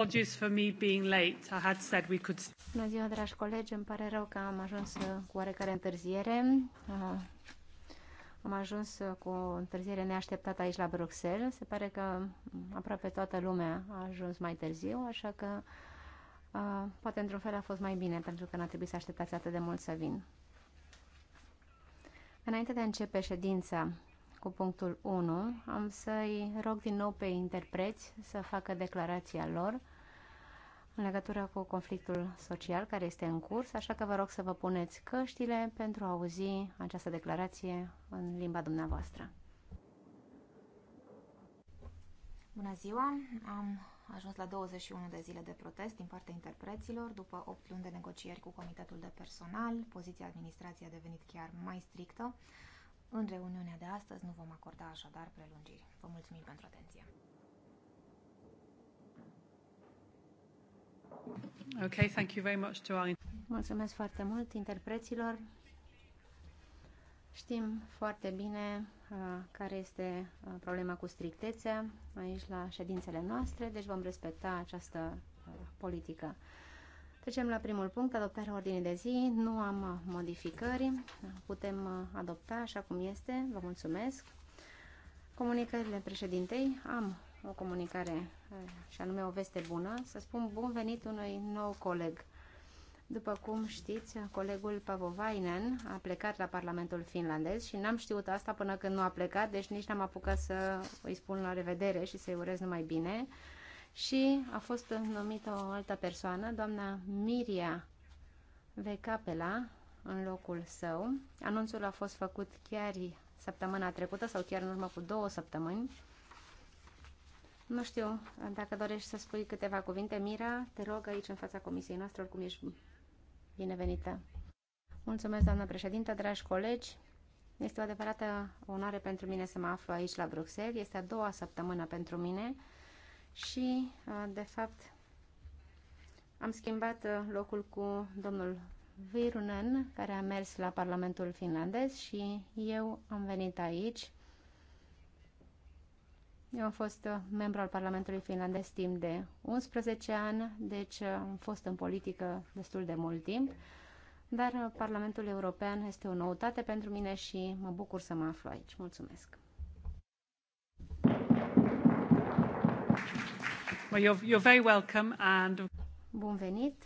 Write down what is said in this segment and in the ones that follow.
Apologies for me being late. I had said we could... Bună ziua, dragi colegi. Îmi pare rău că am ajuns uh, cu oarecare întârziere. Uh, am ajuns uh, cu o întârziere neașteptată aici la Bruxelles. Se pare că mm, aproape toată lumea a ajuns mai târziu, așa că poate într-un fel a fost mai bine, pentru că n-a trebuit să așteptați atât de mult să vin. Înainte de a începe ședința cu punctul 1, am să-i rog din nou pe interpreți să facă declarația lor în legătură cu conflictul social care este în curs, așa că vă rog să vă puneți căștile pentru a auzi această declarație în limba dumneavoastră. Bună ziua! Am ajuns la 21 de zile de protest din partea interpreților. După 8 luni de negocieri cu Comitetul de Personal, poziția administrației a devenit chiar mai strictă. În reuniunea de astăzi nu vom acorda așadar prelungiri. Vă mulțumim pentru atenție! Okay, thank you very much to our... Mulțumesc foarte mult interpreților. Știm foarte bine uh, care este uh, problema cu strictețea aici la ședințele noastre, deci vom respecta această uh, politică. Trecem la primul punct, adoptarea ordinii de zi. Nu am uh, modificări, putem uh, adopta așa cum este, vă mulțumesc. Comunicările președintei am o comunicare, eh, și anume o veste bună, să spun bun venit unui nou coleg. După cum știți, colegul Pavovainen a plecat la Parlamentul finlandez și n-am știut asta până când nu a plecat, deci nici n-am apucat să îi spun la revedere și să-i urez numai bine. Și a fost numită o altă persoană, doamna Miria Vecapela, în locul său. Anunțul a fost făcut chiar săptămâna trecută sau chiar în urmă cu două săptămâni nu știu dacă dorești să spui câteva cuvinte. Mira, te rog aici în fața comisiei noastre, oricum ești binevenită. Mulțumesc, doamnă președintă, dragi colegi. Este o adevărată onoare pentru mine să mă aflu aici la Bruxelles. Este a doua săptămână pentru mine și, de fapt, am schimbat locul cu domnul Virunen, care a mers la Parlamentul finlandez și eu am venit aici eu am fost uh, membru al Parlamentului finlandez timp de 11 ani, deci uh, am fost în politică destul de mult timp, dar uh, Parlamentul European este o noutate pentru mine și mă bucur să mă aflu aici. Mulțumesc! Well, you're, you're very welcome and... Bun venit!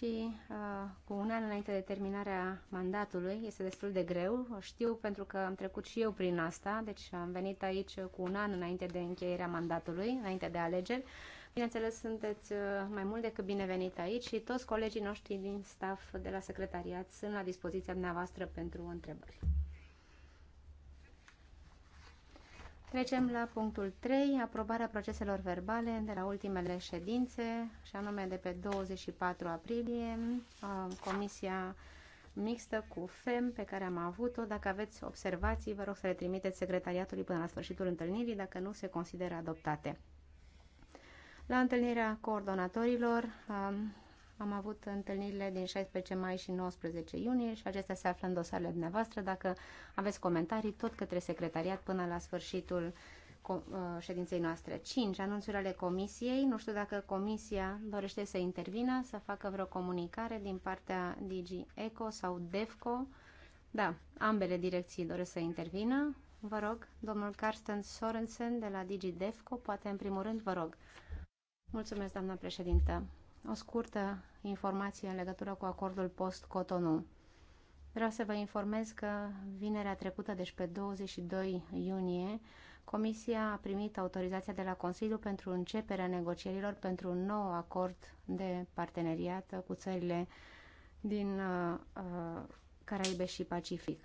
și uh, cu un an înainte de terminarea mandatului. Este destul de greu, o știu pentru că am trecut și eu prin asta, deci am venit aici cu un an înainte de încheierea mandatului, înainte de alegeri. Bineînțeles, sunteți uh, mai mult decât binevenit aici și toți colegii noștri din staff de la secretariat sunt la dispoziția dumneavoastră pentru întrebări. Trecem la punctul 3, aprobarea proceselor verbale de la ultimele ședințe, și anume de pe 24 aprilie, Comisia mixtă cu FEM pe care am avut-o. Dacă aveți observații, vă rog să le trimiteți secretariatului până la sfârșitul întâlnirii, dacă nu se consideră adoptate. La întâlnirea coordonatorilor am avut întâlnirile din 16 mai și 19 iunie și acestea se află în dosarele dumneavoastră. Dacă aveți comentarii, tot către secretariat până la sfârșitul uh, ședinței noastre. 5. Anunțuri ale comisiei. Nu știu dacă comisia dorește să intervină, să facă vreo comunicare din partea DG ECO sau DEFCO. Da, ambele direcții doresc să intervină. Vă rog, domnul Carsten Sorensen de la DG DEFCO, poate în primul rând, vă rog. Mulțumesc, doamna președintă o scurtă informație în legătură cu acordul post-Cotonou. Vreau să vă informez că vinerea trecută, deci pe 22 iunie, Comisia a primit autorizația de la Consiliu pentru începerea negocierilor pentru un nou acord de parteneriat cu țările din uh, uh Caraibe și Pacific.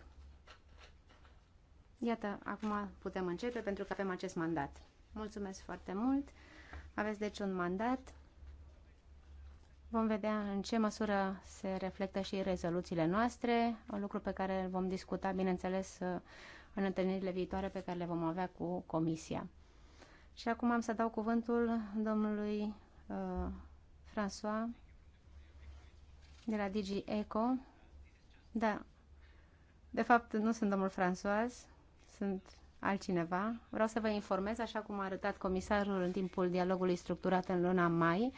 Iată, acum putem începe pentru că avem acest mandat. Mulțumesc foarte mult! Aveți deci un mandat Vom vedea în ce măsură se reflectă și rezoluțiile noastre, un lucru pe care îl vom discuta, bineînțeles, în întâlnirile viitoare pe care le vom avea cu Comisia. Și acum am să dau cuvântul domnului uh, François de la Digi Eco. Da, de fapt nu sunt domnul François, sunt altcineva. Vreau să vă informez, așa cum a arătat comisarul în timpul dialogului structurat în luna mai, uh,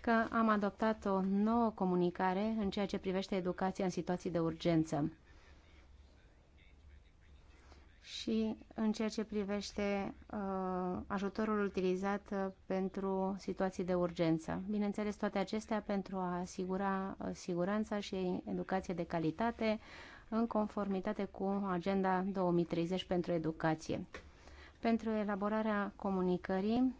că am adoptat o nouă comunicare în ceea ce privește educația în situații de urgență și în ceea ce privește uh, ajutorul utilizat uh, pentru situații de urgență. Bineînțeles, toate acestea pentru a asigura uh, siguranța și educație de calitate în conformitate cu Agenda 2030 pentru educație. Pentru elaborarea comunicării,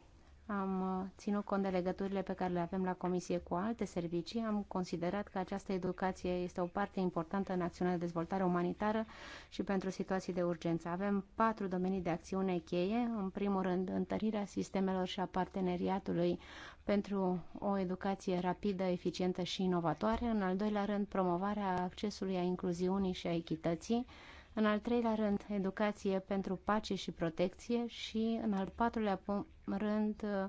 am uh, ținut cont de legăturile pe care le avem la Comisie cu alte servicii, am considerat că această educație este o parte importantă în acțiunea de dezvoltare umanitară și pentru situații de urgență. Avem patru domenii de acțiune cheie. În primul rând, întărirea sistemelor și a parteneriatului pentru o educație rapidă, eficientă și inovatoare. În al doilea rând, promovarea accesului a incluziunii și a echității în al treilea rând, educație pentru pace și protecție și, în al patrulea rând, uh,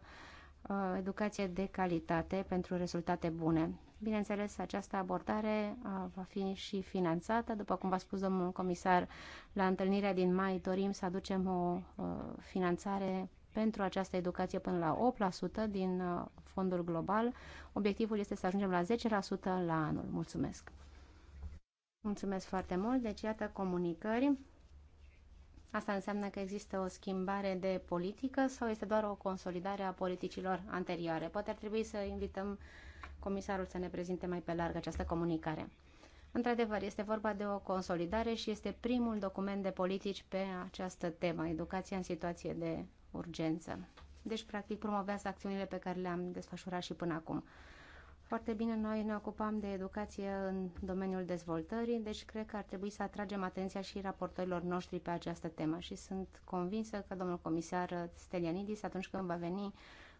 educație de calitate pentru rezultate bune. Bineînțeles, această abordare uh, va fi și finanțată. După cum v-a spus domnul comisar, la întâlnirea din mai dorim să aducem o uh, finanțare pentru această educație până la 8% din fondul global. Obiectivul este să ajungem la 10% la anul. Mulțumesc! Mulțumesc foarte mult. Deci, iată, comunicări. Asta înseamnă că există o schimbare de politică sau este doar o consolidare a politicilor anterioare? Poate ar trebui să invităm comisarul să ne prezinte mai pe larg această comunicare. Într-adevăr, este vorba de o consolidare și este primul document de politici pe această temă, educația în situație de urgență. Deci, practic, promovează acțiunile pe care le-am desfășurat și până acum. Foarte bine, noi ne ocupam de educație în domeniul dezvoltării, deci cred că ar trebui să atragem atenția și raportorilor noștri pe această temă și sunt convinsă că domnul comisar Stelianidis, atunci când va veni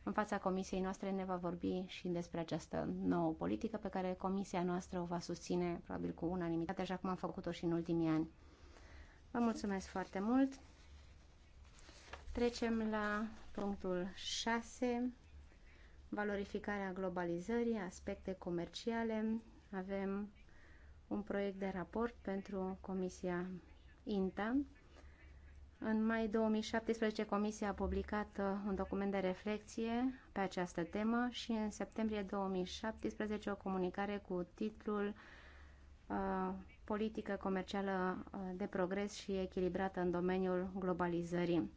în fața comisiei noastre, ne va vorbi și despre această nouă politică pe care comisia noastră o va susține probabil cu unanimitate, așa cum am făcut-o și în ultimii ani. Vă mulțumesc foarte mult! Trecem la punctul 6 valorificarea globalizării, aspecte comerciale. Avem un proiect de raport pentru Comisia INTA. În mai 2017, Comisia a publicat uh, un document de reflexie pe această temă și în septembrie 2017 o comunicare cu titlul uh, Politică comercială uh, de progres și echilibrată în domeniul globalizării.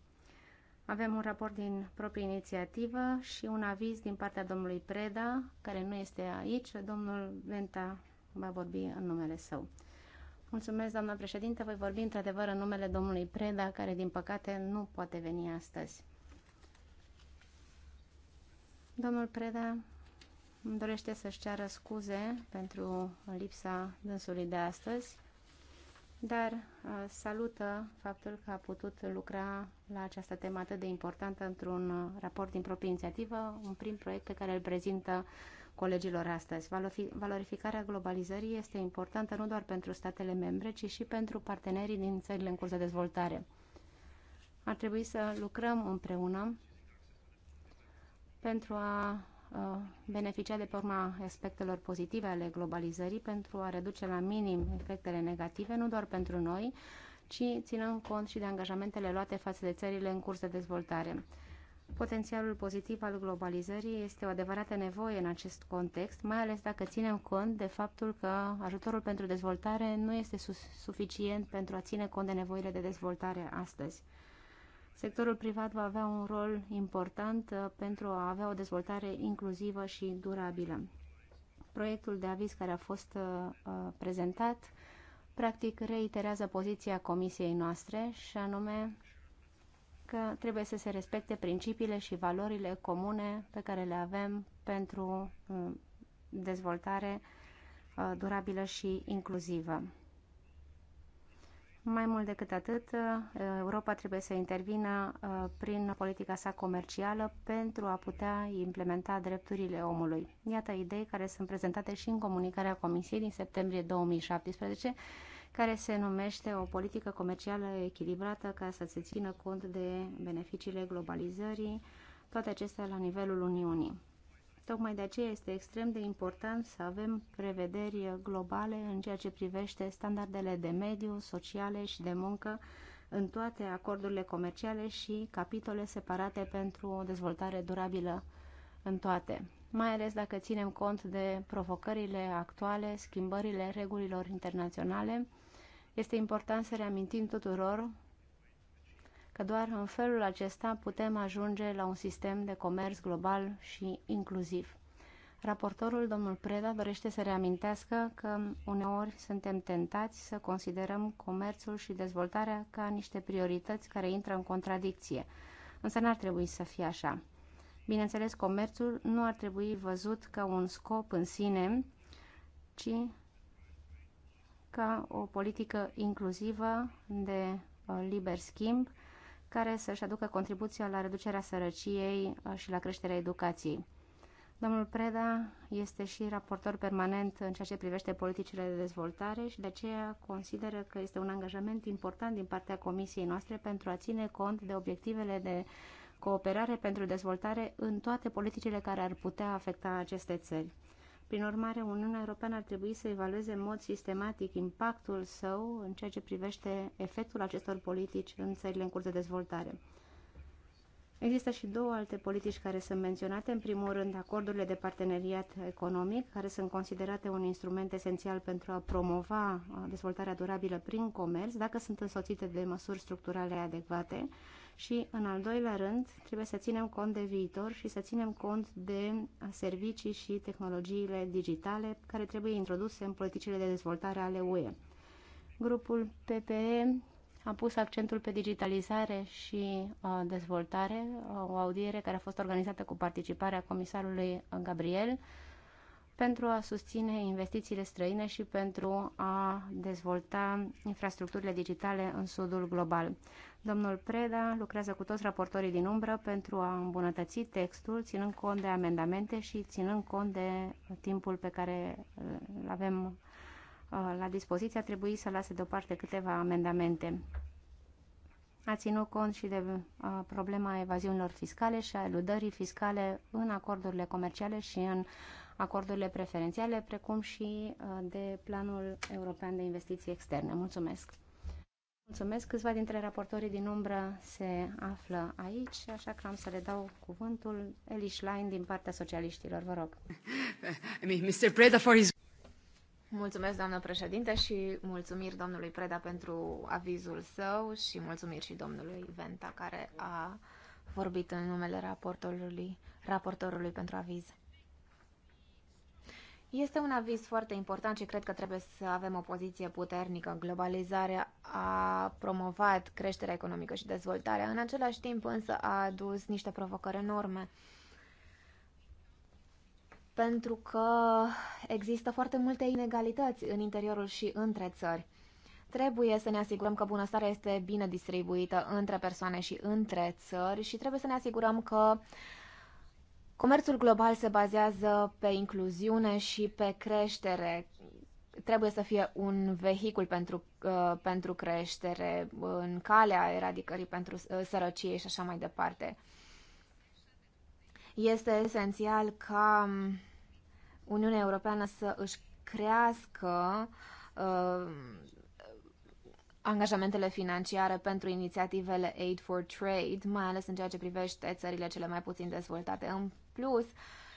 Avem un raport din proprie inițiativă și un aviz din partea domnului Preda, care nu este aici. Domnul Venta va vorbi în numele său. Mulțumesc, doamna președinte. Voi vorbi într-adevăr în numele domnului Preda, care din păcate nu poate veni astăzi. Domnul Preda îmi dorește să-și ceară scuze pentru lipsa dânsului de astăzi dar uh, salută faptul că a putut lucra la această temă atât de importantă într-un uh, raport din proprie inițiativă, un prim proiect pe care îl prezintă colegilor astăzi. Valorificarea globalizării este importantă nu doar pentru statele membre, ci și pentru partenerii din țările în curs de dezvoltare. Ar trebui să lucrăm împreună pentru a Uh, beneficia de pe urma aspectelor pozitive ale globalizării pentru a reduce la minim efectele negative, nu doar pentru noi, ci ținând cont și de angajamentele luate față de țările în curs de dezvoltare. Potențialul pozitiv al globalizării este o adevărată nevoie în acest context, mai ales dacă ținem cont de faptul că ajutorul pentru dezvoltare nu este suficient pentru a ține cont de nevoile de dezvoltare astăzi. Sectorul privat va avea un rol important uh, pentru a avea o dezvoltare inclusivă și durabilă. Proiectul de aviz care a fost uh, uh, prezentat practic reiterează poziția comisiei noastre și anume că trebuie să se respecte principiile și valorile comune pe care le avem pentru dezvoltare durabilă și inclusivă. Mai mult decât atât, uh, Europa trebuie să intervină uh, prin politica sa comercială pentru a putea implementa drepturile omului. Iată idei care sunt prezentate și în comunicarea Comisiei din septembrie 2017, care se numește o politică comercială echilibrată ca să se țină cont de beneficiile globalizării, toate acestea la nivelul Uniunii. Tocmai de aceea este extrem de important să avem prevederi globale în ceea ce privește standardele de mediu, sociale și de muncă în toate acordurile comerciale și capitole separate pentru o dezvoltare durabilă în toate, mai ales dacă ținem cont de provocările actuale, schimbările regulilor internaționale. Este important să reamintim tuturor că doar în felul acesta putem ajunge la un sistem de comerț global și inclusiv. Raportorul, domnul Preda, dorește să reamintească că uneori suntem tentați să considerăm comerțul și dezvoltarea ca niște priorități care intră în contradicție, însă n-ar trebui să fie așa. Bineînțeles, comerțul nu ar trebui văzut ca un scop în sine, ci ca o politică inclusivă de uh, liber schimb care să-și aducă contribuția la reducerea sărăciei uh, și la creșterea educației. Domnul Preda este și raportor permanent în ceea ce privește politicile de dezvoltare și de aceea consideră că este un angajament important din partea comisiei noastre pentru a ține cont de obiectivele de cooperare pentru dezvoltare în toate politicile care ar putea afecta aceste țări. Prin urmare, Uniunea Europeană ar trebui să evalueze în mod sistematic impactul său în ceea ce privește efectul acestor politici în țările în curs de dezvoltare. Există și două alte politici care sunt menționate. În primul rând, acordurile de parteneriat economic, care sunt considerate un instrument esențial pentru a promova uh, dezvoltarea durabilă prin comerț, dacă sunt însoțite de măsuri structurale adecvate. Și, în al doilea rând, trebuie să ținem cont de viitor și să ținem cont de servicii și tehnologiile digitale care trebuie introduse în politicile de dezvoltare ale UE. Grupul PPE a pus accentul pe digitalizare și uh, dezvoltare, uh, o audiere care a fost organizată cu participarea comisarului Gabriel pentru a susține investițiile străine și pentru a dezvolta infrastructurile digitale în sudul global. Domnul Preda lucrează cu toți raportorii din umbră pentru a îmbunătăți textul, ținând cont de amendamente și ținând cont de uh, timpul pe care uh, îl avem uh, la dispoziție, a trebuit să lase deoparte câteva amendamente. A ținut cont și de problema evaziunilor fiscale și a eludării fiscale în acordurile comerciale și în acordurile preferențiale, precum și de Planul European de Investiții Externe. Mulțumesc! Mulțumesc. Câțiva dintre raportorii din umbră se află aici, așa că am să le dau cuvântul Eli Schlein din partea socialiștilor. Vă rog. I mean, Mr. Preda for his... Mulțumesc, doamnă președinte, și mulțumiri domnului Preda pentru avizul său și mulțumiri și domnului Venta, care a vorbit în numele raportorului, raportorului pentru aviz. Este un aviz foarte important și cred că trebuie să avem o poziție puternică. Globalizarea a promovat creșterea economică și dezvoltarea, în același timp însă a adus niște provocări enorme. Pentru că există foarte multe inegalități în interiorul și între țări. Trebuie să ne asigurăm că bunăstarea este bine distribuită între persoane și între țări și trebuie să ne asigurăm că uh, Comerțul global se bazează pe incluziune și pe creștere. Trebuie să fie un vehicul pentru, uh, pentru creștere, în calea eradicării pentru uh, sărăcie și așa mai departe. Este esențial ca Uniunea Europeană să își crească uh, angajamentele financiare pentru inițiativele Aid for Trade, mai ales în ceea ce privește țările cele mai puțin dezvoltate. În plus,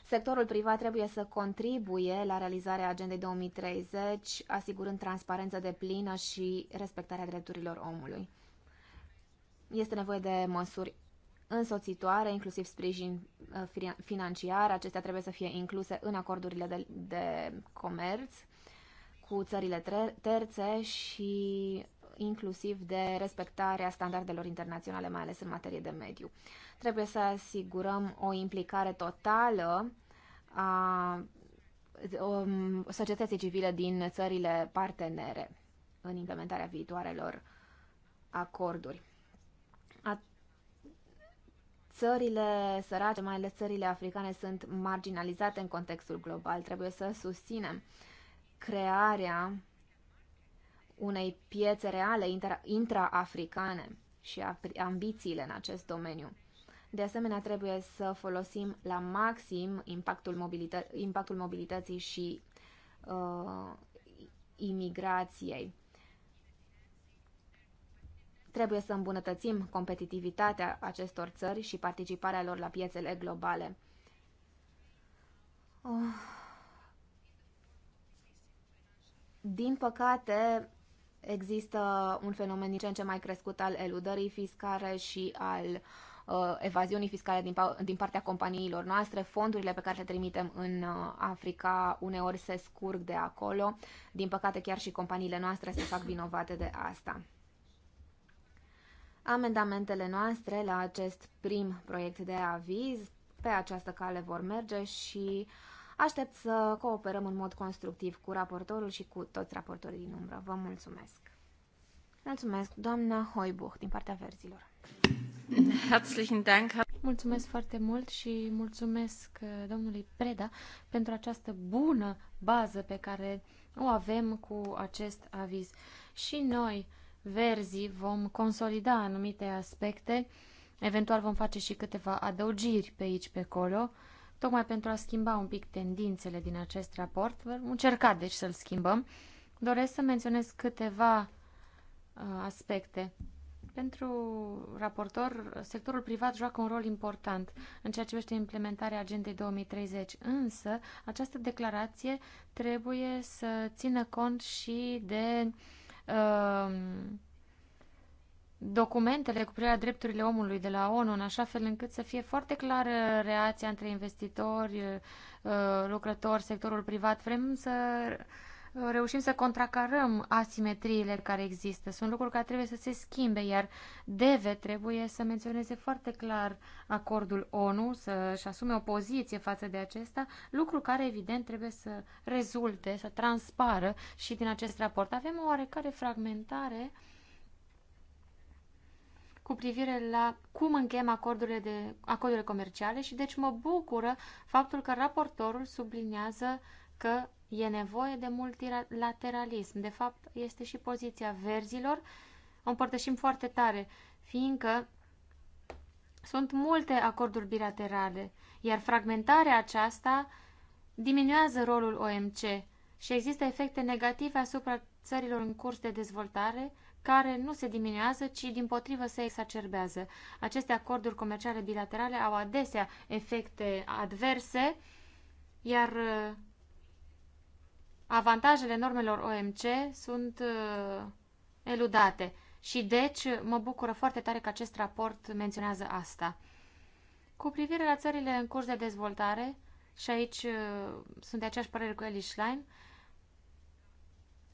sectorul privat trebuie să contribuie la realizarea agendei 2030, asigurând transparență de plină și respectarea drepturilor omului. Este nevoie de măsuri însoțitoare, inclusiv sprijin uh, financiar. Acestea trebuie să fie incluse în acordurile de, de comerț cu țările terțe și inclusiv de respectarea standardelor internaționale, mai ales în materie de mediu. Trebuie să asigurăm o implicare totală a um, societății civile din țările partenere în implementarea viitoarelor acorduri. A țările sărace, mai ales țările africane, sunt marginalizate în contextul global. Trebuie să susținem crearea unei piețe reale intra-africane și ambițiile în acest domeniu. De asemenea, trebuie să folosim la maxim impactul, mobilită- impactul mobilității și uh, imigrației. Trebuie să îmbunătățim competitivitatea acestor țări și participarea lor la piețele globale. Uh. Din păcate, există un fenomen din ce în ce mai crescut al eludării fiscale și al uh, evaziunii fiscale din, din partea companiilor noastre. Fondurile pe care le trimitem în uh, Africa uneori se scurg de acolo. Din păcate, chiar și companiile noastre se fac vinovate de asta. Amendamentele noastre la acest prim proiect de aviz pe această cale vor merge și uh, Aștept să cooperăm în mod constructiv cu raportorul și cu toți raportorii din umbră. Vă mulțumesc! Mulțumesc, doamna Hoibuch, din partea verzilor. Mulțumesc foarte mult și mulțumesc uh, domnului Preda pentru această bună bază pe care o avem cu acest aviz. Și noi, verzii, vom consolida anumite aspecte, eventual vom face și câteva adăugiri pe aici, pe acolo, Tocmai pentru a schimba un pic tendințele din acest raport, vom încerca deci să-l schimbăm, doresc să menționez câteva uh, aspecte. Pentru raportor, sectorul privat joacă un rol important în ceea ce privește implementarea Agendei 2030, însă această declarație trebuie să țină cont și de uh, documentele cu privire la drepturile omului de la ONU, în așa fel încât să fie foarte clară reația între investitori, uh, lucrători, sectorul privat. Vrem să reușim să contracarăm asimetriile care există. Sunt lucruri care trebuie să se schimbe, iar DEVE trebuie să menționeze foarte clar acordul ONU, să-și asume o poziție față de acesta, lucru care, evident, trebuie să rezulte, să transpară și din acest raport. Avem o oarecare fragmentare uh, cu privire la cum încheiem acordurile, de, acordurile comerciale și deci mă bucură faptul că raportorul subliniază că e nevoie de multilateralism. De fapt, este și poziția verzilor. O împărtășim foarte tare, fiindcă sunt multe acorduri bilaterale, iar fragmentarea aceasta diminuează rolul OMC și există efecte negative asupra țărilor în curs de dezvoltare, care nu se diminuează, ci din potrivă se exacerbează. Aceste acorduri comerciale bilaterale au adesea efecte adverse, iar uh, avantajele normelor OMC sunt uh, eludate. Și deci mă bucură foarte tare că acest raport menționează asta. Cu privire la țările în curs de dezvoltare, și aici uh, sunt de aceeași părere cu Eli Schlein,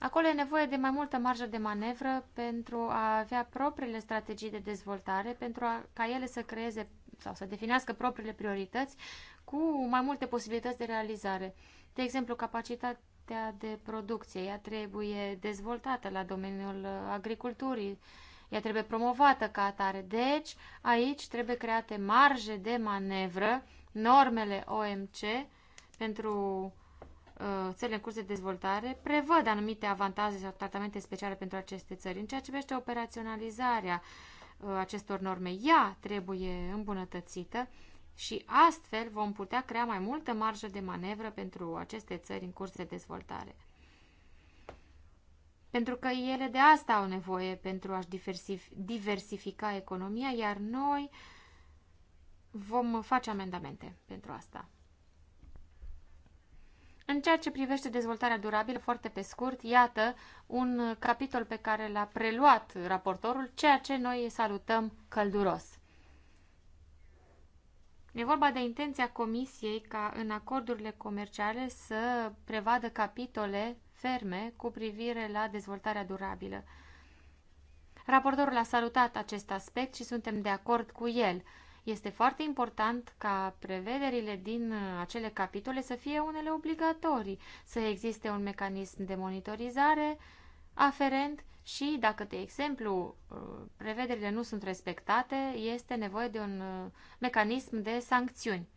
Acolo e nevoie de mai multă marjă de manevră pentru a avea propriile strategii de dezvoltare, pentru a, ca ele să creeze sau să definească propriile priorități cu mai multe posibilități de realizare. De exemplu, capacitatea de producție, ea trebuie dezvoltată la domeniul uh, agriculturii, ea trebuie promovată ca atare. Deci, aici trebuie create marje de manevră, normele OMC pentru Uh, țările în curs de dezvoltare prevăd anumite avantaje sau tratamente speciale pentru aceste țări. În ceea ce privește operaționalizarea uh, acestor norme, ea trebuie îmbunătățită și astfel vom putea crea mai multă marjă de manevră pentru aceste țări în curs de dezvoltare. Pentru că ele de asta au nevoie pentru a-și diversifica economia, iar noi vom face amendamente pentru asta. În ceea ce privește dezvoltarea durabilă, foarte pe scurt, iată un capitol pe care l-a preluat raportorul, ceea ce noi salutăm călduros. E vorba de intenția Comisiei ca în acordurile comerciale să prevadă capitole ferme cu privire la dezvoltarea durabilă. Raportorul a salutat acest aspect și suntem de acord cu el. Este foarte important ca prevederile din uh, acele capitole să fie unele obligatorii, să existe un mecanism de monitorizare aferent și dacă, de exemplu, uh, prevederile nu sunt respectate, este nevoie de un uh, mecanism de sancțiuni.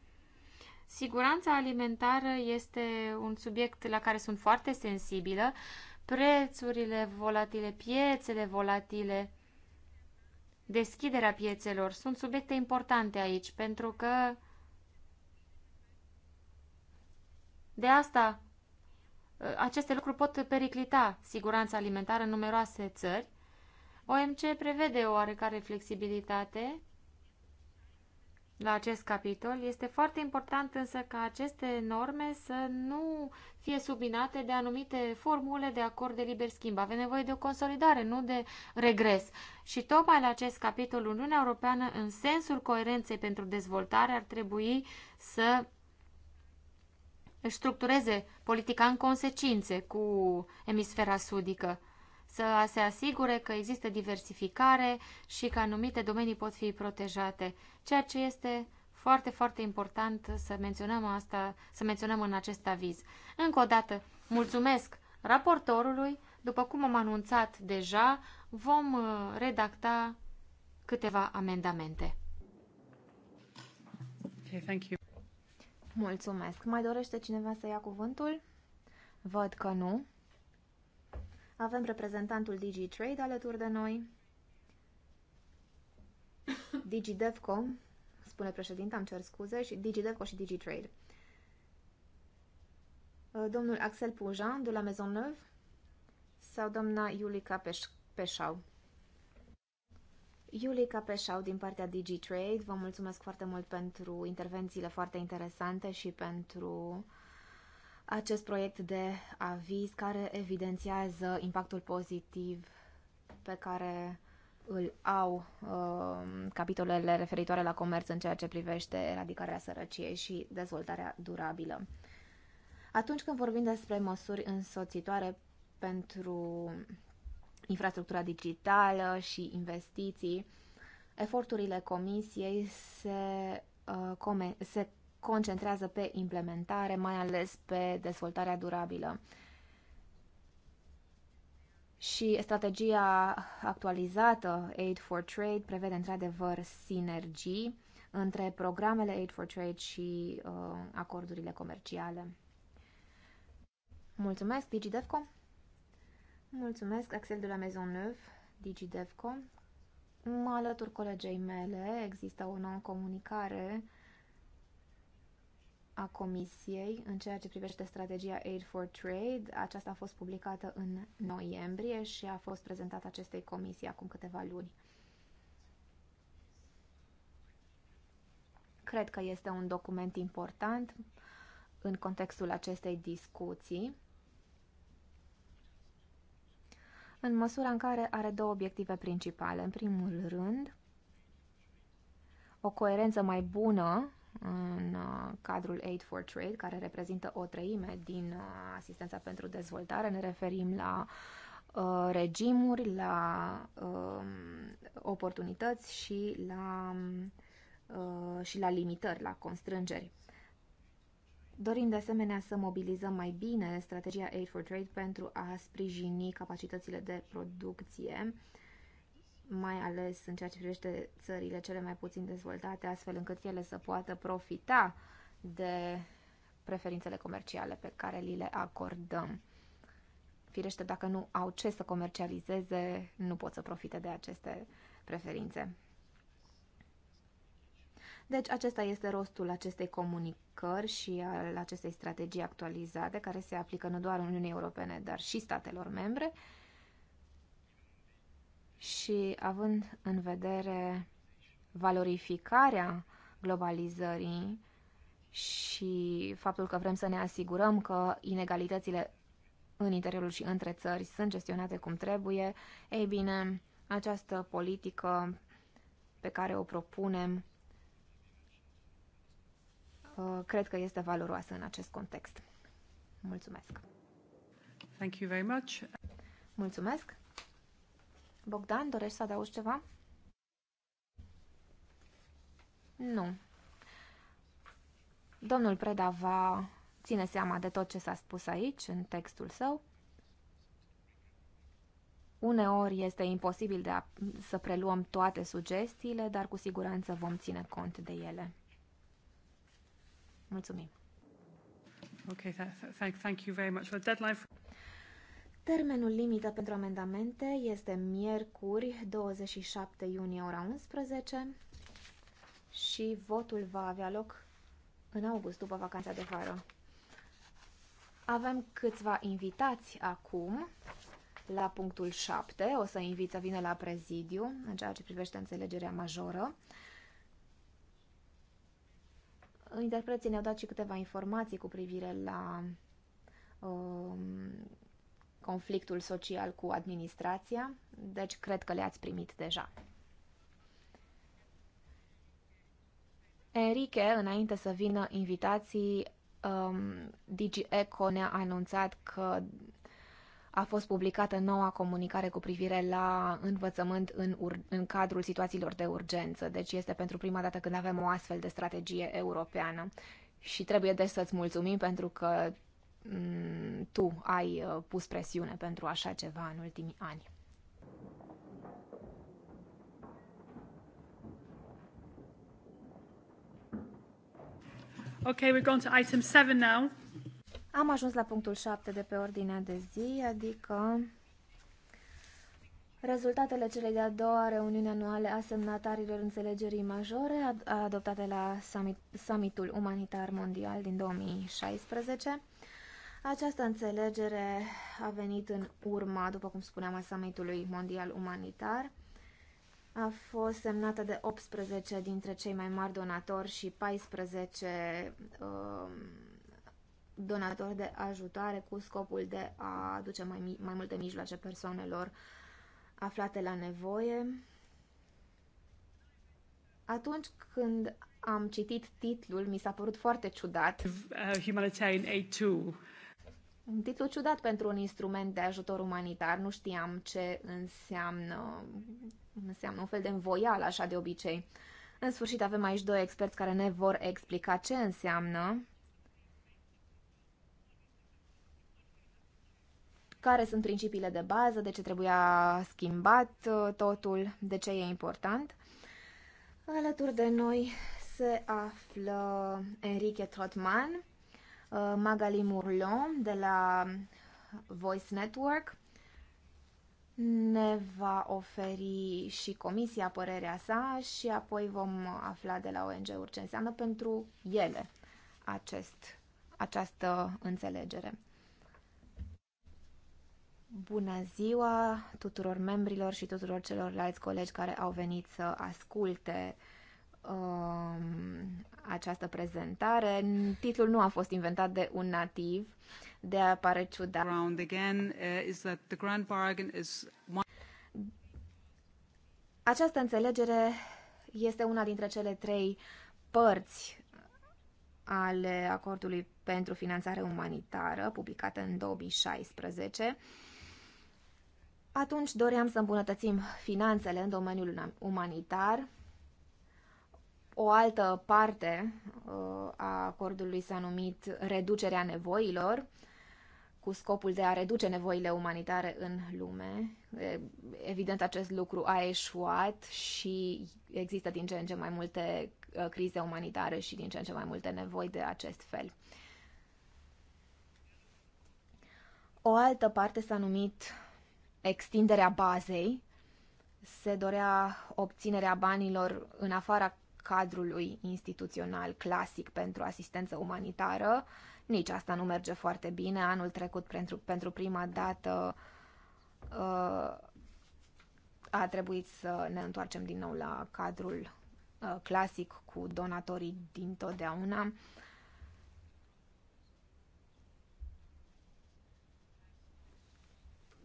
Siguranța alimentară este un subiect la care sunt foarte sensibilă. Prețurile volatile, piețele volatile, deschiderea piețelor sunt subiecte importante aici, pentru că de asta aceste lucruri pot periclita siguranța alimentară în numeroase țări. OMC prevede o oarecare flexibilitate la acest capitol. Este foarte important însă ca aceste norme să nu fie subminate de anumite formule de acord de liber schimb. Avem nevoie de o consolidare, nu de regres. Și tocmai la acest capitol, Uniunea Europeană, în sensul coerenței pentru dezvoltare, ar trebui să își structureze politica în consecințe cu emisfera sudică să se asigure că există diversificare și că anumite domenii pot fi protejate, ceea ce este foarte, foarte important să menționăm asta, să menționăm în acest aviz. Încă o dată, mulțumesc raportorului, după cum am anunțat deja, vom uh, redacta câteva amendamente. Okay, thank you. Mulțumesc. Mai dorește cineva să ia cuvântul? Văd că nu. Avem reprezentantul DigiTrade alături de noi. DigiDevco, spune președinte, am cer scuze, și DigiDevco și DigiTrade. Uh, domnul Axel Pujan de la Maisonneuve sau doamna Iulica Peș- Peșau. Iulica Peșau din partea DigiTrade, vă mulțumesc foarte mult pentru intervențiile foarte interesante și pentru uh, acest proiect de aviz care evidențiază impactul pozitiv pe care îl au uh, capitolele referitoare la comerț în ceea ce privește eradicarea sărăciei și dezvoltarea durabilă. Atunci când vorbim despre măsuri însoțitoare pentru infrastructura digitală și investiții, eforturile comisiei se, uh, come- se concentrează pe implementare, mai ales pe dezvoltarea durabilă. Și strategia actualizată Aid for Trade prevede într-adevăr sinergii între programele Aid for Trade și uh, acordurile comerciale. Mulțumesc, DigiDevco! Mulțumesc, Axel de la Maisonneuve, DigiDevco. Mă alătur colegei mele, există o nouă comunicare a Comisiei în ceea ce privește strategia Aid for Trade. Aceasta a fost publicată în noiembrie și a fost prezentată acestei comisii acum câteva luni. Cred că este un document important în contextul acestei discuții, în măsura în care are două obiective principale. În primul rând, o coerență mai bună în uh, cadrul Aid for Trade, care reprezintă o treime din uh, asistența pentru dezvoltare. Ne referim la uh, regimuri, la um, oportunități și la, și la limitări, la constrângeri. Dorim de asemenea să mobilizăm mai bine strategia Aid for Trade pentru a sprijini capacitățile de producție uh, mai ales în ceea ce privește țările cele mai puțin dezvoltate, astfel încât ele să poată profita de preferințele comerciale pe care li le acordăm. Firește, dacă nu au ce să comercializeze, nu pot să profite de aceste preferințe. Deci acesta este rostul acestei comunicări și al acestei strategii actualizate, care se aplică nu doar Uniunii Europene, dar și statelor membre și având în vedere valorificarea globalizării și faptul că vrem să ne asigurăm că inegalitățile în interiorul și între țări sunt gestionate cum trebuie, ei bine, această politică pe care o propunem uh, cred că este valoroasă în acest context. Mulțumesc! Thank you very much. Mulțumesc! Bogdan, dorești să adaugi ceva? Nu. Domnul Preda va ține seama de tot ce s-a spus aici, în textul său. Uneori este imposibil de a, să preluăm toate sugestiile, dar cu siguranță vom ține cont de ele. Mulțumim. Okay, thank, thank you very much. Well, deadline for... Termenul limită pentru amendamente este miercuri 27 iunie ora 11 și votul va avea loc în august după vacanța de vară. Avem câțiva invitați acum la punctul 7. O să invit să vină la prezidiu în ceea ce privește înțelegerea majoră. Interpreții ne-au dat și câteva informații cu privire la um, conflictul social cu administrația, deci cred că le-ați primit deja. Enrique, înainte să vină invitații, um, DigiEco ne-a anunțat că a fost publicată noua comunicare cu privire la învățământ în, în cadrul situațiilor de urgență. Deci este pentru prima dată când avem o astfel de strategie europeană. Și trebuie deci să-ți mulțumim pentru că Mm, tu ai uh, pus presiune pentru așa ceva în ultimii ani? Okay, we're going to item seven now. Am ajuns la punctul 7 de pe ordinea de zi, adică rezultatele celei de-a doua reuniuni anuale a semnatarilor înțelegerii majore adoptate la summit, summitul umanitar mondial din 2016. Această înțelegere a venit în urma, după cum spuneam, a summitului mondial umanitar. A fost semnată de 18 dintre cei mai mari donatori și 14 uh, um, donatori de ajutoare cu scopul de a aduce mai, mai multe mijloace persoanelor aflate la nevoie. Atunci când am citit titlul, mi s-a părut foarte ciudat. Uh, humanitarian aid tool un titlu ciudat pentru un instrument de ajutor umanitar. Nu știam ce înseamnă, înseamnă un fel de învoial, așa de obicei. În sfârșit avem aici doi experți care ne vor explica ce înseamnă, care sunt principiile de bază, de ce trebuia schimbat uh, totul, de ce e important. Alături de noi se află Enrique Trotman, Uh, Magali Murlon de la Voice Network ne va oferi și comisia părerea sa și apoi vom afla de la ONG-uri ce înseamnă pentru ele acest, această înțelegere. Bună ziua tuturor membrilor și tuturor celorlalți colegi care au venit să asculte Um, această prezentare. Titlul nu a fost inventat de un nativ, de a pare ciudat. Uh, această înțelegere este una dintre cele trei părți ale acordului pentru finanțare umanitară, publicată în 2016. Atunci doream să îmbunătățim finanțele în domeniul umanitar, o altă parte uh, a acordului s-a numit reducerea nevoilor, cu scopul de a reduce nevoile umanitare în lume. Evident, acest lucru a eșuat și există din ce în ce mai multe uh, crize umanitare și din ce în ce mai multe nevoi de acest fel. O altă parte s-a numit extinderea bazei. Se dorea obținerea banilor în afara cadrului instituțional clasic pentru asistență umanitară. Nici asta nu merge foarte bine. Anul trecut, pentru, pentru prima dată, uh, a trebuit să ne întoarcem din nou la cadrul uh, clasic cu donatorii din totdeauna.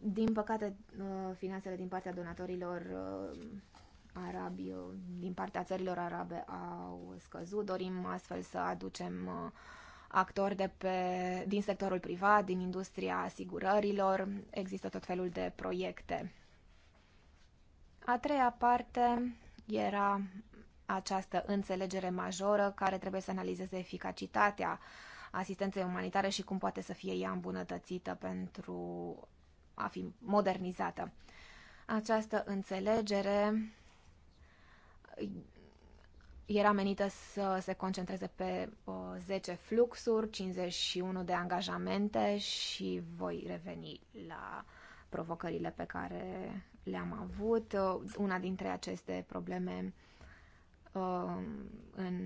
Din păcate, uh, finanțele din partea donatorilor arabi uh, din partea țărilor arabe au scăzut. Dorim astfel să aducem uh, actori de pe, din sectorul privat, din industria asigurărilor. Există tot felul de proiecte. A treia parte era această înțelegere majoră care trebuie să analizeze eficacitatea asistenței umanitare și cum poate să fie ea îmbunătățită pentru a fi modernizată. Această înțelegere era menită să se concentreze pe 10 uh, fluxuri, 51 de angajamente și voi reveni la provocările pe care le-am avut. Uh, una dintre aceste probleme uh, în,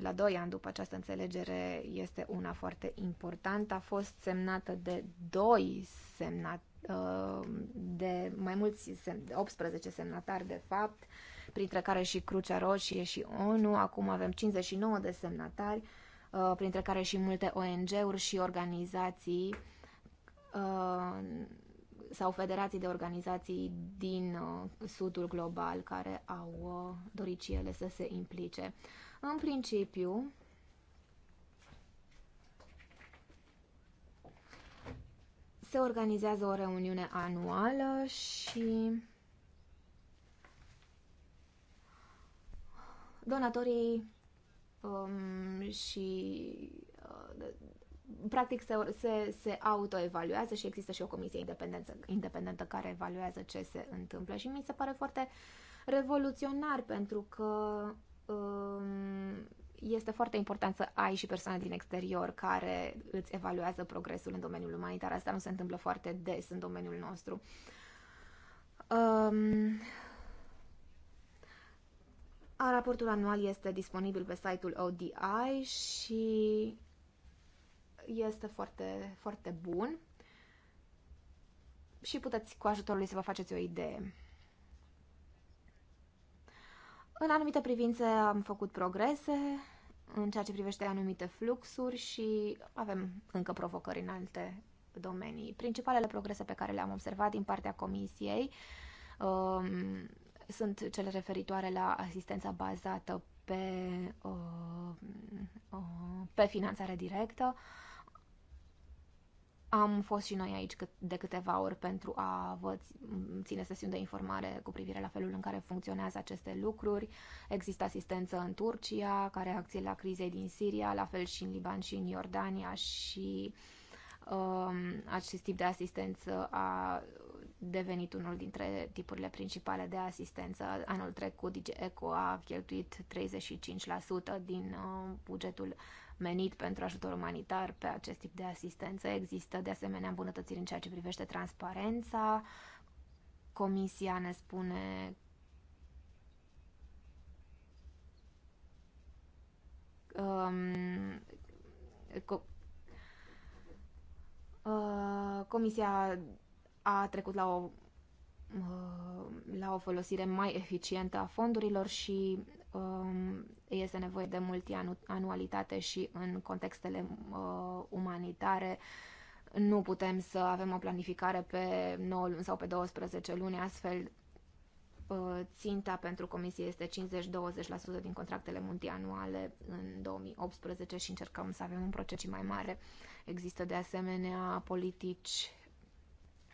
la 2 ani după această înțelegere este una foarte importantă. A fost semnată de doi semnat, de mai mulți, 18 semnatari de fapt, printre care și Crucea Roșie și ONU. Acum avem 59 de semnatari, uh, printre care și multe ONG-uri și organizații uh, sau federații de organizații din uh, sudul global care au dorit și ele să se implice. În principiu, se organizează o reuniune anuală și donatorii um, și uh, practic se, se, se autoevaluează și există și o comisie independentă, independentă care evaluează ce se întâmplă și mi se pare foarte revoluționar pentru că um, este foarte important să ai și persoane din exterior care îți evaluează progresul în domeniul umanitar. Asta nu se întâmplă foarte des în domeniul nostru. Um, Raportul anual este disponibil pe site-ul ODI și este foarte, foarte bun și puteți cu ajutorul lui să vă faceți o idee. În anumite privințe am făcut progrese în ceea ce privește anumite fluxuri și avem încă provocări în alte domenii. Principalele progrese pe care le-am observat din partea Comisiei um, sunt cele referitoare la asistența bazată pe, uh, uh, pe finanțare directă. Am fost și noi aici de câteva ori pentru a vă ține sesiuni de informare cu privire la felul în care funcționează aceste lucruri. Există asistență în Turcia, care reacție la crizei din Siria, la fel și în Liban și în Iordania și um, acest tip de asistență a devenit unul dintre tipurile principale de asistență. Anul trecut ECO a cheltuit 35% din uh, bugetul menit pentru ajutor umanitar pe acest tip de asistență. Există de asemenea îmbunătățiri în ceea ce privește transparența. Comisia ne spune um, co- uh, Comisia a trecut la o, uh, la o folosire mai eficientă a fondurilor și um, este nevoie de multianualitate și în contextele uh, umanitare nu putem să avem o planificare pe 9 luni sau pe 12 luni, astfel uh, ținta pentru comisie este 50-20% din contractele multianuale în 2018 și încercăm să avem un proces mai mare. Există de asemenea politici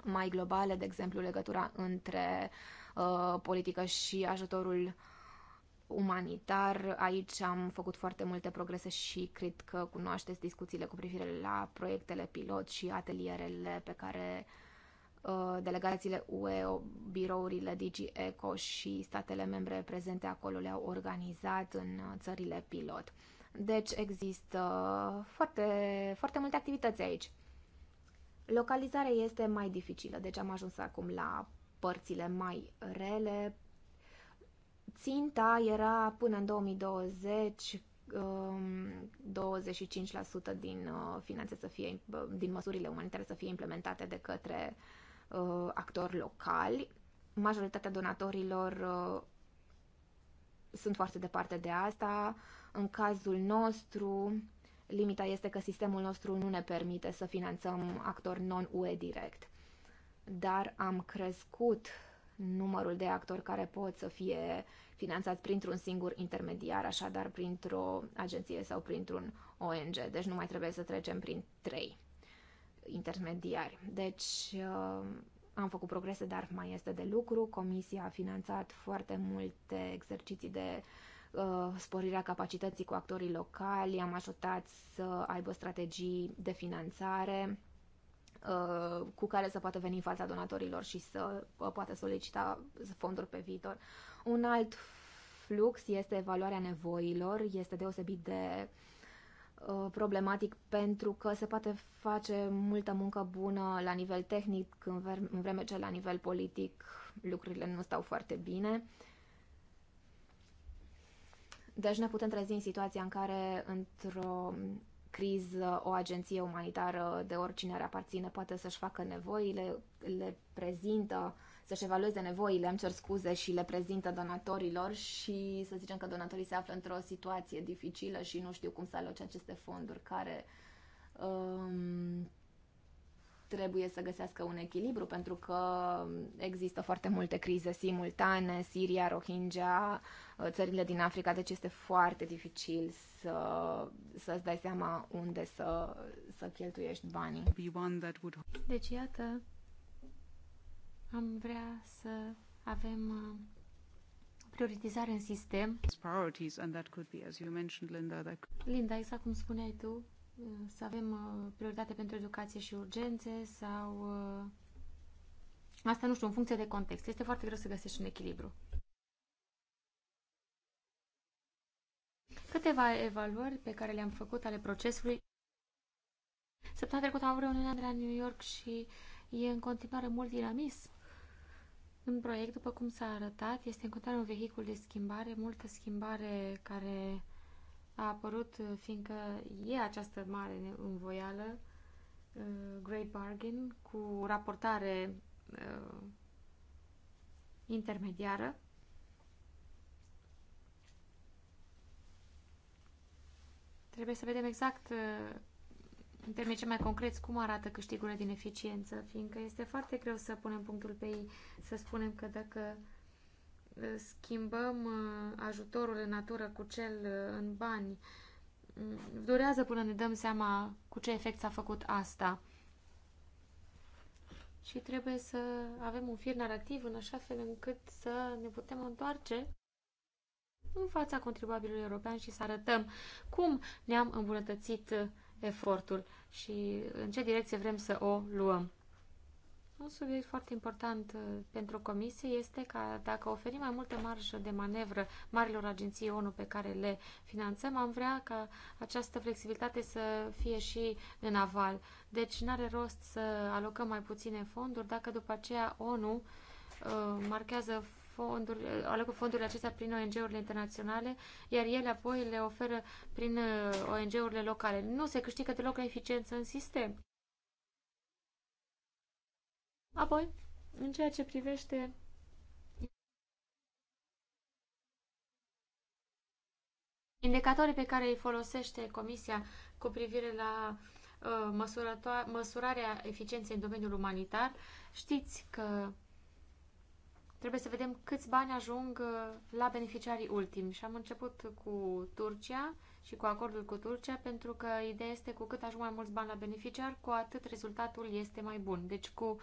mai globale, de exemplu legătura între uh, politică și ajutorul umanitar. Aici am făcut foarte multe progrese și cred că cunoașteți discuțiile cu privire la proiectele pilot și atelierele pe care uh, delegațiile UE, birourile DigiEco și statele membre prezente acolo le-au organizat în uh, țările pilot. Deci există foarte, foarte multe activități aici. Localizarea este mai dificilă, deci am ajuns acum la părțile mai rele. Ținta era până în 2020 25% um, din uh, finanțe să fie, din măsurile umanitare să fie implementate de către uh, actori locali. Majoritatea donatorilor uh, sunt foarte departe de asta. În cazul nostru, Limita este că sistemul nostru nu ne permite să finanțăm actori non-UE direct. Dar am crescut numărul de actori care pot să fie finanțați printr-un singur intermediar, așadar printr-o agenție sau printr-un ONG. Deci nu mai trebuie să trecem prin trei intermediari. Deci uh, am făcut progrese, dar mai este de lucru. Comisia a finanțat foarte multe exerciții de uh, Uh, sporirea capacității cu actorii locali, am ajutat să aibă strategii de finanțare uh, cu care să poată veni în fața donatorilor și să uh, poată solicita fonduri pe viitor. Un alt flux este evaluarea nevoilor, este deosebit de problematic pentru că se poate face multă muncă bună la nivel tehnic, în vreme ce la nivel politic lucrurile nu stau foarte bine. Deci ne putem trezi în situația în care într-o criză o agenție umanitară de oricine ar aparține poate să-și facă nevoile, le prezintă, să-și evalueze nevoile, îmi cer scuze și le prezintă donatorilor și să zicem că donatorii se află într-o situație dificilă și nu știu cum să aloce aceste fonduri care um, trebuie să găsească un echilibru pentru că există foarte multe crize simultane, Siria, Rohingya, uh, țările din Africa, deci este foarte dificil să, să-ți dai seama unde să, să cheltuiești banii. Deci iată, am vrea să avem uh, prioritizare în sistem. Linda, exact cum spuneai tu, să avem uh, prioritate pentru educație și urgențe sau... Uh, asta nu știu, în funcție de context. Este foarte greu să găsești un echilibru. Câteva evaluări pe care le-am făcut ale procesului. Săptămâna trecută am reuniunea de la New York și e în continuare mult dinamism. În proiect, după cum s-a arătat, este în continuare un vehicul de schimbare, multă schimbare care a apărut uh, fiindcă e această mare învoială, uh, Great Bargain, cu raportare uh, intermediară. Trebuie să vedem exact în termeni cel mai concreți, cum arată câștigurile din eficiență, fiindcă este foarte greu să punem punctul pe ei, să spunem că dacă schimbăm uh, ajutorul în natură cu cel uh, în bani. Mm, durează până ne dăm seama cu ce efect s-a făcut asta. Și trebuie să avem un fir narrativ în așa fel încât să ne putem întoarce în fața contribuabilului european și să arătăm cum ne-am îmbunătățit efortul și în ce direcție vrem să o luăm. Un subiect foarte important uh, pentru comisie este că dacă oferim mai multă marjă de manevră marilor agenții ONU pe care le finanțăm, am vrea ca această flexibilitate să fie și în aval. Deci nu are rost să alocăm mai puține fonduri dacă după aceea ONU uh, marchează fonduri, uh, alocă fondurile acestea prin ONG-urile internaționale, iar ele apoi le oferă prin uh, ONG-urile locale. Nu se câștigă deloc la eficiență în sistem. Apoi, în ceea ce privește indicatorii pe care îi folosește Comisia cu privire la uh, măsurarea eficienței în domeniul umanitar, știți că trebuie să vedem câți bani ajung uh, la beneficiarii ultimi. Și am început cu Turcia și cu acordul cu Turcia, pentru că ideea este cu cât ajung mai mulți bani la beneficiar, cu atât rezultatul este mai bun. Deci cu uh,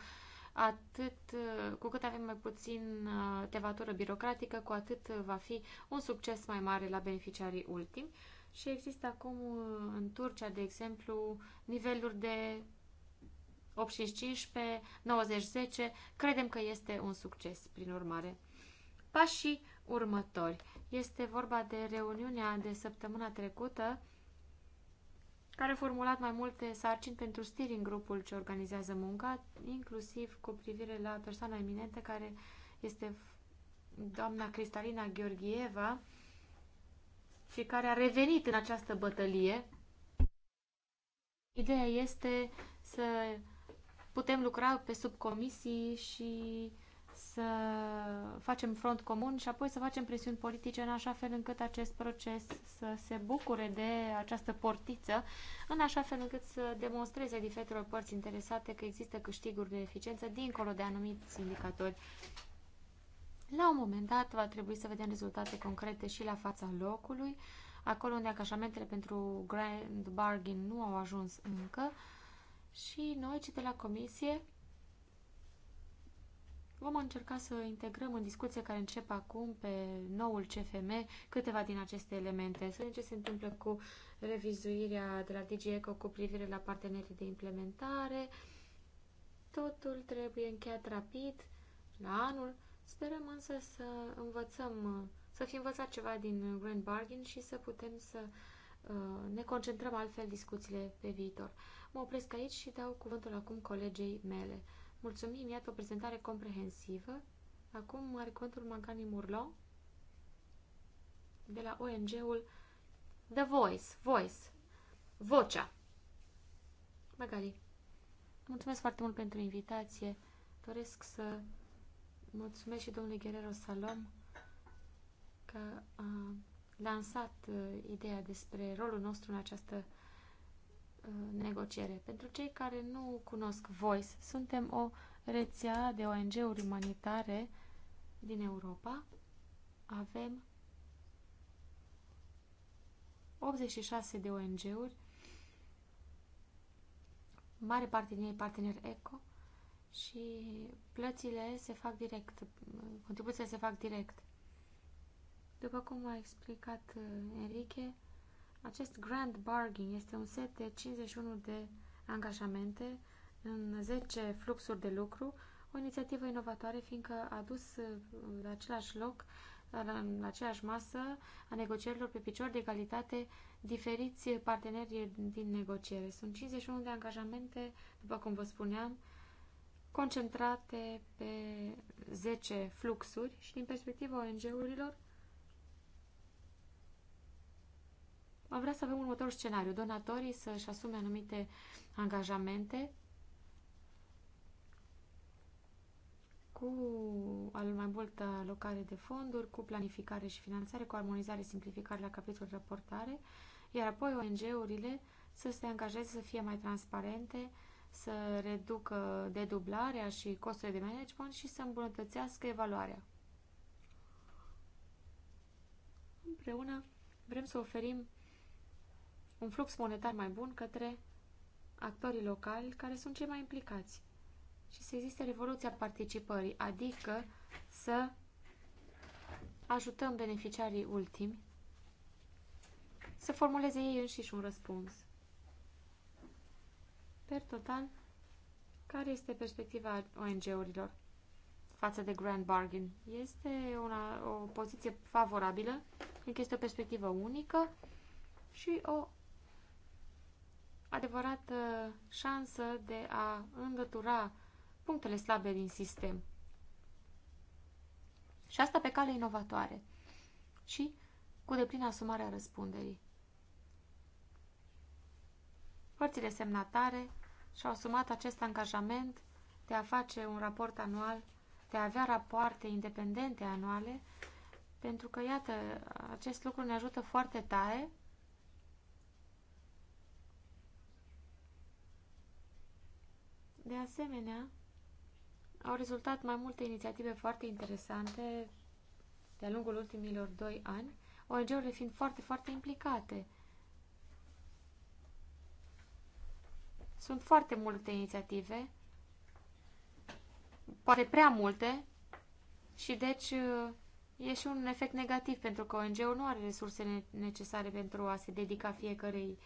atât, cu cât avem mai puțin uh, tevatură birocratică, cu atât uh, va fi un succes mai mare la beneficiarii ultimi. Și există acum uh, în Turcia, de exemplu, niveluri de 85 și 15, 90, 10. Credem că este un succes, prin urmare. Pașii următori. Este vorba de reuniunea de săptămâna trecută care a formulat mai multe sarcini pentru steering grupul ce organizează munca, inclusiv cu privire la persoana eminentă care este doamna Cristalina Gheorgheva și care a revenit în această bătălie. Ideea este să putem lucra pe subcomisii și să facem front comun și apoi să facem presiuni politice în așa fel încât acest proces să se bucure de această portiță, în așa fel încât să demonstreze diferitelor părți interesate că există câștiguri de eficiență dincolo de anumiți indicatori. La un moment dat va trebui să vedem rezultate concrete și la fața locului, acolo unde acașamentele pentru Grand Bargain nu au ajuns încă și noi, cei de la comisie, Vom încerca să integrăm în discuția care începe acum pe noul CFM câteva din aceste elemente. Să vedem ce se întâmplă cu revizuirea de la DGECO cu privire la partenerii de implementare. Totul trebuie încheiat rapid, la anul. Sperăm însă să învățăm, să fi învățat ceva din Grand Bargain și să putem să uh, ne concentrăm altfel discuțiile pe viitor. Mă opresc aici și dau cuvântul acum colegei mele. Mulțumim, iată o prezentare comprehensivă. Acum are contul Mancani Murlo, de la ONG-ul The Voice, Voice, Vocea. Magali, mulțumesc foarte mult pentru invitație. Doresc să mulțumesc și domnului Guerrero Salom că a lansat uh, ideea despre rolul nostru în această Uh, negociere. Pentru cei care nu cunosc Voice, suntem o rețea de ONG-uri umanitare din Europa. Avem 86 de ONG-uri, mare parte din ei partener ECO și plățile se fac direct, contribuțiile se fac direct. După cum a explicat uh, Enrique, acest grand bargain este un set de 51 de angajamente în 10 fluxuri de lucru, o inițiativă inovatoare fiindcă a dus uh, la același loc, la, aceeași masă a negocierilor pe picior de egalitate diferiți parteneri din negociere. Sunt 51 de angajamente, după cum vă spuneam, concentrate pe 10 fluxuri și din perspectiva ONG-urilor, am vrea să avem următorul scenariu. Donatorii să-și asume anumite angajamente cu al mai multă locare de fonduri, cu planificare și finanțare, cu armonizare, simplificare la capitolul raportare, iar apoi ONG-urile să se angajeze să fie mai transparente, să reducă dedublarea și costurile de management și să îmbunătățească evaluarea. Împreună vrem să oferim un flux monetar mai bun către actorii locali care sunt cei mai implicați și să existe revoluția participării, adică să ajutăm beneficiarii ultimi să formuleze ei înșiși un răspuns. Per total, care este perspectiva ONG-urilor față de Grand Bargain? Este una, o poziție favorabilă, pentru este o perspectivă unică și o adevărată uh, șansă de a îndătura punctele slabe din sistem. Și asta pe cale inovatoare și cu deplină asumare a răspunderii. Părțile semnatare și-au asumat acest angajament de a face un raport anual, de a avea rapoarte independente anuale, pentru că, iată, acest lucru ne ajută foarte tare De asemenea, au rezultat mai multe inițiative foarte interesante de-a lungul ultimilor doi ani, ONG-urile fiind foarte, foarte implicate. Sunt foarte multe inițiative, poate prea multe, și deci uh, e și un efect negativ pentru că ONG-ul nu are resursele necesare pentru a se dedica fiecarei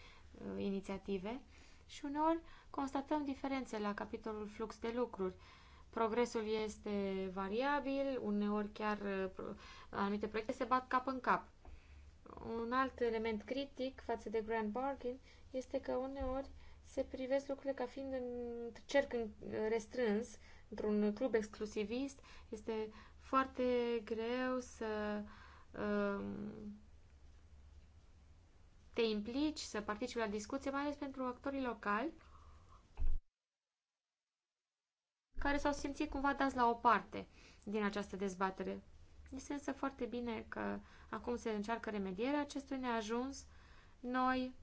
uh, inițiative și uneori constatăm diferențe la capitolul flux de lucruri. Progresul este variabil, uneori chiar uh, anumite proiecte se bat cap în cap. Un alt element critic față de Grand Bargain este că uneori se privesc lucrurile ca fiind în cerc uh, restrâns, într-un club exclusivist. Este foarte greu să um, te implici, să participi la discuție, mai ales pentru actorii locali care s-au simțit cumva dați la o parte din această dezbatere. Este însă foarte bine că acum se încearcă remedierea acestui neajuns. Noi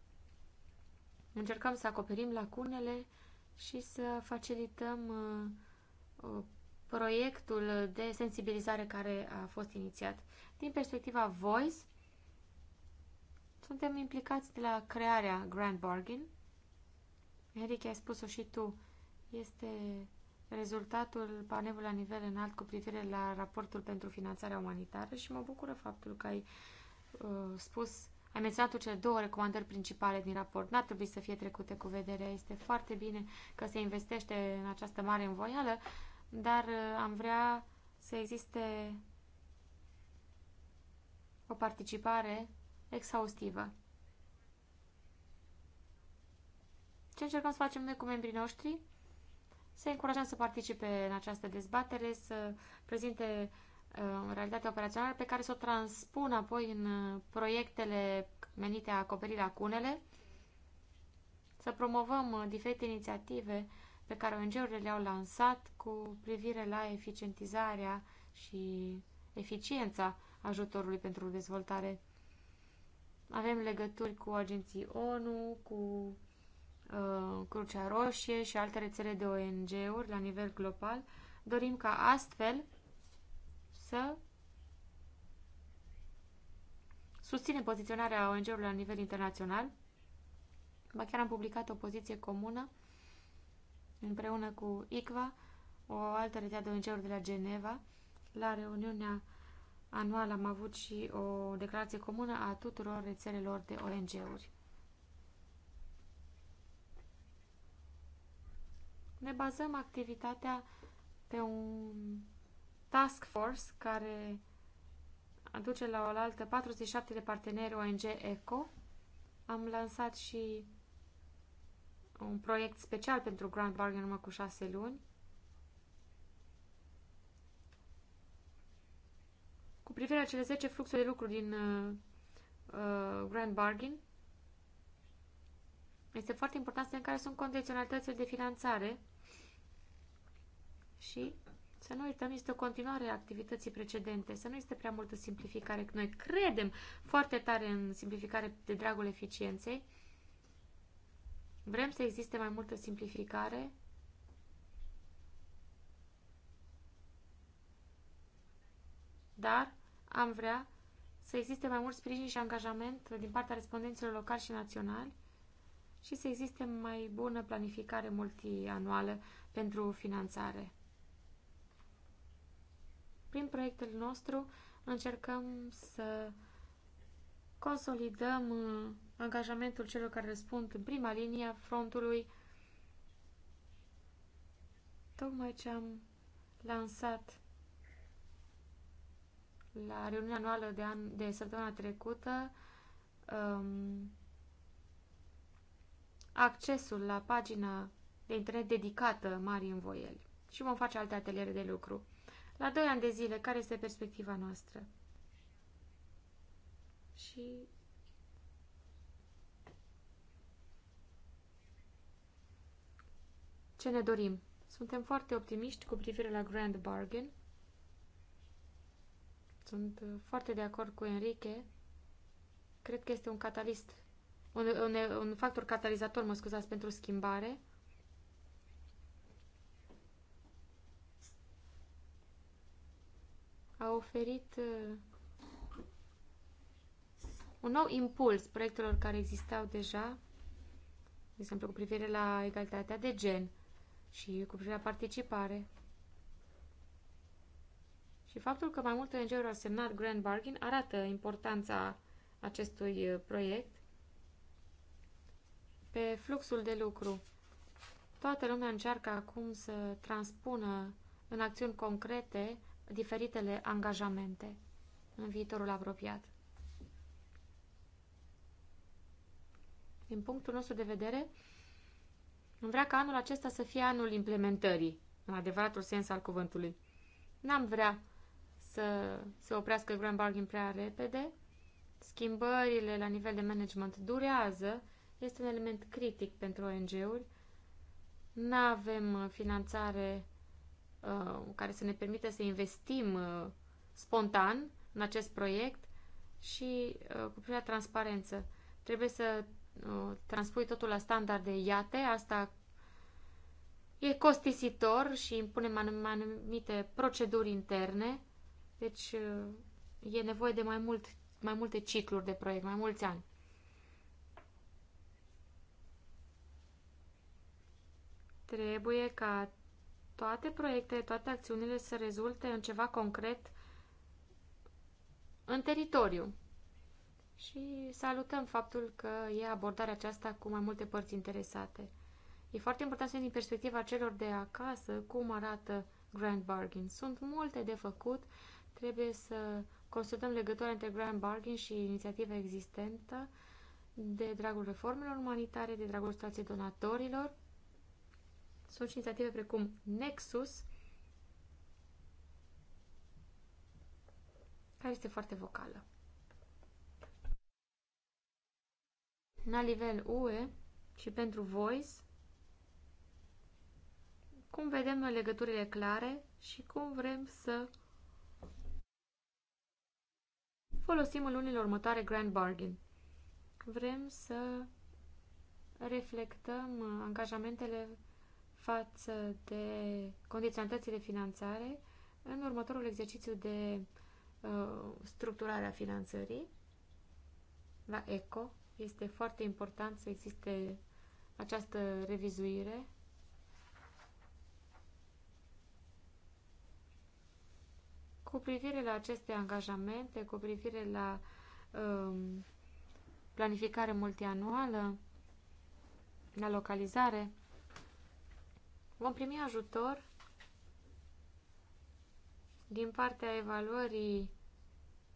încercăm să acoperim lacunele și să facilităm uh, uh, proiectul de sensibilizare care a fost inițiat. Din perspectiva Voice, suntem implicați de la crearea Grand Bargain. Eric, ai spus-o și tu, este rezultatul panelului la nivel înalt cu privire la raportul pentru finanțarea umanitară și mă bucură faptul că ai uh, spus, ai menționat cele două recomandări principale din raport. N-ar trebui să fie trecute cu vederea. Este foarte bine că se investește în această mare învoială, dar uh, am vrea să existe o participare exhaustivă. Ce încercăm să facem noi cu membrii noștri? Să încurajăm să participe în această dezbatere, să prezinte uh, realitatea operațională pe care să o transpun apoi în uh, proiectele menite a acoperi lacunele, să promovăm uh, diferite inițiative pe care ONG-urile le-au lansat cu privire la eficientizarea și eficiența ajutorului pentru dezvoltare. Avem legături cu agenții ONU, cu uh, Crucea Roșie și alte rețele de ONG-uri la nivel global. Dorim ca astfel să susținem poziționarea ONG-urilor la nivel internațional. Ba chiar am publicat o poziție comună împreună cu ICVA, o altă rețea de ONG-uri de la Geneva, la reuniunea anual am avut și o declarație comună a tuturor rețelelor de ONG-uri. Ne bazăm activitatea pe un task force care aduce la oaltă 47 de parteneri ONG ECO. Am lansat și un proiect special pentru Grand Bargain numai cu șase luni Cu privire la cele 10 fluxuri de lucru din uh, uh, Grand Bargain, este foarte important să în care sunt condiționalitățile de finanțare și să nu uităm, este o continuare a activității precedente, să nu este prea multă simplificare. Noi credem foarte tare în simplificare de dragul eficienței. Vrem să existe mai multă simplificare. Dar am vrea să existe mai mult sprijin și angajament din partea respondenților locali și naționali și să existe mai bună planificare multianuală pentru finanțare. Prin proiectul nostru încercăm să consolidăm uh, angajamentul celor care răspund în prima linie a frontului. Tocmai ce am lansat la reuniunea anuală de, an, de săptămâna trecută um, accesul la pagina de internet dedicată Marii Învoieli și vom face alte ateliere de lucru. La doi ani de zile, care este perspectiva noastră? Și ce ne dorim? Suntem foarte optimiști cu privire la Grand Bargain – sunt uh, foarte de acord cu Enrique. Cred că este un catalist, un, un, un factor catalizator, mă scuzați, pentru schimbare. A oferit uh, un nou impuls proiectelor care existau deja, de exemplu cu privire la egalitatea de gen și cu privire la participare. Și faptul că mai multe ONG-uri au semnat Grand Bargain arată importanța acestui uh, proiect pe fluxul de lucru. Toată lumea încearcă acum să transpună în acțiuni concrete diferitele angajamente în viitorul apropiat. Din punctul nostru de vedere, îmi vrea ca anul acesta să fie anul implementării, în adevăratul sens al cuvântului. N-am vrea să se oprească grand bargain prea repede. Schimbările la nivel de management durează, este un element critic pentru ONG-uri. Nu avem uh, finanțare uh, care să ne permită să investim uh, spontan în acest proiect și uh, cu plină transparență. Trebuie să uh, transpui totul la standarde IATE, asta e costisitor și impune anumite proceduri interne deci uh, e nevoie de mai, mult, mai multe cicluri de proiect, mai mulți ani. Trebuie ca toate proiectele, toate acțiunile să rezulte în ceva concret în teritoriu. Și salutăm faptul că e abordarea aceasta cu mai multe părți interesate. E foarte important să din perspectiva celor de acasă cum arată Grand Bargain. Sunt multe de făcut Trebuie să consultăm legătura între Grand Bargain și inițiativa existentă de dragul reformelor umanitare, de dragul situației donatorilor. Sunt și inițiative precum Nexus, care este foarte vocală. La nivel UE și pentru Voice, cum vedem noi legăturile clare și cum vrem să folosim în lunile următoare Grand Bargain? Vrem să reflectăm uh, angajamentele față de condiționalitățile finanțare în următorul exercițiu de uh, structurare a finanțării la ECO. Este foarte important să existe această revizuire Cu privire la aceste angajamente, cu privire la um, planificare multianuală, la localizare, vom primi ajutor din partea evaluării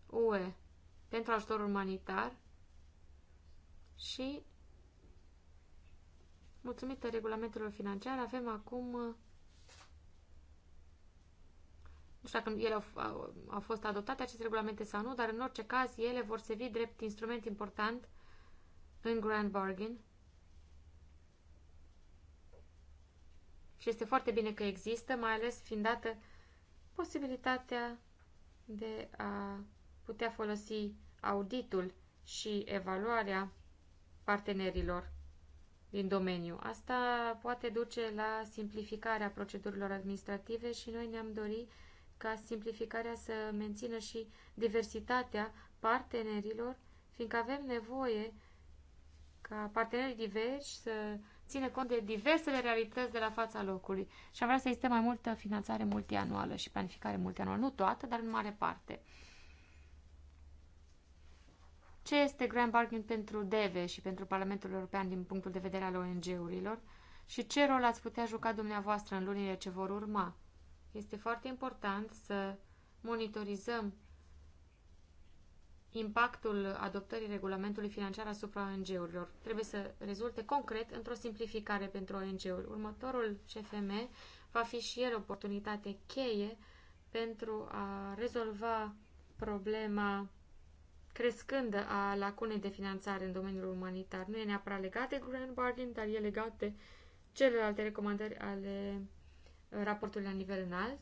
UE pentru ajutor umanitar și mulțumită regulamentelor financiare avem acum nu știu dacă ele au, au, au fost adoptate aceste regulamente sau nu, dar în orice caz ele vor servi drept instrument important în Grand Bargain. Și este foarte bine că există, mai ales fiind dată posibilitatea de a putea folosi auditul și evaluarea partenerilor din domeniu. Asta poate duce la simplificarea procedurilor administrative și noi ne-am dorit ca simplificarea să mențină și diversitatea partenerilor, fiindcă avem nevoie ca partenerii diversi să ține cont de diversele realități de la fața locului. Și am vrea să existe mai multă finanțare multianuală și planificare multianuală. Nu toată, dar în mare parte. Ce este Grand Bargain pentru DEVE și pentru Parlamentul European din punctul de vedere al ONG-urilor? Și ce rol ați putea juca dumneavoastră în lunile ce vor urma? Este foarte important să monitorizăm impactul adoptării regulamentului financiar asupra ONG-urilor. Trebuie să rezulte concret într-o simplificare pentru ONG-uri. Următorul CFM va fi și el oportunitate cheie pentru a rezolva problema crescândă a lacunei de finanțare în domeniul umanitar. Nu e neapărat legat de Grand Bargain, dar e legat de celelalte recomandări ale raportul la nivel înalt.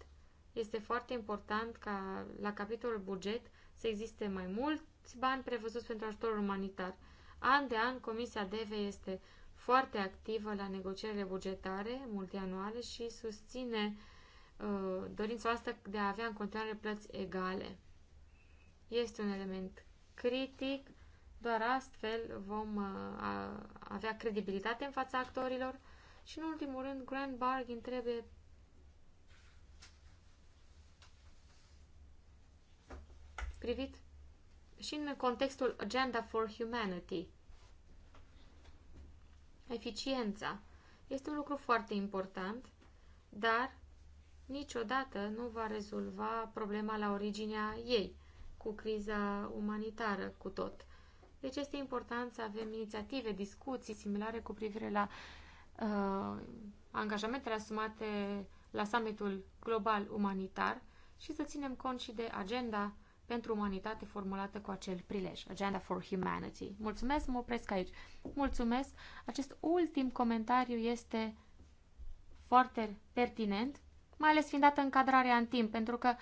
Este foarte important ca la capitolul buget să existe mai mulți bani prevăzuți pentru ajutorul umanitar. An de an, Comisia DEVE este foarte activă la negocierile bugetare multianuale și susține uh, dorința asta de a avea în continuare plăți egale. Este un element critic, doar astfel vom uh, a, avea credibilitate în fața actorilor și, în ultimul rând, Grand Bargain trebuie privit și în contextul Agenda for Humanity. Eficiența este un lucru foarte important, dar niciodată nu va rezolva problema la originea ei, cu criza umanitară, cu tot. Deci este important să avem inițiative, discuții similare cu privire la uh, angajamentele asumate la summitul global umanitar și să ținem cont și de agenda pentru umanitate formulată cu acel prilej, Agenda for Humanity. Mulțumesc, mă opresc aici. Mulțumesc. Acest ultim comentariu este foarte pertinent, mai ales fiind dată încadrarea în timp, pentru că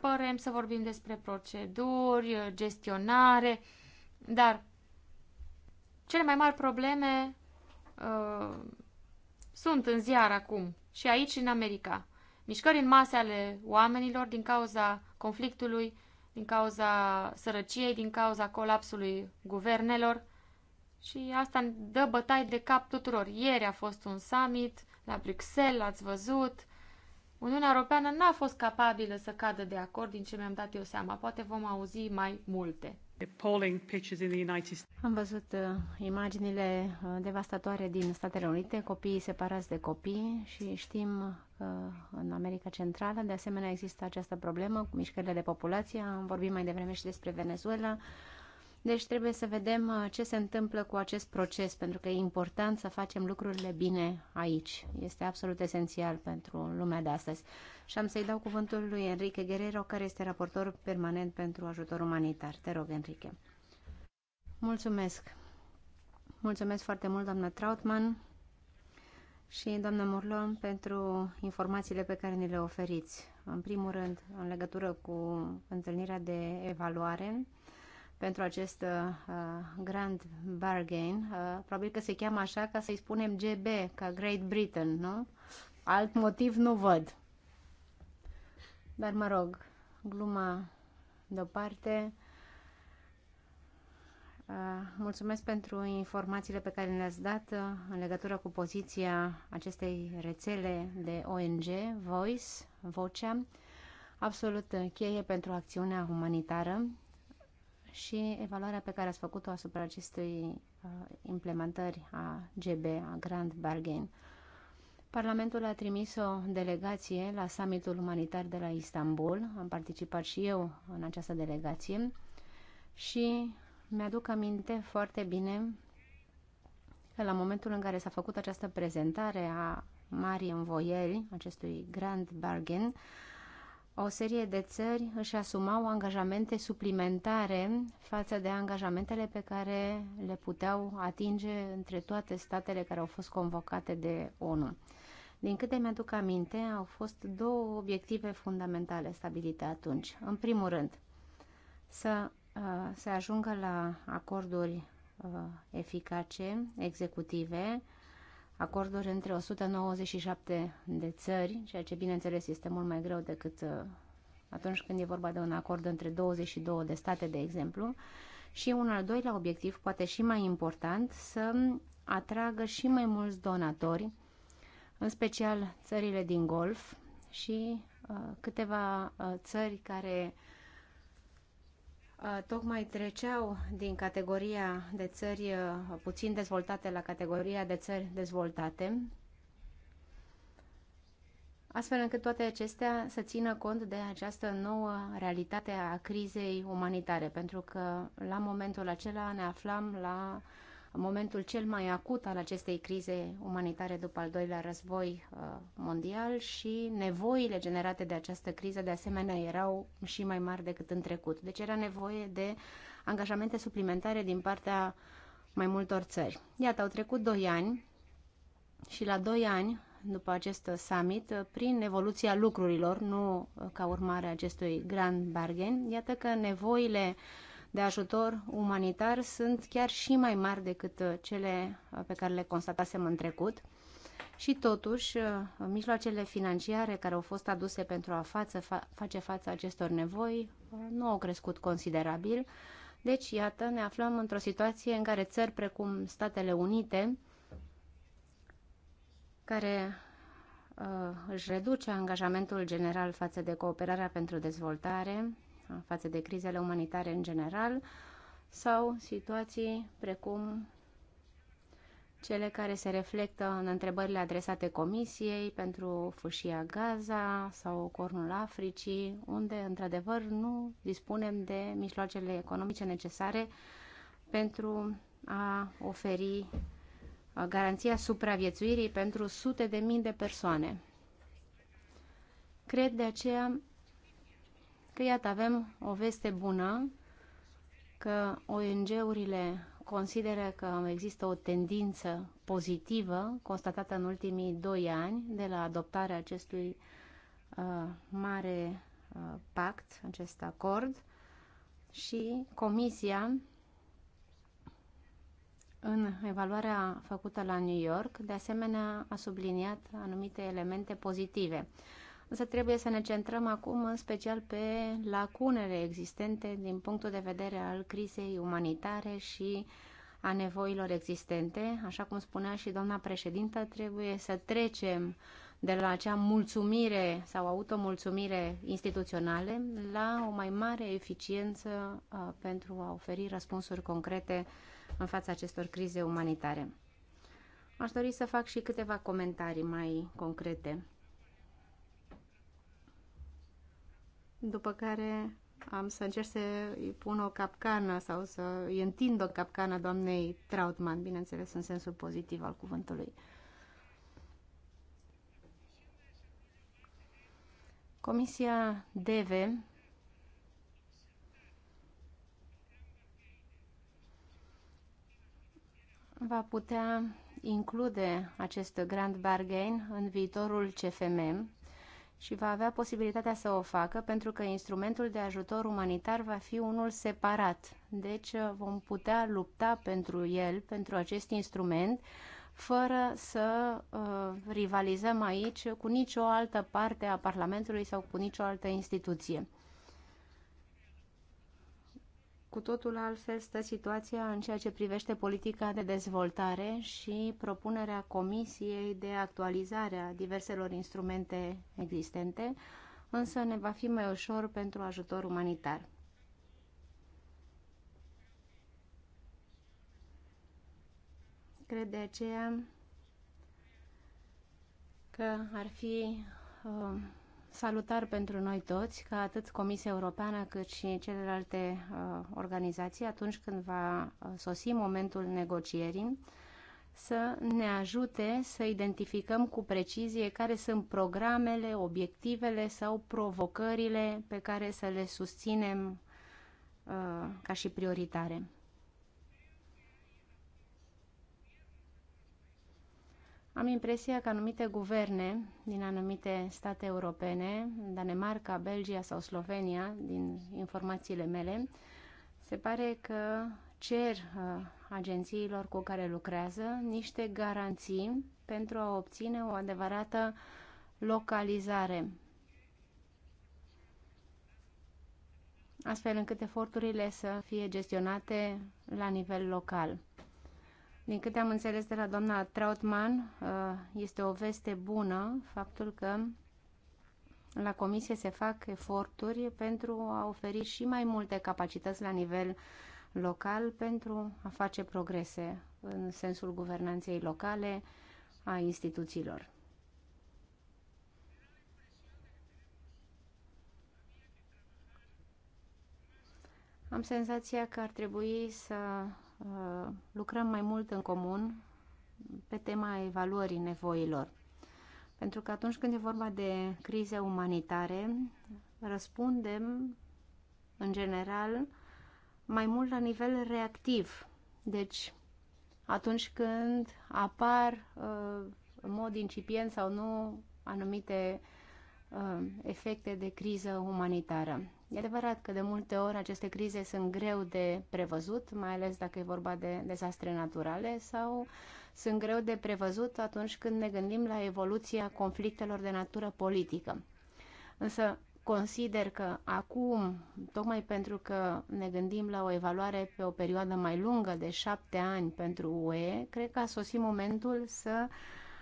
părem să vorbim despre proceduri, gestionare, dar cele mai mari probleme uh, sunt în ziar acum și aici în America. Mișcări în masă ale oamenilor din cauza conflictului din cauza sărăciei, din cauza colapsului guvernelor și asta dă bătai de cap tuturor. Ieri a fost un summit la Bruxelles, ați văzut. Uniunea Europeană n-a fost capabilă să cadă de acord, din ce mi-am dat eu seama. Poate vom auzi mai multe. Am văzut uh, imaginile uh, devastatoare din Statele Unite, copiii separați de copii și știm că uh, în America Centrală de asemenea există această problemă cu mișcările de populație. Am vorbit mai devreme și despre Venezuela. Deci trebuie să vedem uh, ce se întâmplă cu acest proces, pentru că e important să facem lucrurile bine aici. Este absolut esențial pentru lumea de astăzi. Și am să-i dau cuvântul lui Enrique Guerrero, care este raportor permanent pentru ajutor umanitar. Te rog, Enrique. Mulțumesc. Mulțumesc foarte mult, doamna Trautmann și doamna Murlon pentru informațiile pe care ni le oferiți. În primul rând, în legătură cu întâlnirea de evaluare, pentru acest uh, Grand Bargain. Uh, probabil că se cheamă așa ca să-i spunem GB, ca Great Britain, nu? Alt motiv nu văd. Dar mă rog, gluma deoparte. Uh, mulțumesc pentru informațiile pe care le-ați dat uh, în legătură cu poziția acestei rețele de ONG, Voice, Vocea, absolut cheie pentru acțiunea umanitară și evaluarea pe care ați făcut-o asupra acestui uh, implementări a GB, a Grand Bargain. Parlamentul a trimis o delegație la summitul umanitar de la Istanbul. Am participat și eu în această delegație și mi-aduc aminte foarte bine că la momentul în care s-a făcut această prezentare a marii învoieri acestui Grand Bargain, uh, o serie de țări își asumau angajamente suplimentare față de angajamentele pe care le puteau atinge între toate statele care au fost convocate de ONU. Din câte mi-aduc aminte, au fost două obiective fundamentale stabilite atunci. În primul rând, să uh, se ajungă la acorduri uh, eficace, executive, acorduri între 197 de țări, ceea ce bineînțeles este mult mai greu decât uh, atunci când e vorba de un acord între 22 de state, de exemplu. Și un al doilea obiectiv, poate și mai important, să atragă și mai mulți donatori, în special țările din Golf și uh, câteva uh, țări care uh, tocmai treceau din categoria de țări puțin dezvoltate la categoria de țări dezvoltate, astfel încât toate acestea să țină cont de această nouă realitate a crizei umanitare, pentru că la momentul acela ne aflam la uh, momentul cel mai acut al acestei crize umanitare după al doilea război uh, mondial și nevoile generate de această criză de asemenea erau și mai mari decât în trecut. Deci era nevoie de angajamente suplimentare din partea mai multor țări. Iată, au trecut doi ani și la doi ani după acest summit, uh, prin evoluția lucrurilor, nu uh, ca urmare a acestui grand bargain, iată că nevoile uh, de ajutor umanitar sunt chiar și mai mari decât uh, cele uh, pe care le constatasem în trecut. Și totuși, uh, mijloacele financiare care au fost aduse pentru a față, fa face față acestor nevoi nu au crescut considerabil. Deci, iată, ne aflăm într-o situație în care țări precum Statele Unite, care uh, își reduce angajamentul general față de cooperarea pentru dezvoltare față de crizele umanitare în general sau situații precum cele care se reflectă în întrebările adresate Comisiei pentru fâșia Gaza sau Cornul Africii, unde, într-adevăr, nu dispunem de mijloacele economice necesare pentru a oferi garanția supraviețuirii pentru sute de mii de persoane. Cred de aceea că, iată, avem o veste bună, că ONG-urile consideră că există o tendință pozitivă constatată în ultimii doi ani de la adoptarea acestui uh, mare uh, pact, acest acord și Comisia în evaluarea făcută la New York, de asemenea a subliniat anumite elemente pozitive. Uh, Însă trebuie să ne centrăm acum în special pe lacunele existente din punctul de vedere al crizei umanitare și a nevoilor existente. Așa cum spunea și doamna președintă, trebuie să trecem de la acea mulțumire sau automulțumire instituționale la o mai mare eficiență uh, pentru a oferi răspunsuri concrete în fața acestor crize umanitare. Aș dori să fac și câteva comentarii mai concrete. după care am să încerc să îi pun o capcană sau să îi întind o capcană doamnei Trautman, bineînțeles în sensul pozitiv al cuvântului. Comisia DEVE va putea include acest grand bargain în viitorul CFM și va avea posibilitatea să o facă pentru că instrumentul de ajutor umanitar va fi unul separat. Deci uh, vom putea lupta pentru el, pentru acest instrument, fără să uh, rivalizăm aici cu nicio altă parte a Parlamentului sau cu nicio altă instituție. Cu totul altfel stă situația în ceea ce privește politica de dezvoltare și propunerea Comisiei de actualizare a diverselor instrumente existente, însă ne va fi mai ușor pentru ajutor umanitar. Cred de aceea că ar fi uh, salutar pentru noi toți că atât Comisia Europeană cât și celelalte uh, organizații, atunci când va uh, sosi momentul negocierii, să ne ajute să identificăm cu precizie care sunt programele, obiectivele sau provocările pe care să le susținem uh, ca și prioritare. Am impresia că anumite guverne din anumite state europene, Danemarca, Belgia sau Slovenia, din informațiile mele, se pare că cer uh, agențiilor cu care lucrează niște garanții pentru a obține o adevărată localizare. Astfel încât eforturile să fie gestionate la nivel local. Din câte am înțeles de la doamna Trautmann, uh, este o veste bună faptul că la comisie se fac eforturi pentru a oferi și mai multe capacități la nivel local pentru a face progrese în sensul guvernanței locale a instituțiilor. Am senzația că ar trebui să Uh, lucrăm mai mult în comun pe tema evaluării nevoilor. Pentru că atunci când e vorba de crize umanitare, răspundem, în general, mai mult la nivel reactiv. Deci, atunci când apar uh, în mod incipient sau nu anumite uh, Uh, efecte de criză umanitară. E adevărat că de multe ori aceste crize sunt greu de prevăzut, mai ales dacă e vorba de dezastre naturale sau sunt greu de prevăzut atunci când ne gândim la evoluția conflictelor de natură politică. Însă consider că acum, tocmai pentru că ne gândim la o evaluare pe o perioadă mai lungă de șapte ani pentru UE, cred că a sosit momentul să uh,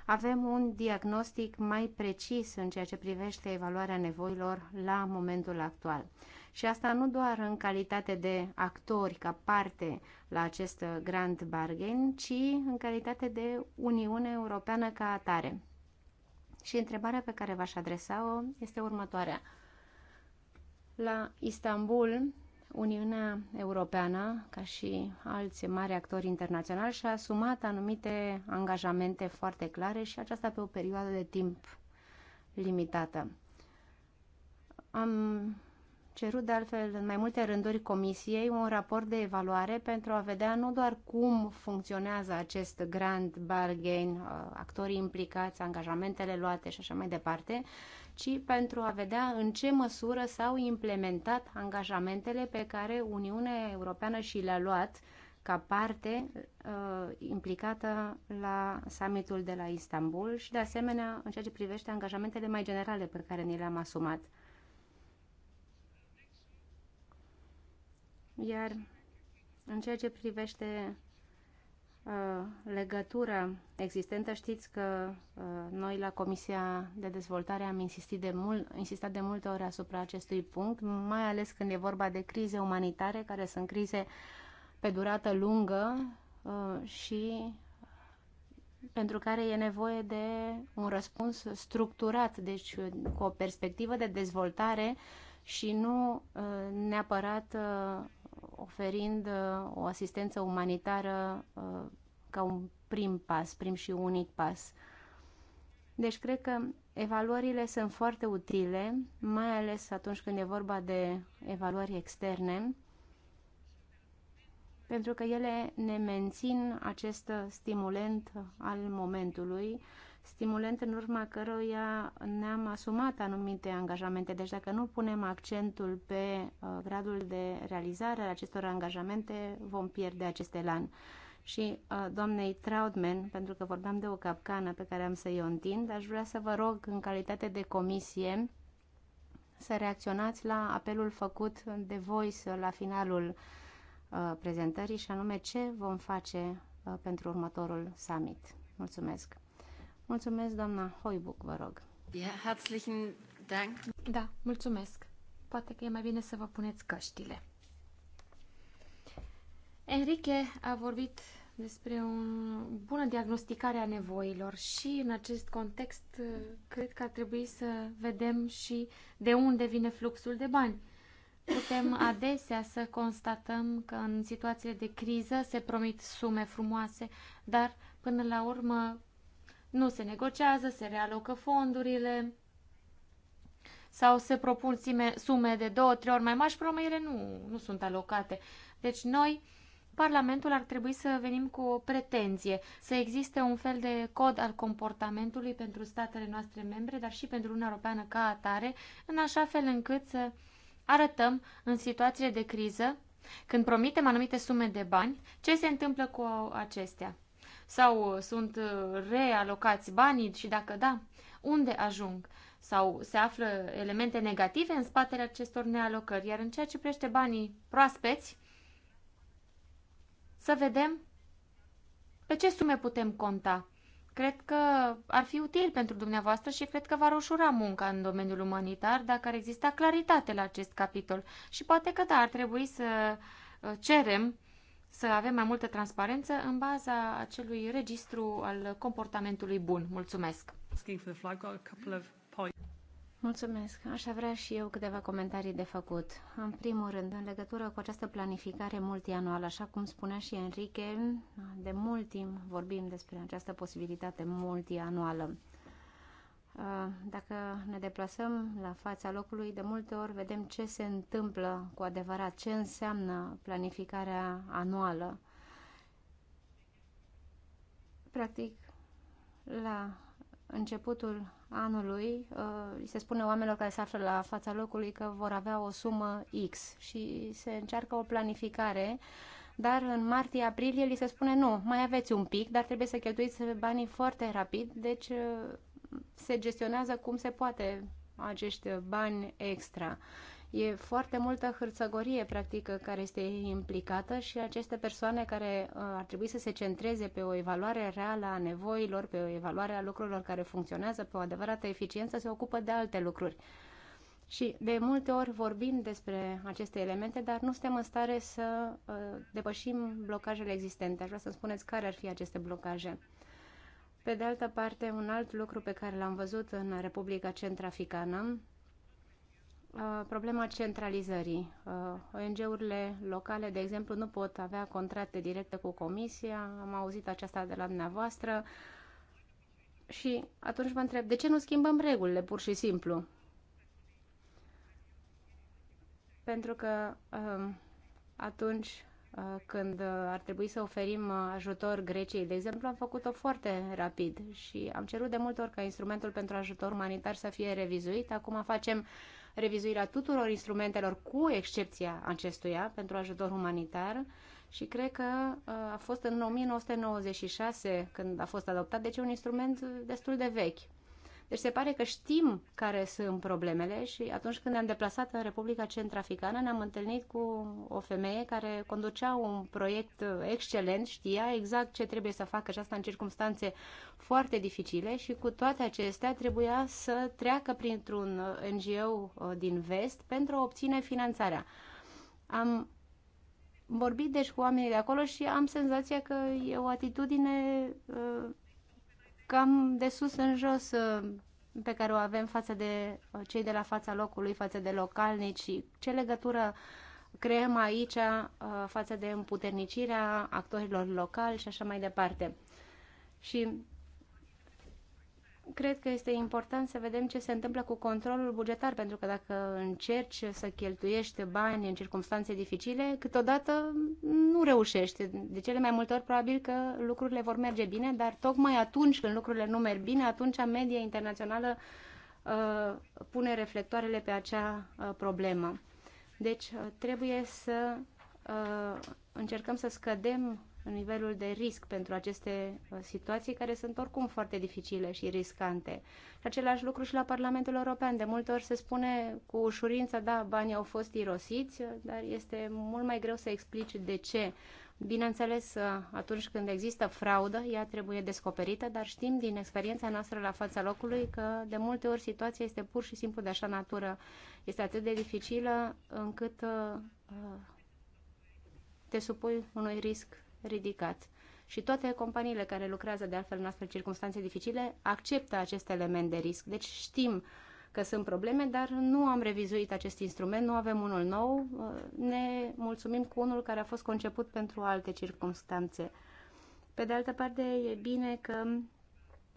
avem un diagnostic mai precis în ceea ce privește evaluarea nevoilor la momentul actual. Și asta nu doar în calitate de actori ca parte la acest grand bargain, ci în calitate de Uniune Europeană ca atare. Și întrebarea pe care v-aș adresa-o este următoarea. La Istanbul, Uniunea Europeană, ca și alți mari actori internaționali, și-a asumat anumite angajamente foarte clare și aceasta pe o perioadă de timp limitată. Am cerut de altfel în mai multe rânduri comisiei un raport de evaluare pentru a vedea nu doar cum funcționează acest grand bargain, uh, actorii implicați, angajamentele luate și așa mai departe, ci pentru a vedea în ce măsură s-au implementat angajamentele pe care Uniunea Europeană și le-a luat ca parte uh, implicată la summitul de la Istanbul și, de asemenea, în ceea ce privește angajamentele mai generale pe care ni le-am asumat. Iar în ceea ce privește uh, legătura existentă, știți că uh, noi la Comisia de Dezvoltare am insistit de, mult, insistat de multe ori asupra acestui punct, mai ales când e vorba de crize umanitare, care sunt crize pe durată lungă uh, și pentru care e nevoie de un răspuns structurat, deci cu o perspectivă de dezvoltare și nu neapărat oferind uh, o asistență umanitară uh, ca un prim pas, prim și unic pas. Deci cred că evaluările sunt foarte utile, mai ales atunci când e vorba de evaluări externe, pentru că ele ne mențin acest stimulent al momentului stimulent în urma căruia ne-am asumat anumite angajamente. Deci dacă nu punem accentul pe uh, gradul de realizare a acestor angajamente, vom pierde acest elan. Și uh, doamnei Traudman, pentru că vorbeam de o capcană pe care am să-i o întind, aș vrea să vă rog, în calitate de comisie, să reacționați la apelul făcut de Voice la finalul uh, prezentării și anume ce vom face pentru următorul summit. Mulțumesc! Mulțumesc, doamna Hoibuc, vă rog. Da, mulțumesc. Poate că e mai bine să vă puneți căștile. Enrique a vorbit despre o bună diagnosticare a nevoilor și în acest context cred că ar trebui să vedem și de unde vine fluxul de bani. Putem adesea să constatăm că în situațiile de criză se promit sume frumoase, dar până la urmă nu se negociază, se realocă fondurile sau se propun sume de două, trei ori mai mari și ele nu, nu sunt alocate. Deci noi, Parlamentul ar trebui să venim cu o pretenție, să existe un fel de cod al comportamentului pentru statele noastre membre, dar și pentru Uniunea Europeană ca atare, în așa fel încât să arătăm în situațiile de criză, când promitem anumite sume de bani, ce se întâmplă cu acestea sau uh, sunt uh, realocați banii și dacă da, unde ajung? Sau se află elemente negative în spatele acestor nealocări? Iar în ceea ce privește banii proaspeți, să vedem pe ce sume putem conta. Cred că ar fi util pentru dumneavoastră și cred că va ușura munca în domeniul umanitar dacă ar exista claritate la acest capitol. Și poate că da, ar trebui să uh, cerem să avem mai multă transparență în baza acelui registru al comportamentului bun. Mulțumesc! Mulțumesc. Aș avea și eu câteva comentarii de făcut. În primul rând, în legătură cu această planificare multianuală, așa cum spunea și Enrique, de mult timp vorbim despre această posibilitate multianuală. Uh, dacă ne deplasăm la fața locului, de multe ori vedem ce se întâmplă cu adevărat, ce înseamnă planificarea anuală. Practic, la începutul anului, uh, se spune oamenilor care se află la fața locului că vor avea o sumă X și se încearcă o planificare dar în martie-aprilie li se spune nu, mai aveți un pic, dar trebuie să cheltuiți banii foarte rapid, deci uh, se gestionează cum se poate acești bani extra. E foarte multă hârțăgorie, practică, care este implicată și aceste persoane care uh, ar trebui să se centreze pe o evaluare reală a nevoilor, pe o evaluare a lucrurilor care funcționează, pe o adevărată eficiență, se ocupă de alte lucruri. Și de multe ori vorbim despre aceste elemente, dar nu suntem în stare să uh, depășim blocajele existente. Aș vrea să spuneți care ar fi aceste blocaje. Pe de altă parte, un alt lucru pe care l-am văzut în Republica Centrafricană, uh, problema centralizării. Uh, ONG-urile locale, de exemplu, nu pot avea contracte directe cu Comisia, am auzit aceasta de la dumneavoastră, și atunci mă întreb, de ce nu schimbăm regulile, pur și simplu? Pentru că uh, atunci Uh, când uh, ar trebui să oferim uh, ajutor Greciei, de exemplu, am făcut-o foarte rapid și am cerut de multe ori ca instrumentul pentru ajutor umanitar să fie revizuit. Acum facem revizuirea tuturor instrumentelor, cu excepția acestuia, pentru ajutor umanitar și cred că a fost în 1996 când a fost adoptat, deci e un instrument destul de vechi. Deci se pare că știm care sunt problemele și atunci când ne-am deplasat în Republica Centrafricană ne-am întâlnit cu o femeie care conducea un proiect excelent, știa exact ce trebuie să facă și asta în circunstanțe foarte dificile și cu toate acestea trebuia să treacă printr-un NGO din vest pentru a obține finanțarea. Am vorbit deci cu oamenii de acolo și am senzația că e o atitudine uh, cam de sus în jos uh, pe care o avem față de uh, cei de la fața locului, față de localnici și ce legătură creăm aici uh, față de împuternicirea actorilor locali și așa mai departe. Și cred că este important să vedem ce se întâmplă cu controlul bugetar, pentru că dacă încerci să cheltuiești bani în circunstanțe dificile, câteodată nu reușești. De cele mai multe ori probabil că lucrurile vor merge bine, dar tocmai atunci când lucrurile nu merg bine, atunci media internațională uh, pune reflectoarele pe acea uh, problemă. Deci uh, trebuie să uh, încercăm să scădem nivelul de risc pentru aceste uh, situații care sunt oricum foarte dificile și riscante. Și același lucru și la Parlamentul European. De multe ori se spune cu ușurință, da, banii au fost irosiți, dar este mult mai greu să explici de ce. Bineînțeles, uh, atunci când există fraudă, ea trebuie descoperită, dar știm din experiența noastră la fața locului că de multe ori situația este pur și simplu de așa natură. Este atât de dificilă încât uh, te supui unui risc ridicat. Și toate companiile care lucrează de altfel în astfel circunstanțe dificile acceptă acest element de risc. Deci știm că sunt probleme, dar nu am revizuit acest instrument, nu avem unul nou, ne mulțumim cu unul care a fost conceput pentru alte circunstanțe. Pe de altă parte, e bine că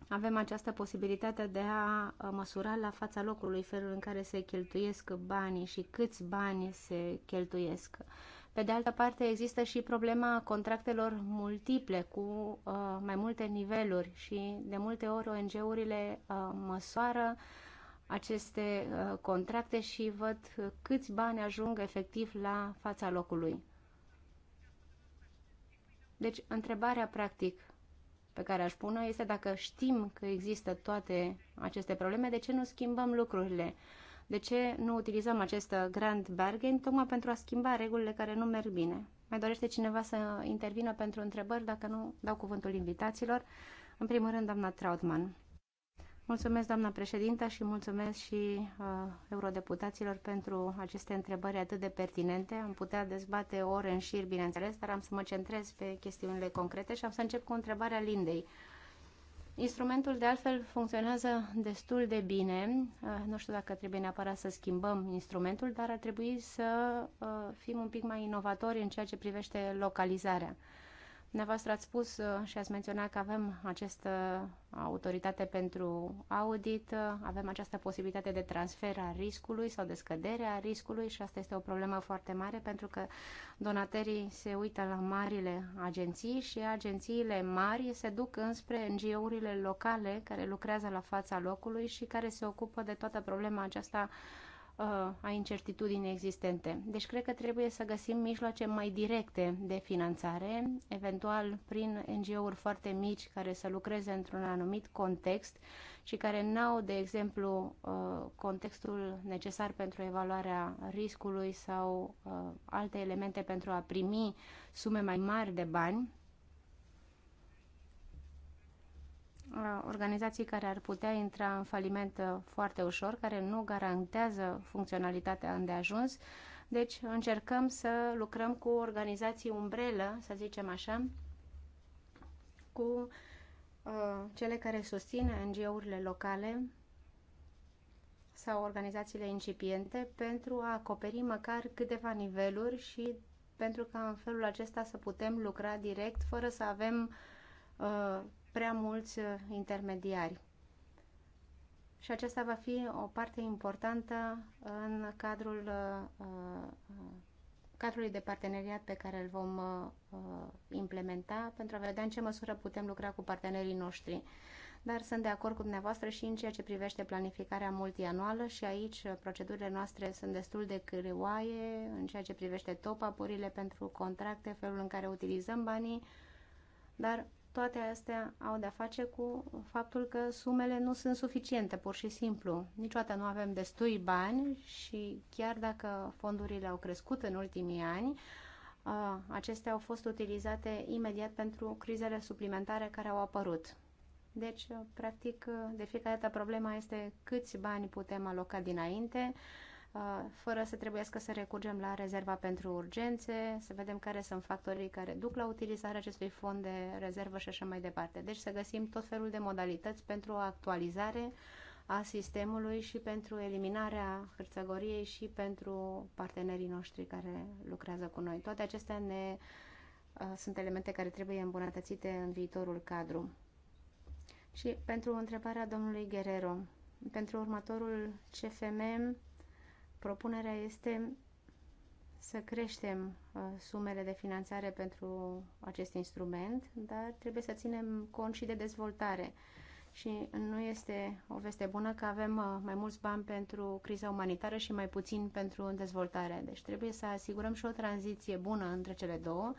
avem această posibilitate de a măsura la fața locului felul în care se cheltuiesc banii și câți bani se cheltuiesc. Pe de altă parte, există și problema contractelor multiple cu uh, mai multe niveluri și de multe ori ONG-urile uh, măsoară aceste uh, contracte și văd câți bani ajung efectiv la fața locului. Deci, întrebarea practic pe care aș pune este dacă știm că există toate aceste probleme, de ce nu schimbăm lucrurile? De ce nu utilizăm acest grand bargain tocmai pentru a schimba regulile care nu merg bine? Mai dorește cineva să intervină pentru întrebări? Dacă nu, dau cuvântul invitaților. În primul rând, doamna Trautmann. Mulțumesc, doamna președintă, și mulțumesc și uh, eurodeputaților pentru aceste întrebări atât de pertinente. Am putea dezbate ore în șir, bineînțeles, dar am să mă centrez pe chestiunile concrete și am să încep cu întrebarea Lindei. Instrumentul de altfel funcționează destul de bine. Ah, nu știu dacă trebuie neapărat să schimbăm instrumentul, dar ar trebui să ah, fim un pic mai inovatori în ceea ce privește localizarea. Dumneavoastră ați spus uh, și ați menționat că avem această autoritate pentru audit, uh, avem această posibilitate de transfer a riscului sau de scădere a riscului și asta este o problemă foarte mare pentru că donatorii se uită la marile agenții și agențiile mari se duc înspre NGO-urile locale care lucrează la fața locului și care se ocupă de toată problema aceasta Uh, a incertitudinii existente. Deci cred că trebuie să găsim mijloace mai directe de finanțare, eventual prin NGO-uri foarte mici care să lucreze într-un anumit context și care n-au, de exemplu, uh, contextul necesar pentru evaluarea riscului sau uh, alte elemente pentru a primi sume mai mari de bani Uh, organizații care ar putea intra în faliment uh, foarte ușor, care nu garantează funcționalitatea îndeajuns. Deci încercăm să lucrăm cu organizații umbrelă, să zicem așa, cu uh, cele care susțin NGO-urile locale sau organizațiile incipiente pentru a acoperi măcar câteva niveluri și pentru ca în felul acesta să putem lucra direct fără să avem uh, prea mulți uh, intermediari. Și aceasta va fi o parte importantă în cadrul uh, uh, cadrului de parteneriat pe care îl vom implementa pentru a vedea în ce măsură putem lucra cu partenerii noștri dar sunt de acord cu dumneavoastră și în ceea ce privește planificarea multianuală și aici procedurile noastre sunt destul de creoaie în ceea ce privește top-up-urile pentru contracte, felul în care utilizăm banii, dar toate astea au de-a face cu faptul că sumele nu sunt suficiente, pur și simplu. Niciodată nu avem destui bani și chiar dacă fondurile au crescut în ultimii ani, acestea au fost utilizate imediat pentru crizele suplimentare care au apărut. Deci, practic, de fiecare dată problema este câți bani putem aloca dinainte, Uh, fără să trebuiască să recurgem la rezerva pentru urgențe, să vedem care sunt factorii care duc la utilizarea acestui fond de rezervă și așa mai departe. Deci să găsim tot felul de modalități pentru o actualizare a sistemului și pentru eliminarea hârțăgoriei și pentru partenerii noștri care lucrează cu noi. Toate acestea ne, uh, sunt elemente care trebuie îmbunătățite în viitorul cadru. Și pentru întrebarea domnului Guerrero, pentru următorul CFM, Propunerea este să creștem uh, sumele de finanțare pentru acest instrument, dar trebuie să ținem cont și de dezvoltare. Și nu este o veste bună că avem uh, mai mulți bani pentru criza umanitară și mai puțin pentru dezvoltare. Deci trebuie să asigurăm și o tranziție bună între cele două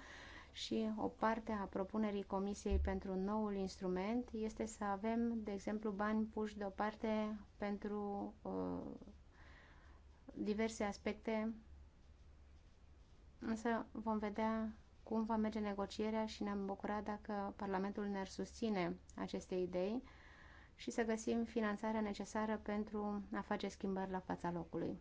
și o parte a propunerii Comisiei pentru noul instrument este să avem, de exemplu, bani puși deoparte pentru uh, diverse aspecte, însă vom vedea cum va merge negocierea și ne-am bucurat dacă Parlamentul ne-ar susține aceste idei și să găsim finanțarea necesară pentru a face schimbări la fața locului.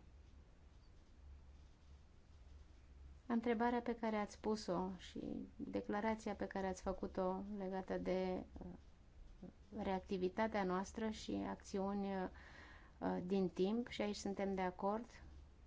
Întrebarea pe care ați pus-o și declarația pe care ați făcut-o legată de uh, reactivitatea noastră și acțiuni uh, Uh, din timp și aici suntem de acord.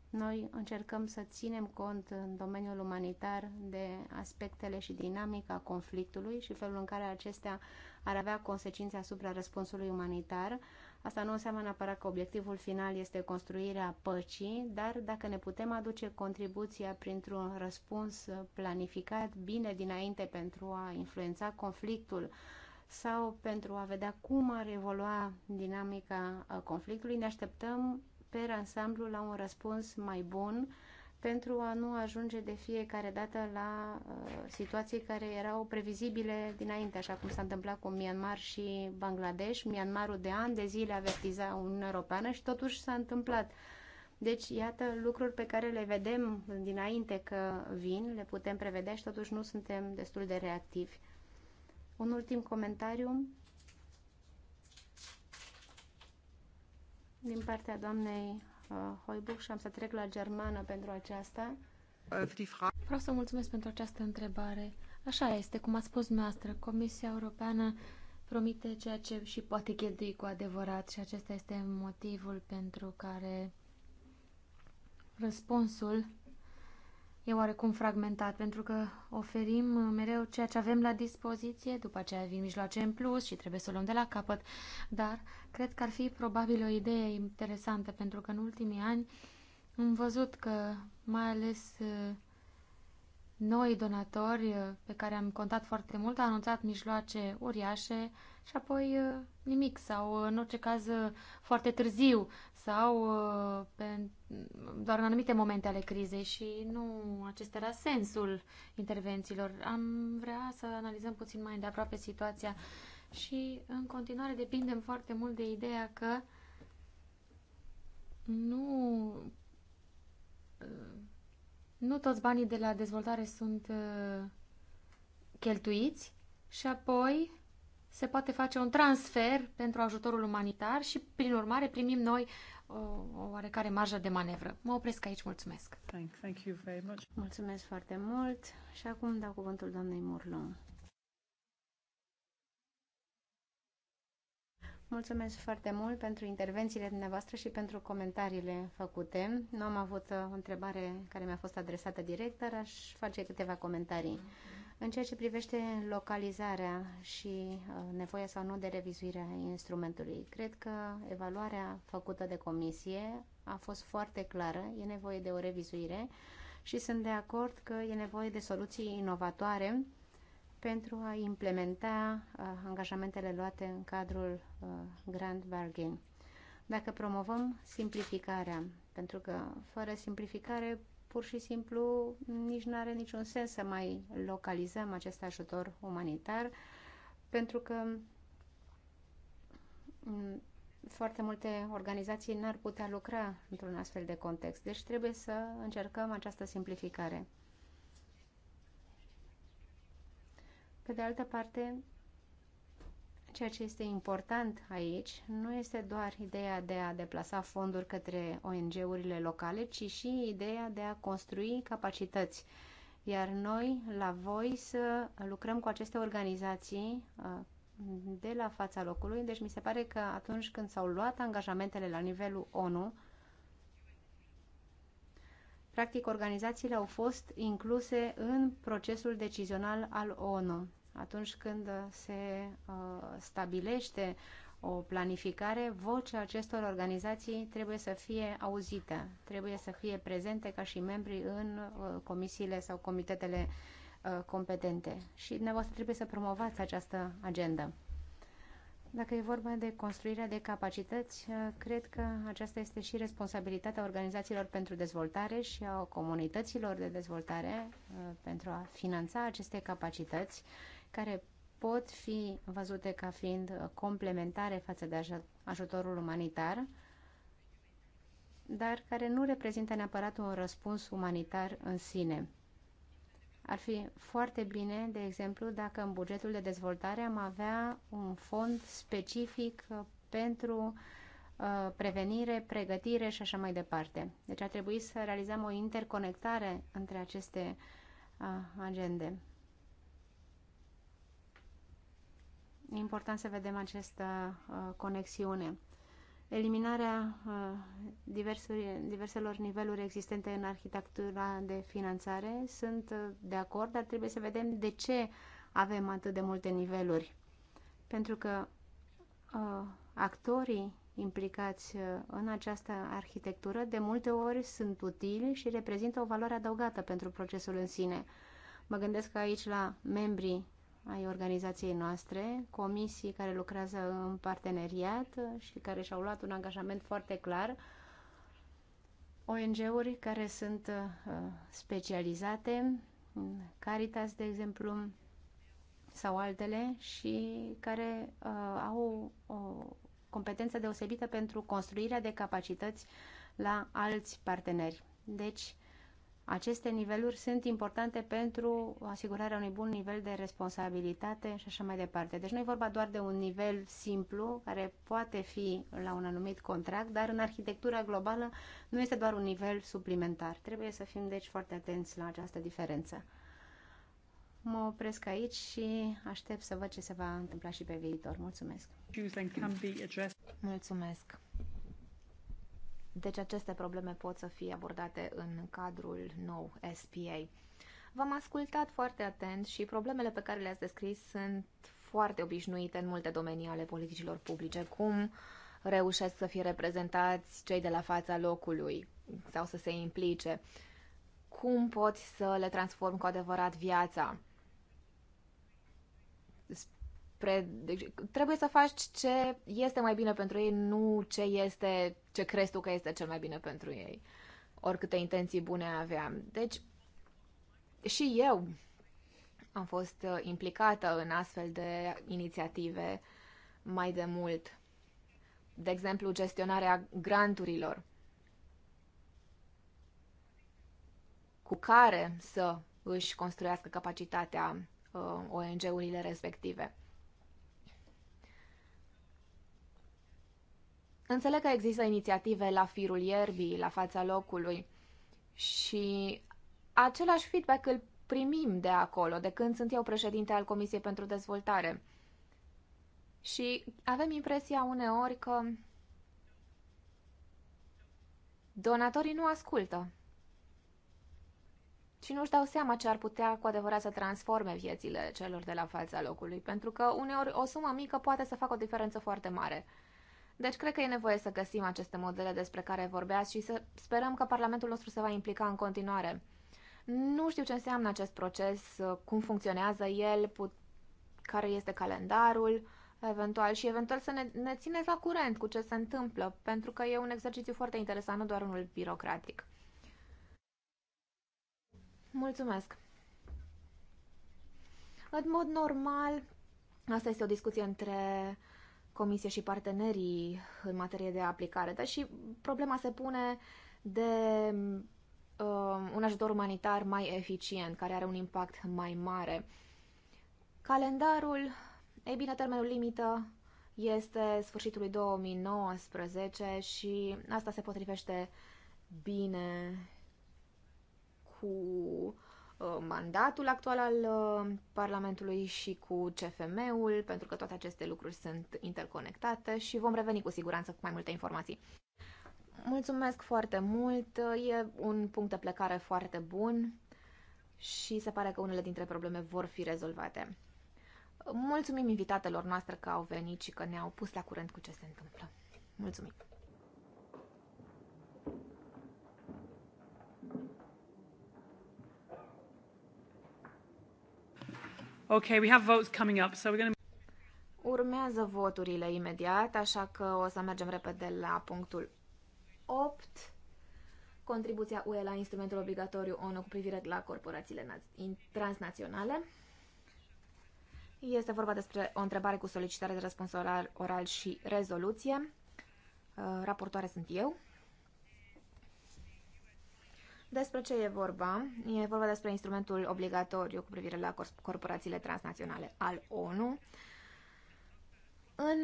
Noi încercăm să ținem cont în domeniul umanitar de aspectele și dinamica conflictului și felul în care acestea ar avea consecințe asupra răspunsului umanitar. Asta nu înseamnă neapărat că obiectivul final este construirea păcii, dar dacă ne putem aduce contribuția printr-un răspuns planificat bine dinainte pentru a influența conflictul, sau pentru a vedea cum ar evolua dinamica uh, conflictului, ne așteptăm pe ansamblu la un răspuns mai bun pentru a nu ajunge de fiecare dată la uh, situații care erau previzibile dinainte, așa cum s-a întâmplat cu Myanmar și Bangladesh. Myanmarul de ani de zile avertiza Uniunea Europeană și totuși s-a întâmplat. Deci, iată lucruri pe care le vedem dinainte că vin, le putem prevedea și totuși nu suntem destul de reactivi. Un ultim comentariu din partea doamnei uh, Hoibuch și am să trec la germană pentru aceasta. Vreau să mulțumesc pentru această întrebare. Așa este, cum a spus noastră, Comisia Europeană promite ceea ce și poate cheltui cu adevărat și acesta este motivul pentru care răspunsul e oarecum fragmentat, pentru că oferim mereu ceea ce avem la dispoziție, după aceea vin mijloace în plus și trebuie să o luăm de la capăt, dar cred că ar fi probabil o idee interesantă, pentru că în ultimii ani am văzut că, mai ales noi donatori uh, pe care am contat foarte mult, a anunțat mijloace uriașe și apoi uh, nimic sau uh, în orice caz foarte târziu sau pe, mm, doar în anumite momente ale crizei și nu acesta era sensul intervențiilor. Am vrea să analizăm puțin mai de aproape situația și în continuare depindem foarte mult de ideea că nu nu toți banii de la dezvoltare sunt uh, cheltuiți și apoi se poate face un transfer pentru ajutorul umanitar și, prin urmare, primim noi o, o oarecare marjă de manevră. Mă opresc aici, mulțumesc. Thank, thank you very much. Mulțumesc foarte mult și acum dau cuvântul doamnei Murlon. Mulțumesc foarte mult pentru intervențiile dumneavoastră și pentru comentariile făcute. Nu am avut uh, o întrebare care mi-a fost adresată direct, dar aș face câteva comentarii. În ceea ce privește localizarea și uh, nevoia sau nu de revizuirea instrumentului, cred că evaluarea făcută de comisie a fost foarte clară, e nevoie de o revizuire și sunt de acord că e nevoie de soluții inovatoare pentru a implementa uh, angajamentele luate în cadrul uh, Grand Bargain. Dacă promovăm simplificarea, pentru că fără simplificare pur și simplu nici nu are niciun sens să mai localizăm acest ajutor umanitar, pentru că mm, foarte multe organizații n-ar putea lucra într-un astfel de context. Deci trebuie să încercăm această simplificare. Pe de altă parte, ceea ce este important aici nu este doar ideea de a deplasa fonduri către ONG-urile locale, ci și ideea de a construi capacități. Iar noi, la voi, să lucrăm cu aceste organizații de la fața locului. Deci mi se pare că atunci când s-au luat angajamentele la nivelul ONU, Practic, organizațiile au fost incluse în procesul decizional al ONU. Atunci când se uh, stabilește o planificare, vocea acestor organizații trebuie să fie auzită, trebuie să fie prezente ca și membri în uh, comisiile sau comitetele uh, competente. Și dumneavoastră trebuie să promovați această agendă. Dacă e vorba de construirea de capacități, uh, cred că aceasta este și responsabilitatea organizațiilor pentru dezvoltare și a comunităților de dezvoltare uh, pentru a finanța aceste capacități care pot fi văzute ca fiind uh, complementare față de ajutorul umanitar, dar care nu reprezintă neapărat un răspuns umanitar în sine. Ar fi foarte bine, de exemplu, dacă în bugetul de dezvoltare am avea un fond specific uh, pentru uh, prevenire, pregătire și așa mai departe. Deci ar trebui să realizăm o interconectare între aceste uh, agende. E important să vedem această conexiune eliminarea uh, diverselor niveluri existente în arhitectura de finanțare. Sunt uh, de acord, dar trebuie să vedem de ce avem atât de multe niveluri. Pentru că uh, actorii implicați în această arhitectură de multe ori sunt utili și reprezintă o valoare adăugată pentru procesul în sine. Mă gândesc aici la membrii ai organizației noastre, comisii care lucrează în parteneriat și care și-au luat un angajament foarte clar, ONG-uri care sunt uh, specializate, Caritas, de exemplu, sau altele și care uh, au o competență deosebită pentru construirea de capacități la alți parteneri. Deci, aceste niveluri sunt importante pentru asigurarea unui bun nivel de responsabilitate și așa mai departe. Deci nu e vorba doar de un nivel simplu care poate fi la un anumit contract, dar în arhitectura globală nu este doar un nivel suplimentar. Trebuie să fim deci foarte atenți la această diferență. Mă opresc aici și aștept să văd ce se va întâmpla și pe viitor. Mulțumesc! Mulțumesc! Deci aceste probleme pot să fie abordate în cadrul nou SPA. V-am ascultat foarte atent și problemele pe care le-ați descris sunt foarte obișnuite în multe domenii ale politicilor publice, cum reușesc să fie reprezentați cei de la fața locului sau să se implice, cum pot să le transform cu adevărat viața pre... deci, trebuie să faci ce este mai bine pentru ei, nu ce este, ce crezi tu că este cel mai bine pentru ei, oricâte intenții bune aveam. Deci, și eu am fost uh, implicată în astfel de inițiative mai de mult. De exemplu, gestionarea granturilor cu care să își construiască capacitatea uh, ONG-urile respective. Înțeleg că există inițiative la firul ierbii, la fața locului și același feedback îl primim de acolo, de când sunt eu președinte al Comisiei pentru Dezvoltare. Și avem impresia uneori că donatorii nu ascultă și nu-și dau seama ce ar putea cu adevărat să transforme viețile celor de la fața locului, pentru că uneori o sumă mică poate să facă o diferență foarte mare. Deci cred că e nevoie să găsim aceste modele despre care vorbeați și să sperăm că Parlamentul nostru se va implica în continuare. Nu știu ce înseamnă acest proces, uh, cum funcționează el, put- care este calendarul, eventual, și eventual să ne, ne țineți la curent cu ce se întâmplă, pentru că e un exercițiu foarte interesant, nu doar unul birocratic. Mulțumesc! În mod normal, asta este o discuție între comisie și partenerii în materie de aplicare, dar și problema se pune de uh, un ajutor umanitar mai eficient, care are un impact mai mare. Calendarul, ei bine, termenul limită este sfârșitul lui 2019 și asta se potrivește bine cu Uh, mandatul actual al uh, Parlamentului și cu CFM-ul, pentru că toate aceste lucruri sunt interconectate și vom reveni cu siguranță cu mai multe informații. Mulțumesc foarte mult, e un punct de plecare foarte bun și se pare că unele dintre probleme vor fi rezolvate. Mulțumim invitatelor noastre că au venit și că ne-au pus la curent cu ce se întâmplă. Mulțumim! Okay, we have votes coming up, so we're going to... Urmează voturile imediat, așa că o să mergem repede la punctul 8. Contribuția UE la instrumentul obligatoriu ONU cu privire la corporațiile transnaționale. Este vorba despre o întrebare cu solicitare de răspuns oral, oral și rezoluție. Uh, raportoare sunt eu. Despre ce e vorba? E vorba despre instrumentul obligatoriu cu privire la corporațiile transnaționale al ONU. În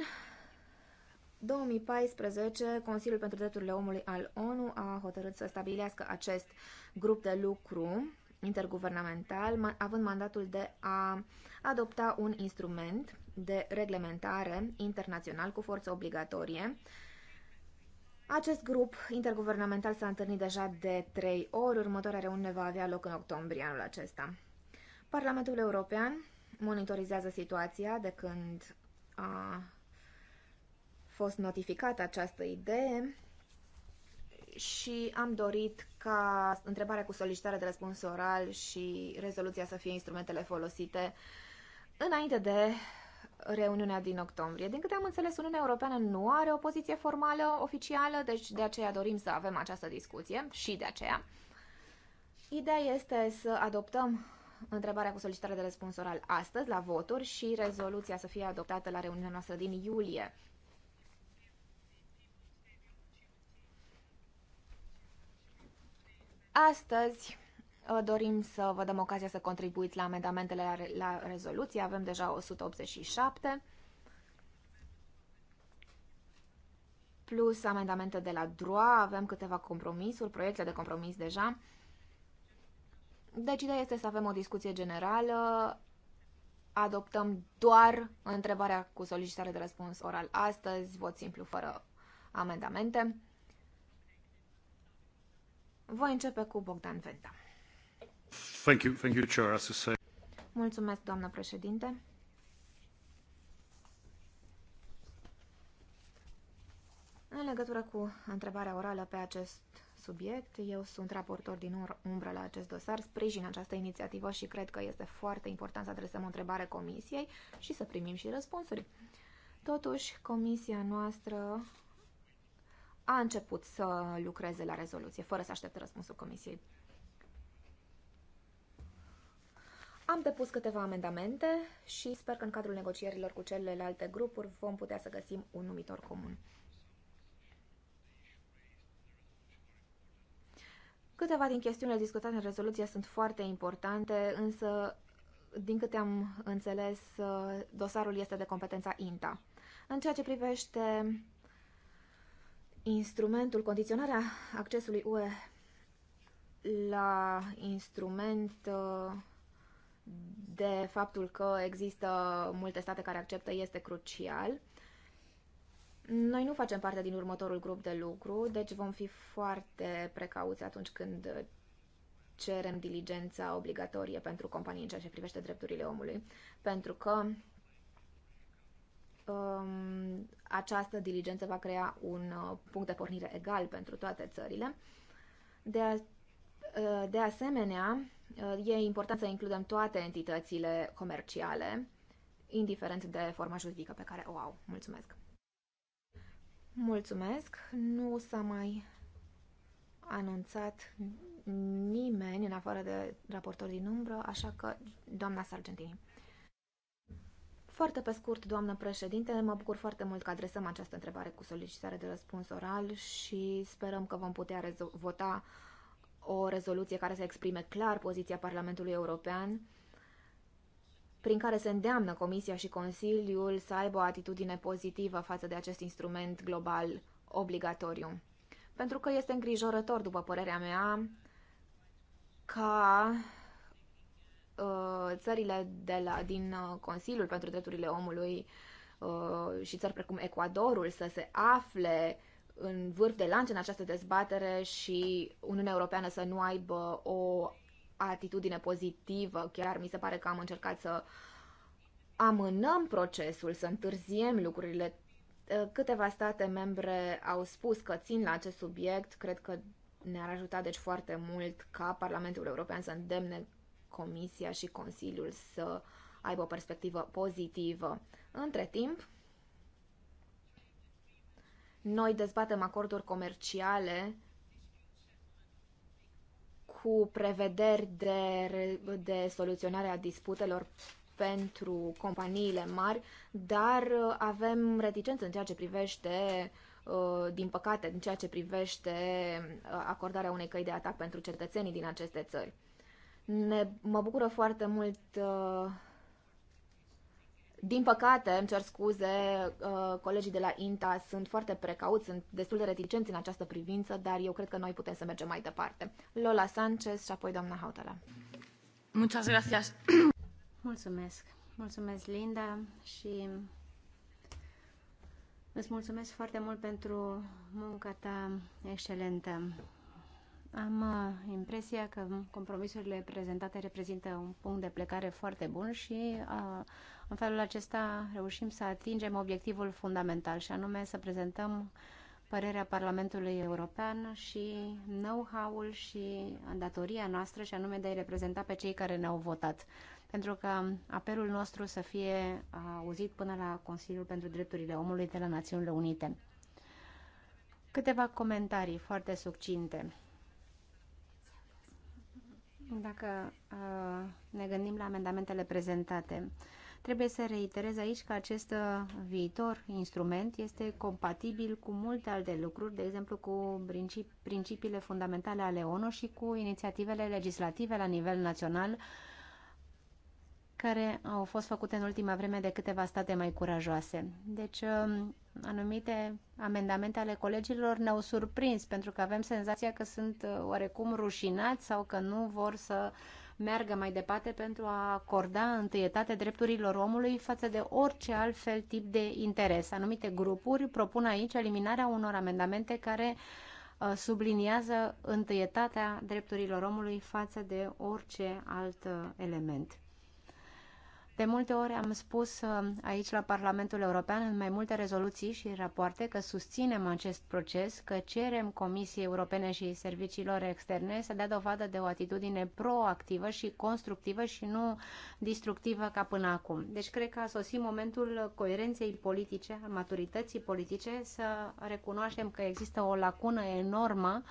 2014, Consiliul pentru Drepturile Omului al ONU a hotărât să stabilească acest grup de lucru interguvernamental, având mandatul de a adopta un instrument de reglementare internațional cu forță obligatorie acest grup interguvernamental s-a întâlnit deja de trei ori, următoarea reuniune va avea loc în octombrie anul acesta. Parlamentul European monitorizează situația de când a fost notificată această idee și am dorit ca întrebarea cu solicitare de răspuns oral și rezoluția să fie instrumentele folosite înainte de reuniunea din octombrie. Din câte am înțeles, Uniunea Europeană nu are o poziție formală, oficială, deci de aceea dorim să avem această discuție și de aceea. Ideea este să adoptăm întrebarea cu solicitare de răspuns oral astăzi la voturi și rezoluția să fie adoptată la reuniunea noastră din iulie. Astăzi Dorim să vă dăm ocazia să contribuiți la amendamentele la, re la rezoluție. Avem deja 187 plus amendamente de la DROA, avem câteva compromisuri, proiecte de compromis deja. Deci ideea este să avem o discuție generală, adoptăm doar întrebarea cu solicitare de răspuns oral astăzi, vot simplu fără amendamente. Voi începe cu Bogdan Venta. Mulțumesc, doamnă președinte. În legătură cu întrebarea orală pe acest subiect, eu sunt raportor din umbră la acest dosar, sprijin această inițiativă și cred că este foarte important să adresăm o întrebare comisiei și să primim și răspunsuri. Totuși, comisia noastră a început să lucreze la rezoluție, fără să aștepte răspunsul comisiei. Am depus câteva amendamente și sper că în cadrul negocierilor cu celelalte grupuri vom putea să găsim un numitor comun. Câteva din chestiunile discutate în rezoluție sunt foarte importante, însă, din câte am înțeles, dosarul este de competența INTA. În ceea ce privește instrumentul, condiționarea accesului UE la instrument de faptul că există multe state care acceptă este crucial. Noi nu facem parte din următorul grup de lucru, deci vom fi foarte precauți atunci când cerem diligența obligatorie pentru companii în ceea ce privește drepturile omului, pentru că um, această diligență va crea un uh, punct de pornire egal pentru toate țările. De, de asemenea, e important să includem toate entitățile comerciale, indiferent de forma juridică pe care o au. Mulțumesc! Mulțumesc! Nu s-a mai anunțat nimeni în afară de raportor din umbră, așa că doamna Sargentini. Foarte pe scurt, doamnă președinte, mă bucur foarte mult că adresăm această întrebare cu solicitare de răspuns oral și sperăm că vom putea vota o rezoluție care să exprime clar poziția Parlamentului European, prin care se îndeamnă Comisia și Consiliul să aibă o atitudine pozitivă față de acest instrument global obligatoriu. Pentru că este îngrijorător, după părerea mea, ca uh, țările de la, din uh, Consiliul pentru Drepturile Omului uh, și țări precum Ecuadorul să se afle în vârf de lanț în această dezbatere și Uniunea Europeană să nu aibă o atitudine pozitivă. Chiar mi se pare că am încercat să amânăm procesul, să întârziem lucrurile. Câteva state membre au spus că țin la acest subiect. Cred că ne-ar ajuta deci foarte mult ca Parlamentul European să îndemne Comisia și Consiliul să aibă o perspectivă pozitivă. Între timp, noi dezbatem acorduri comerciale cu prevederi de, de soluționare a disputelor pentru companiile mari, dar uh, avem reticență în ceea ce privește, uh, din păcate, în ceea ce privește uh, acordarea unei căi de atac pentru cetățenii din aceste țări. Ne, mă bucură foarte mult din păcate, îmi cer scuze, uh, colegii de la INTA sunt foarte precauți, sunt destul de reticenți în această privință, dar eu cred că noi putem să mergem mai departe. Lola Sanchez și apoi doamna Hautala. Muchas gracias. Mulțumesc. Mulțumesc, Linda, și îți mulțumesc foarte mult pentru munca ta excelentă. Am uh, impresia că compromisurile prezentate reprezintă un punct de plecare foarte bun și uh, în felul acesta reușim să atingem obiectivul fundamental și anume să prezentăm părerea Parlamentului European și know-how-ul și datoria noastră și anume de a-i reprezenta pe cei care ne-au votat. Pentru că apelul nostru să fie auzit până la Consiliul pentru Drepturile Omului de la Națiunile Unite. Câteva comentarii foarte succinte. Dacă uh, ne gândim la amendamentele prezentate, uh, Trebuie să reiterez aici că acest uh, viitor instrument este compatibil cu multe alte lucruri, de exemplu cu principiile fundamentale ale ONU și cu inițiativele legislative la nivel național care au fost făcute în ultima vreme de câteva state mai curajoase. Deci, um, anumite amendamente ale colegilor ne-au surprins, pentru că avem senzația că sunt uh, oarecum rușinați sau că nu vor să uh, meargă mai departe pentru a acorda întâietate drepturilor omului față de orice alt fel tip de interes. Anumite grupuri propun aici eliminarea unor amendamente care uh, subliniază întâietatea drepturilor omului față de orice alt uh, element. De multe ori am spus uh, aici la Parlamentul European în mai multe rezoluții și rapoarte că susținem acest proces, că cerem Comisiei Europene și serviciilor externe să dea dovadă de o atitudine proactivă și constructivă și nu distructivă ca până acum. Deci cred că a sosit momentul coerenței politice, a maturității politice, să recunoaștem că există o lacună enormă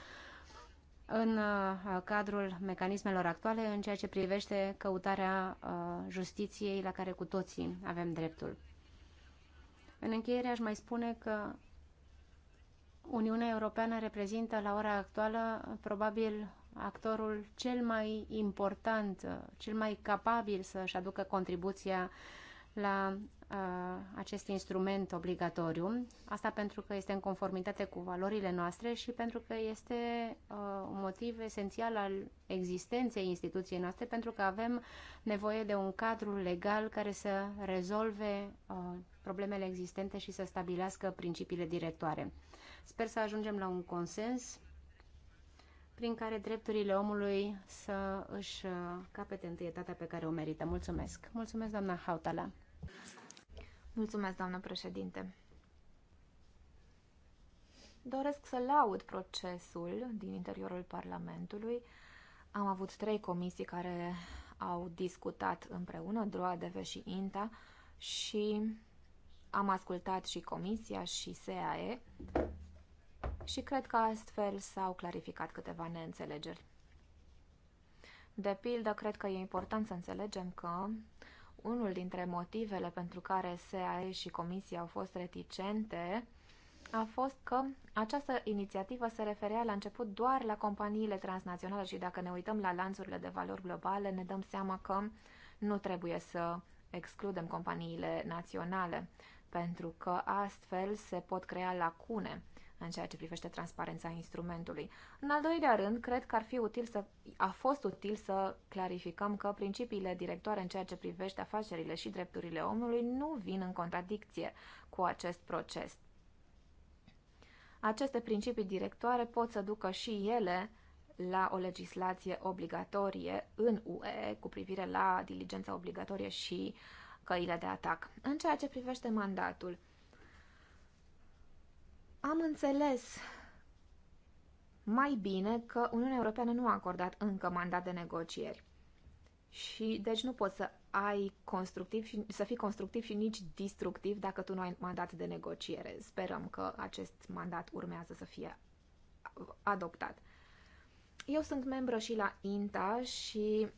în uh, cadrul mecanismelor actuale în ceea ce privește căutarea uh, justiției la care cu toții avem dreptul. În încheiere aș mai spune că Uniunea Europeană reprezintă la ora actuală probabil actorul cel mai important, uh, cel mai capabil să-și aducă contribuția la acest instrument obligatoriu. Asta pentru că este în conformitate cu valorile noastre și pentru că este un motiv esențial al existenței instituției noastre, pentru că avem nevoie de un cadru legal care să rezolve problemele existente și să stabilească principiile directoare. Sper să ajungem la un consens prin care drepturile omului să își capete întâietatea pe care o merită. Mulțumesc! Mulțumesc, doamna Hautala! Mulțumesc, doamnă președinte. Doresc să laud procesul din interiorul Parlamentului. Am avut trei comisii care au discutat împreună, DROADV și INTA, și am ascultat și comisia și SAE și cred că astfel s-au clarificat câteva neînțelegeri. De pildă, cred că e important să înțelegem că unul dintre motivele pentru care SAE și Comisia au fost reticente a fost că această inițiativă se referea la început doar la companiile transnaționale și dacă ne uităm la lanțurile de valori globale, ne dăm seama că nu trebuie să excludem companiile naționale, pentru că astfel se pot crea lacune în ceea ce privește transparența instrumentului. În al doilea rând, cred că ar fi util să, a fost util să clarificăm că principiile directoare în ceea ce privește afacerile și drepturile omului nu vin în contradicție cu acest proces. Aceste principii directoare pot să ducă și ele la o legislație obligatorie în UE cu privire la diligența obligatorie și căile de atac. În ceea ce privește mandatul, am înțeles mai bine că Uniunea Europeană nu a acordat încă mandat de negocieri. Și deci nu poți să ai constructiv și să fii constructiv și nici distructiv dacă tu nu ai mandat de negociere. Sperăm că acest mandat urmează să fie adoptat. Eu sunt membră și la INTA și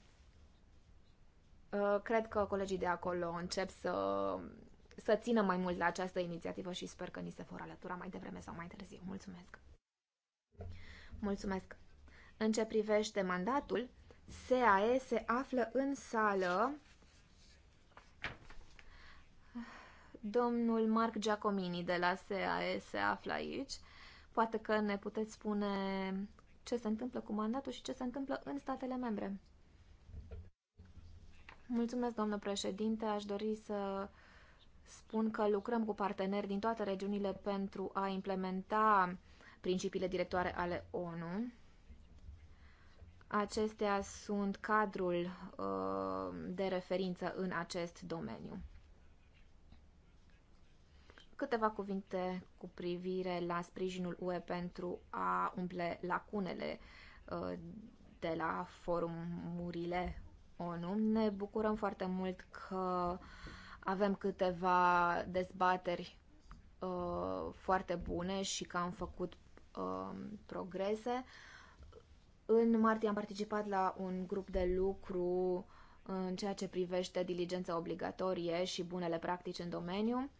uh, cred că colegii de acolo încep să să țină mai mult la această inițiativă și sper că ni se vor alătura mai devreme sau mai târziu. Mulțumesc! Mulțumesc! În ce privește mandatul, SAE se află în sală Domnul Marc Giacomini de la SAE se află aici. Poate că ne puteți spune ce se întâmplă cu mandatul și ce se întâmplă în statele membre. Mulțumesc, domnul președinte. Aș dori să spun că lucrăm cu parteneri din toate regiunile pentru a implementa principiile directoare ale ONU. Acestea sunt cadrul uh, de referință în acest domeniu. Câteva cuvinte cu privire la sprijinul UE pentru a umple lacunele uh, de la forumurile ONU. Ne bucurăm foarte mult că uh, avem câteva dezbateri uh, foarte bune și că am făcut uh, progrese. În martie am participat la un grup de lucru în ceea ce privește diligența obligatorie și bunele practici în domeniu.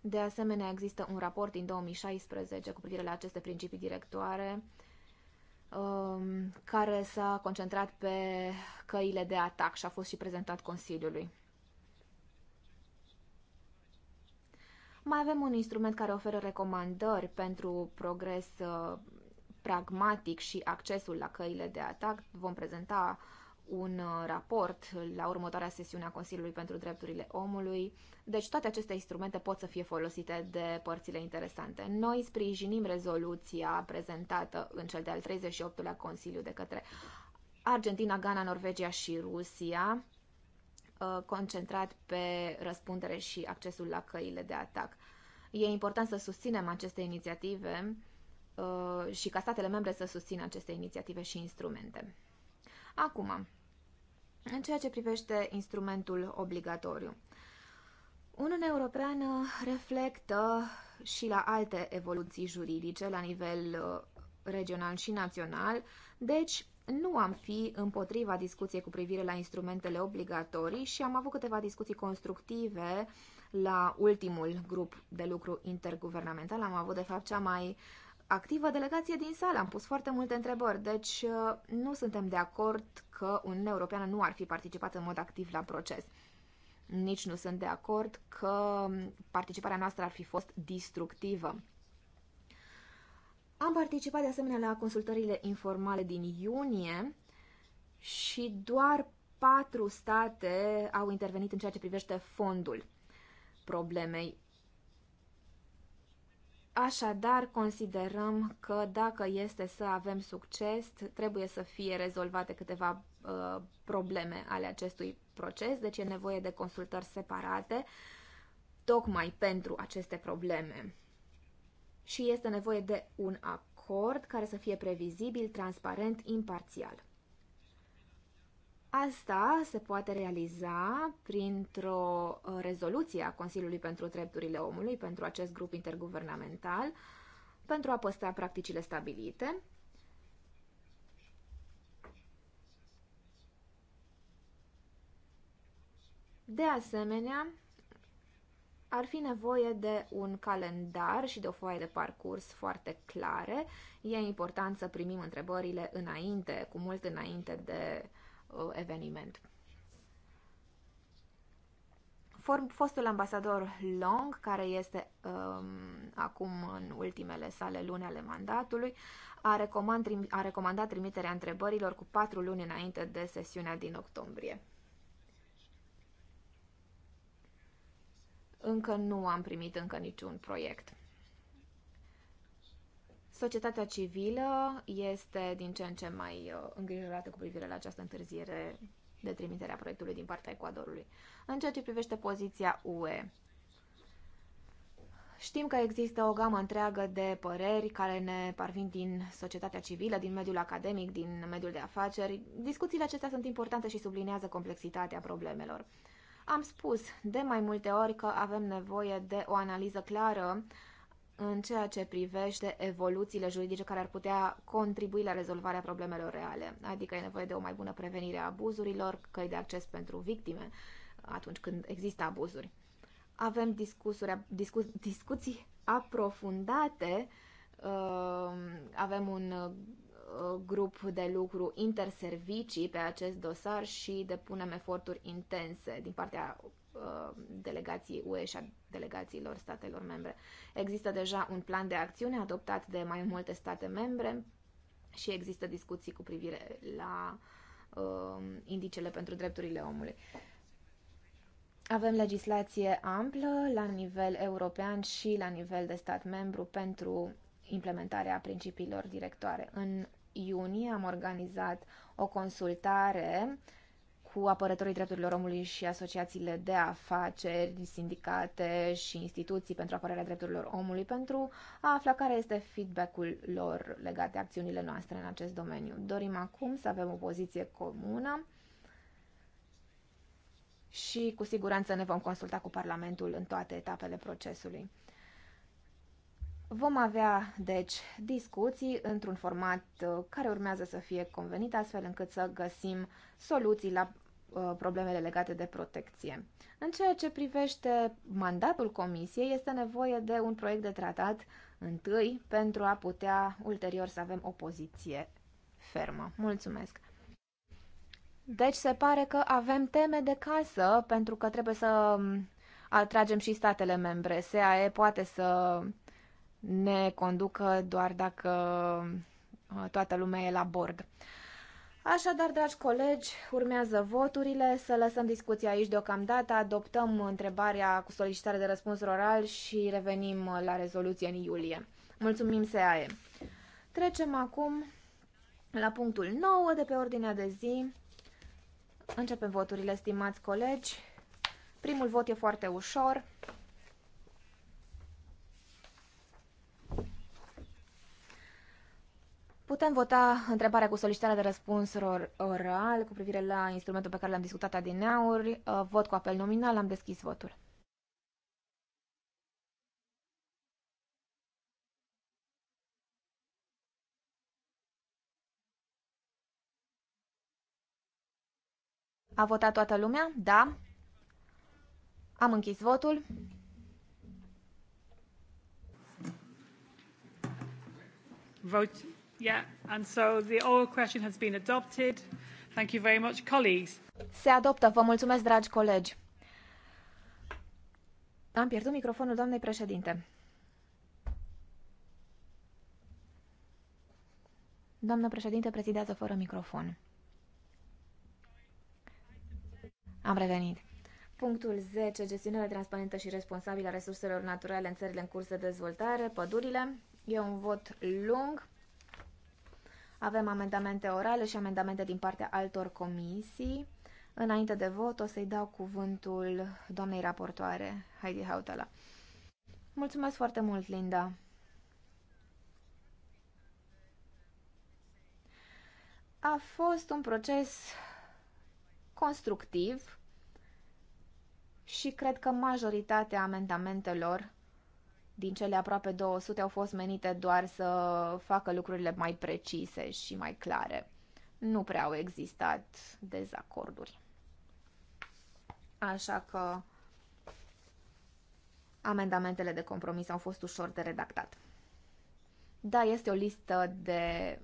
De asemenea, există un raport din 2016 cu privire la aceste principii directoare um, care s-a concentrat pe căile de atac și a fost și prezentat Consiliului. Mai avem un instrument care oferă recomandări pentru progres uh, pragmatic și accesul la căile de atac. Vom prezenta un uh, raport la următoarea sesiune a Consiliului pentru Drepturile Omului. Deci toate aceste instrumente pot să fie folosite de părțile interesante. Noi sprijinim rezoluția prezentată în cel de-al 38-lea Consiliu de către Argentina, Ghana, Norvegia și Rusia Uh, concentrat pe răspundere și accesul la căile de atac. E important să susținem aceste inițiative uh, și ca statele membre să susțină aceste inițiative și instrumente. Acum, în ceea ce privește instrumentul obligatoriu, Uniunea Europeană reflectă și la alte evoluții juridice la nivel uh, regional și național, deci nu am fi împotriva discuției cu privire la instrumentele obligatorii și am avut câteva discuții constructive la ultimul grup de lucru interguvernamental. Am avut, de fapt, cea mai activă delegație din sală. Am pus foarte multe întrebări, deci uh, nu suntem de acord că Uniunea Europeană nu ar fi participat în mod activ la proces. Nici nu sunt de acord că participarea noastră ar fi fost distructivă. Am participat de asemenea la consultările informale din iunie și doar patru state au intervenit în ceea ce privește fondul problemei. Așadar, considerăm că dacă este să avem succes, trebuie să fie rezolvate câteva uh, probleme ale acestui proces, deci e nevoie de consultări separate, tocmai pentru aceste probleme și este nevoie de un acord care să fie previzibil, transparent, imparțial. Asta se poate realiza printr-o uh, rezoluție a Consiliului pentru Drepturile Omului, pentru acest grup interguvernamental, pentru a păstra practicile stabilite. De asemenea, ar fi nevoie de un calendar și de o foaie de parcurs foarte clare. E important să primim întrebările înainte, cu mult înainte de uh, eveniment. fostul ambasador Long, care este um, acum în ultimele sale luni ale mandatului, a, recomand, a recomandat trimiterea întrebărilor cu patru luni înainte de sesiunea din octombrie. încă nu am primit încă niciun proiect. Societatea civilă este din ce în ce mai uh, îngrijorată cu privire la această întârziere de trimiterea proiectului din partea Ecuadorului. În ceea ce privește poziția UE, Știm că există o gamă întreagă de păreri care ne parvin din societatea civilă, din mediul academic, din mediul de afaceri. Discuțiile acestea sunt importante și sublinează complexitatea problemelor. Am spus de mai multe ori că avem nevoie de o analiză clară în ceea ce privește evoluțiile juridice care ar putea contribui la rezolvarea problemelor reale, adică e nevoie de o mai bună prevenire a abuzurilor, căi de acces pentru victime atunci când există abuzuri. Avem discu discuții aprofundate, uh, avem un grup de lucru interservicii pe acest dosar și depunem eforturi intense din partea uh, delegației UE și a delegațiilor statelor membre. Există deja un plan de acțiune adoptat de mai multe state membre și există discuții cu privire la uh, indicele pentru drepturile omului. Avem legislație amplă la nivel european și la nivel de stat membru pentru implementarea principiilor directoare. În iunie am organizat o consultare cu apărătorii drepturilor omului și asociațiile de afaceri, sindicate și instituții pentru apărarea drepturilor omului pentru a afla care este feedback-ul lor legat de acțiunile noastre în acest domeniu. Dorim acum să avem o poziție comună și cu siguranță ne vom consulta cu Parlamentul în toate etapele procesului. Vom avea, deci, discuții într-un format uh, care urmează să fie convenit, astfel încât să găsim soluții la uh, problemele legate de protecție. În ceea ce privește mandatul comisiei, este nevoie de un proiect de tratat întâi pentru a putea ulterior să avem o poziție fermă. Mulțumesc! Deci se pare că avem teme de casă pentru că trebuie să um, atragem și statele membre. SAE poate să ne conducă doar dacă uh, toată lumea e la bord. Așadar, dragi colegi, urmează voturile, să lăsăm discuția aici deocamdată, adoptăm întrebarea cu solicitare de răspuns oral și revenim uh, la rezoluție în iulie. Mulțumim, SEAE! Trecem acum la punctul 9 de pe ordinea de zi. Începem voturile, stimați colegi. Primul vot e foarte ușor. Putem vota întrebarea cu solicitarea de răspuns oral cu privire la instrumentul pe care l-am discutat adineauri. Uh, vot cu apel nominal, am deschis votul. A votat toată lumea? Da. Am închis votul. Vote Yeah, and so the oral question has been adopted. Thank you very much, colleagues. Se adoptă. Vă mulțumesc, dragi colegi. Am pierdut microfonul doamnei președinte. Doamna președinte, prezidează fără microfon. Am revenit. Punctul 10. Gestiunea transparentă și responsabilă a resurselor naturale în țările în curs de dezvoltare, pădurile. E un vot lung. Avem amendamente orale și amendamente din partea altor comisii. Înainte de vot o să-i dau cuvântul doamnei raportoare, Heidi Hautala. Mulțumesc foarte mult, Linda. A fost un proces constructiv și cred că majoritatea amendamentelor din cele aproape 200 au fost menite doar să facă lucrurile mai precise și mai clare. Nu prea au existat dezacorduri. Așa că amendamentele de compromis au fost ușor de redactat. Da, este o listă de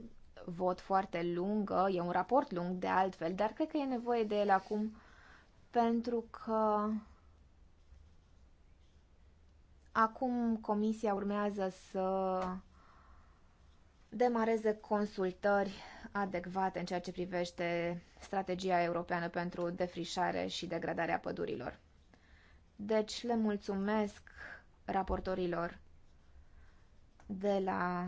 vot foarte lungă, e un raport lung de altfel, dar cred că e nevoie de el acum pentru că Acum comisia urmează să demareze consultări adecvate în ceea ce privește strategia europeană pentru defrișare și degradarea pădurilor. Deci le mulțumesc raportorilor de la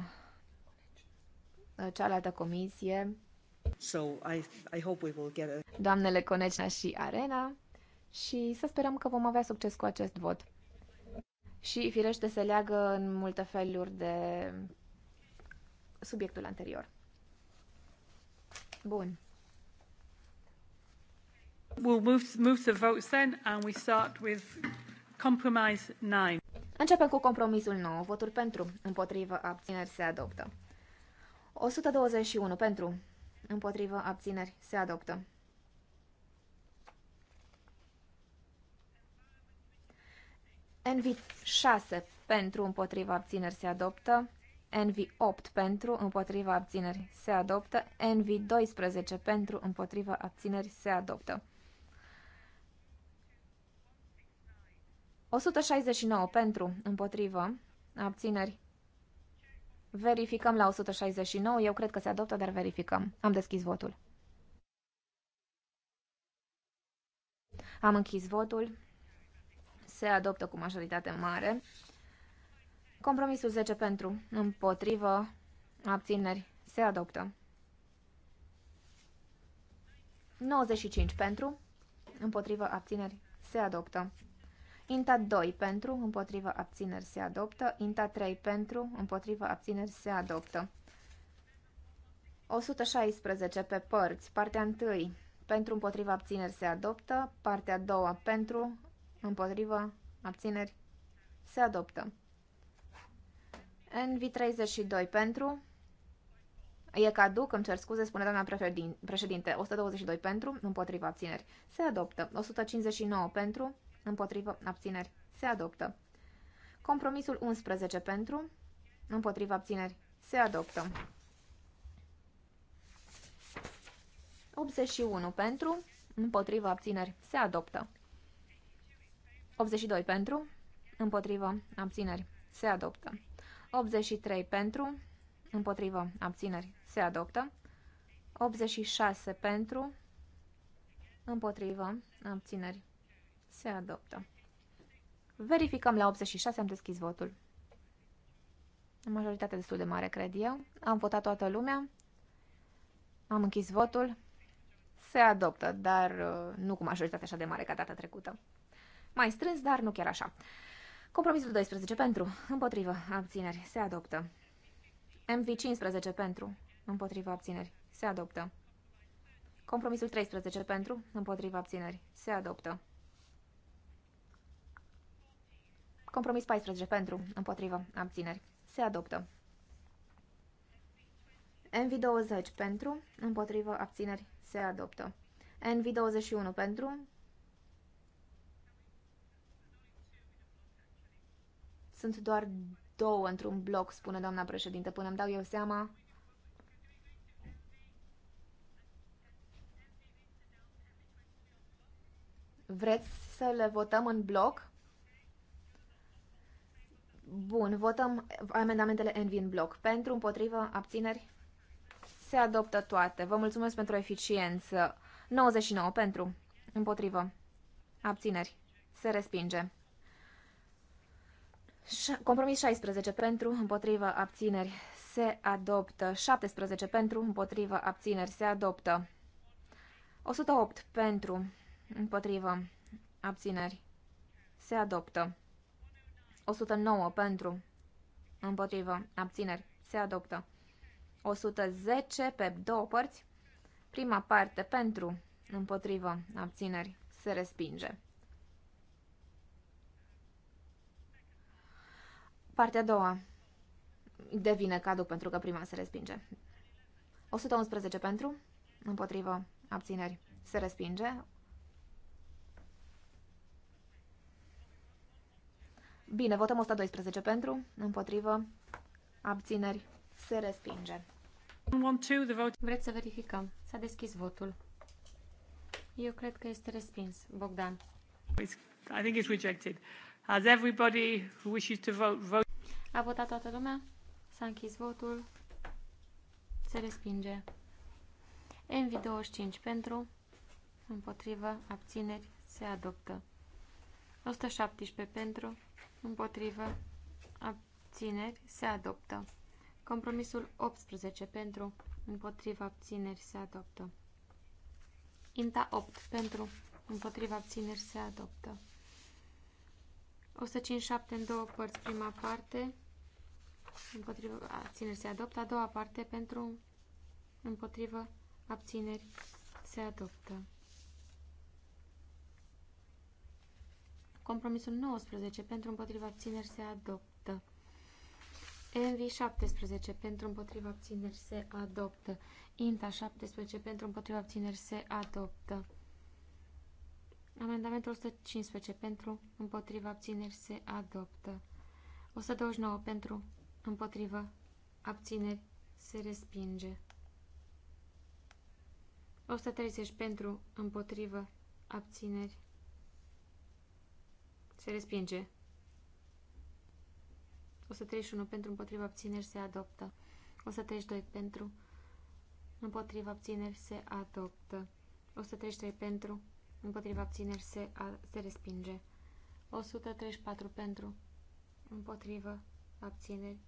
uh, cealaltă comisie. So I, I hope we will get a... Doamnele Conecina și Arena și să sperăm că vom avea succes cu acest vot și, firește, se leagă în multe feluri de subiectul anterior. Bun. We'll move, to, move to votes then and we start with compromise 9. Începem cu compromisul 9. Voturi pentru, împotrivă, abțineri se adoptă. 121 pentru, împotrivă, abțineri se adoptă. Envy 6 pentru împotriva abțineri se adoptă. Envy 8 pentru împotriva abțineri se adoptă. Envy 12 pentru împotriva abțineri se adoptă. 169 pentru împotriva abțineri. Verificăm la 169. Eu cred că se adoptă, dar verificăm. Am deschis votul. Am închis votul se adoptă cu majoritate mare. Compromisul 10 pentru, împotrivă, abțineri, se adoptă. 95 pentru, împotrivă, abțineri, se adoptă. Inta 2 pentru, împotrivă, abțineri, se adoptă. Inta 3 pentru, împotrivă, abțineri, se adoptă. 116 pe părți, partea 1 pentru împotrivă, abțineri se adoptă, partea a doua pentru Împotrivă. Abțineri. Se adoptă. NV32 pentru. E caduc, îmi cer scuze, spune doamna președinte. 122 pentru, împotrivă abțineri. Se adoptă. 159 pentru, împotrivă abțineri. Se adoptă. Compromisul 11 pentru, împotrivă abțineri. Se adoptă. 81 pentru, împotrivă abțineri. Se adoptă. 82 pentru, împotrivă, abțineri, se adoptă. 83 pentru, împotrivă, abțineri, se adoptă. 86 pentru, împotrivă, abțineri, se adoptă. Verificăm la 86, am deschis votul. Majoritate destul de mare, cred eu. Am votat toată lumea. Am închis votul. Se adoptă, dar uh, nu cu majoritatea așa de mare ca data trecută mai strâns, dar nu chiar așa. Compromisul 12 pentru, împotrivă, abțineri, se adoptă. MV15 pentru, împotrivă, abțineri, se adoptă. Compromisul 13 pentru, împotrivă, abțineri, se adoptă. Compromis 14 pentru, împotrivă, abțineri, se adoptă. NV20 pentru, împotrivă, abțineri, se adoptă. NV21 pentru, Sunt doar două într-un bloc, spune doamna președinte, până îmi dau eu seama. Vreți să le votăm în bloc? Bun, votăm amendamentele Envy în bloc. Pentru, împotrivă, abțineri? Se adoptă toate. Vă mulțumesc pentru eficiență. 99 pentru, împotrivă, abțineri. Se respinge. Compromis 16 pentru, împotrivă, abțineri, se adoptă. 17 pentru, împotrivă, abțineri, se adoptă. 108 pentru, împotrivă, abțineri, se adoptă. 109 pentru, împotrivă, abțineri, se adoptă. 110 pe două părți, prima parte pentru, împotrivă, abțineri, se respinge. Partea a doua devine caduc pentru că prima se respinge. 111 pentru, împotrivă, abțineri, se respinge. Bine, votăm 112 pentru, împotrivă, abțineri, se respinge. Vreți să verificăm? S-a deschis votul. Eu cred că este respins, Bogdan. I think it's rejected. Has everybody who wishes to vote, vote? A votat toată lumea? S-a închis votul. Se respinge. MV25 pentru, împotrivă, abțineri, se adoptă. 117 pentru, împotrivă, abțineri, se adoptă. Compromisul 18 pentru, împotrivă, abțineri, se adoptă. INTA 8 pentru, împotrivă, abțineri, se adoptă. 157 în două părți, prima parte, împotrivă, abțineri se adoptă, a doua parte pentru, împotrivă, abțineri se adoptă. Compromisul 19 pentru împotriva abțineri se adoptă. NV 17 pentru împotriva abțineri se adoptă. INTA 17 pentru împotriva abțineri se adoptă. Amendamentul 115 pentru, împotriva, abțineri se adoptă. 129 pentru, împotriva, abțineri se respinge. 130 pentru, împotriva abțineri. Se respinge. 131 pentru, împotriva abțineri, se adoptă. 132 pentru, împotriva abțineri, se adoptă. 133 pentru, împotriva abțineri se, a, se respinge. 134 pentru, împotriva abțineri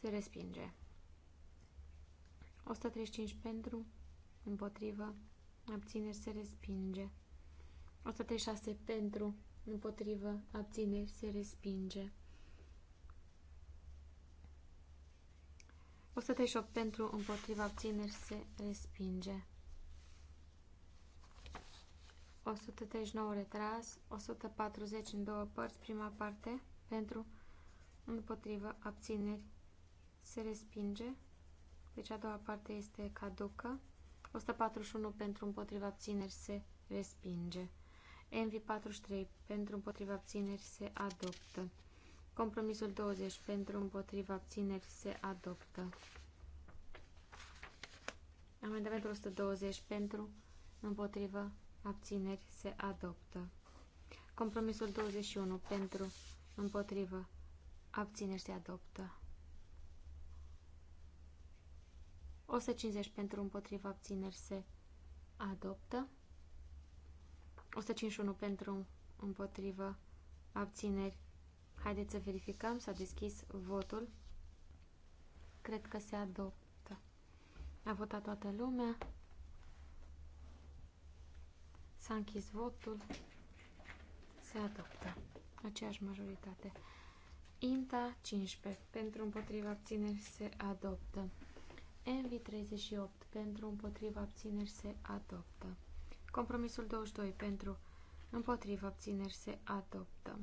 se respinge. 135 pentru, împotriva abțineri se respinge. 136 pentru, împotriva abțineri se respinge. 138 pentru, împotriva abțineri se respinge. 139 retras, 140 în două părți, prima parte, pentru, împotrivă, abțineri, se respinge. Deci a doua parte este caducă. 141 pentru împotriva abțineri se respinge. Envi 43 pentru împotriva abțineri se adoptă. Compromisul 20 pentru împotriva abțineri se adoptă. Amendamentul 120 pentru împotriva abțineri se adoptă. Compromisul 21 pentru, împotrivă, abțineri se adoptă. 150 pentru, împotrivă, abțineri se adoptă. 151 pentru, împotrivă, abțineri. Haideți să verificăm, s-a deschis votul. Cred că se adoptă. A votat toată lumea. S-a închis votul. Se adoptă. Aceeași majoritate. INTA 15. Pentru împotriva abțineri se adoptă. ENVI 38. Pentru împotriva abțineri se adoptă. Compromisul 22. Pentru împotriva abțineri se adoptă.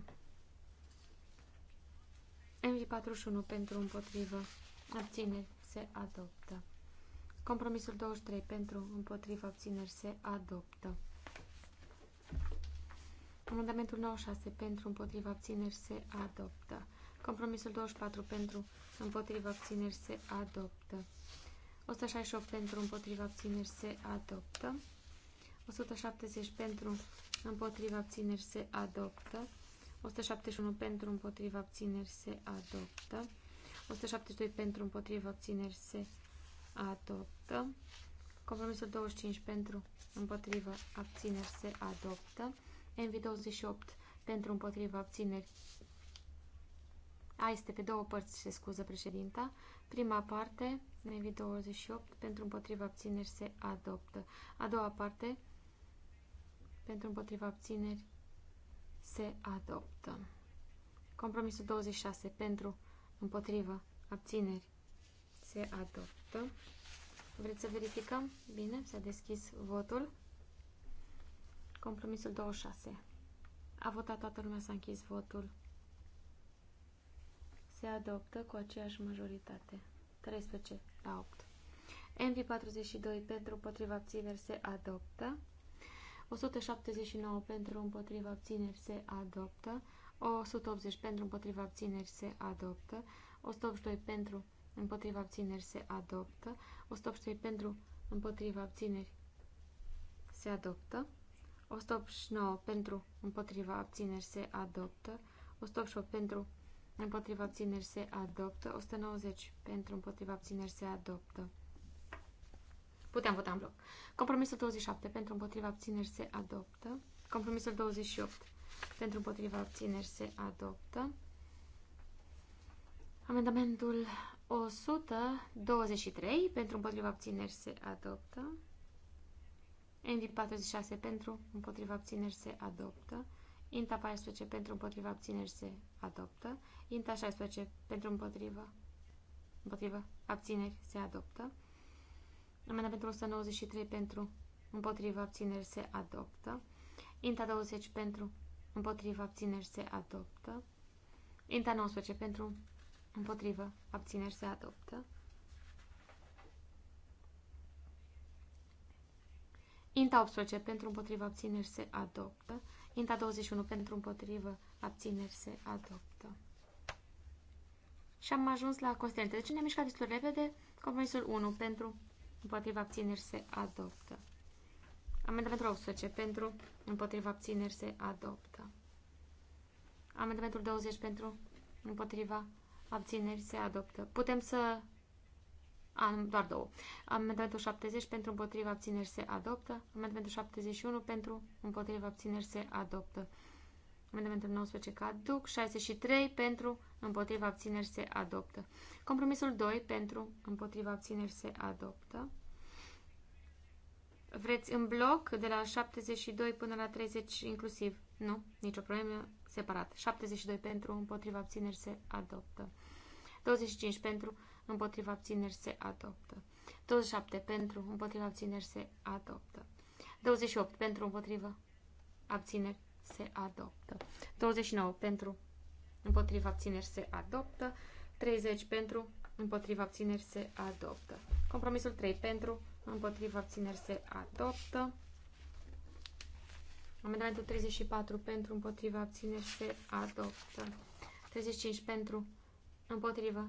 ENVI 41. Pentru împotriva abțineri se adoptă. Compromisul 23. Pentru împotriva abțineri se adoptă. Amendamentul 96 pentru împotriva abțineri se adoptă. Compromisul 24 pentru împotriva abțineri se adoptă. 168 pentru împotriva abțineri se adoptă. 170 pentru împotriva abțineri se adoptă. 171 pentru împotriva abțineri se adoptă. 172 pentru împotriva abțineri se adoptă. Compromisul 25 pentru împotriva abțineri se adoptă mv 28 pentru împotriva abțineri. A, este pe două părți, se scuză președinta. Prima parte, mv 28 pentru împotriva abțineri se adoptă. A doua parte, pentru împotriva abțineri se adoptă. Compromisul 26, pentru împotriva abțineri se adoptă. Vreți să verificăm? Bine, s-a deschis votul. Compromisul 26. A votat toată lumea, s-a închis votul. Se adoptă cu aceeași majoritate. 13 la 8. MV42 pentru împotriva abțineri se adoptă. 179 pentru împotriva abțineri se adoptă. 180 pentru împotriva abțineri se adoptă. 182 pentru împotriva abțineri se adoptă. 183 pentru împotriva abțineri se adoptă. 189 pentru, împotriva abțineri se adoptă. 188 pentru, împotriva abțineri se adoptă. 190 pentru, împotriva abțineri se adoptă. Putem vota în bloc. Compromisul 27 pentru, împotriva abțineri se adoptă. Compromisul 28 pentru, împotriva abțineri se adoptă. Amendamentul 123 pentru, împotriva abțineri se adoptă din 46 pentru, împotriva abțineri se adoptă. Inta 14 pentru, împotriva abțineri se adoptă. Inta 16 pentru, împotriva, împotriva abțineri se adoptă. Amendamentul 193 pentru, împotriva abțineri se adoptă. Inta 20 pentru, împotriva abțineri se adoptă. Inta 19 pentru, împotriva abțineri se adoptă. Inta 18 pentru împotriva abțineri se adoptă. Inta 21 pentru împotriva abțineri se adoptă. Și am ajuns la constante. Deci ne-am mișcat destul repede. Compromisul 1 pentru împotriva abțineri se adoptă. Amendamentul 18 pentru împotriva abțineri se adoptă. Amendamentul 20 pentru împotriva abțineri se adoptă. Putem să am, doar două. Amendamentul 70 pentru împotriva abțineri se adoptă. Amendamentul 71 pentru împotriva abțineri se adoptă. Amendamentul 19 caduc. 63 pentru împotriva abțineri se adoptă. Compromisul 2 pentru împotriva abțineri se adoptă. Vreți în bloc de la 72 până la 30 inclusiv? Nu, nicio problemă, separat. 72 pentru, împotriva abțineri se adoptă. 25 pentru, împotriva abțineri se adoptă. 27 pentru, împotriva abțineri se adoptă. 28 pentru, împotriva abțineri se adoptă. 29 pentru, împotriva abțineri se adoptă. 30 pentru, împotriva abțineri se adoptă. Compromisul 3 pentru, împotriva abțineri se adoptă. Amendamentul 34 pentru, împotriva abțineri se adoptă. 35 pentru, împotriva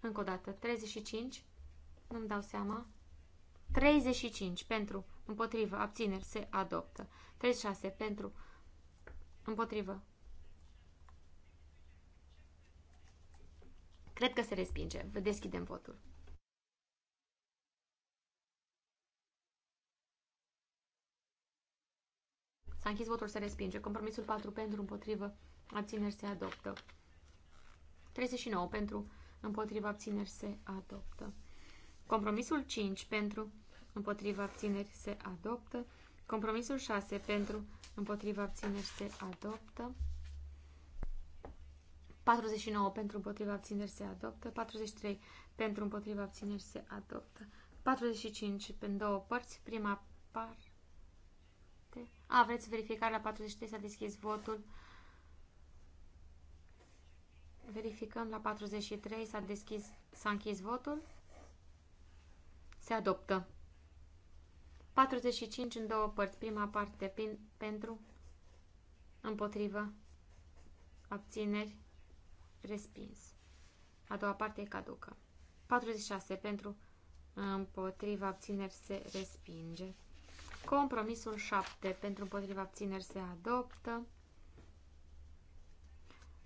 încă o dată. 35. Nu-mi dau seama. 35 pentru, împotrivă, abțineri, se adoptă. 36 pentru, împotrivă. Cred că se respinge. Deschidem votul. S-a închis votul, se respinge. Compromisul 4 pentru, împotrivă, abțineri, se adoptă. 39 pentru, împotriva abțineri se adoptă. Compromisul 5 pentru împotriva abțineri se adoptă. Compromisul 6 pentru împotriva abțineri se adoptă. 49 pentru împotriva abțineri se adoptă. 43 pentru împotriva abțineri se adoptă. 45 pentru două părți. Prima parte. A, vreți verificare la 43 s-a deschis votul. Verificăm la 43, s-a deschis, s-a închis votul. Se adoptă. 45 în două părți. Prima parte pin, pentru, împotrivă, abțineri, respins. A doua parte e caducă. 46 pentru, împotriva abțineri se respinge. Compromisul 7 pentru împotriva abțineri se adoptă.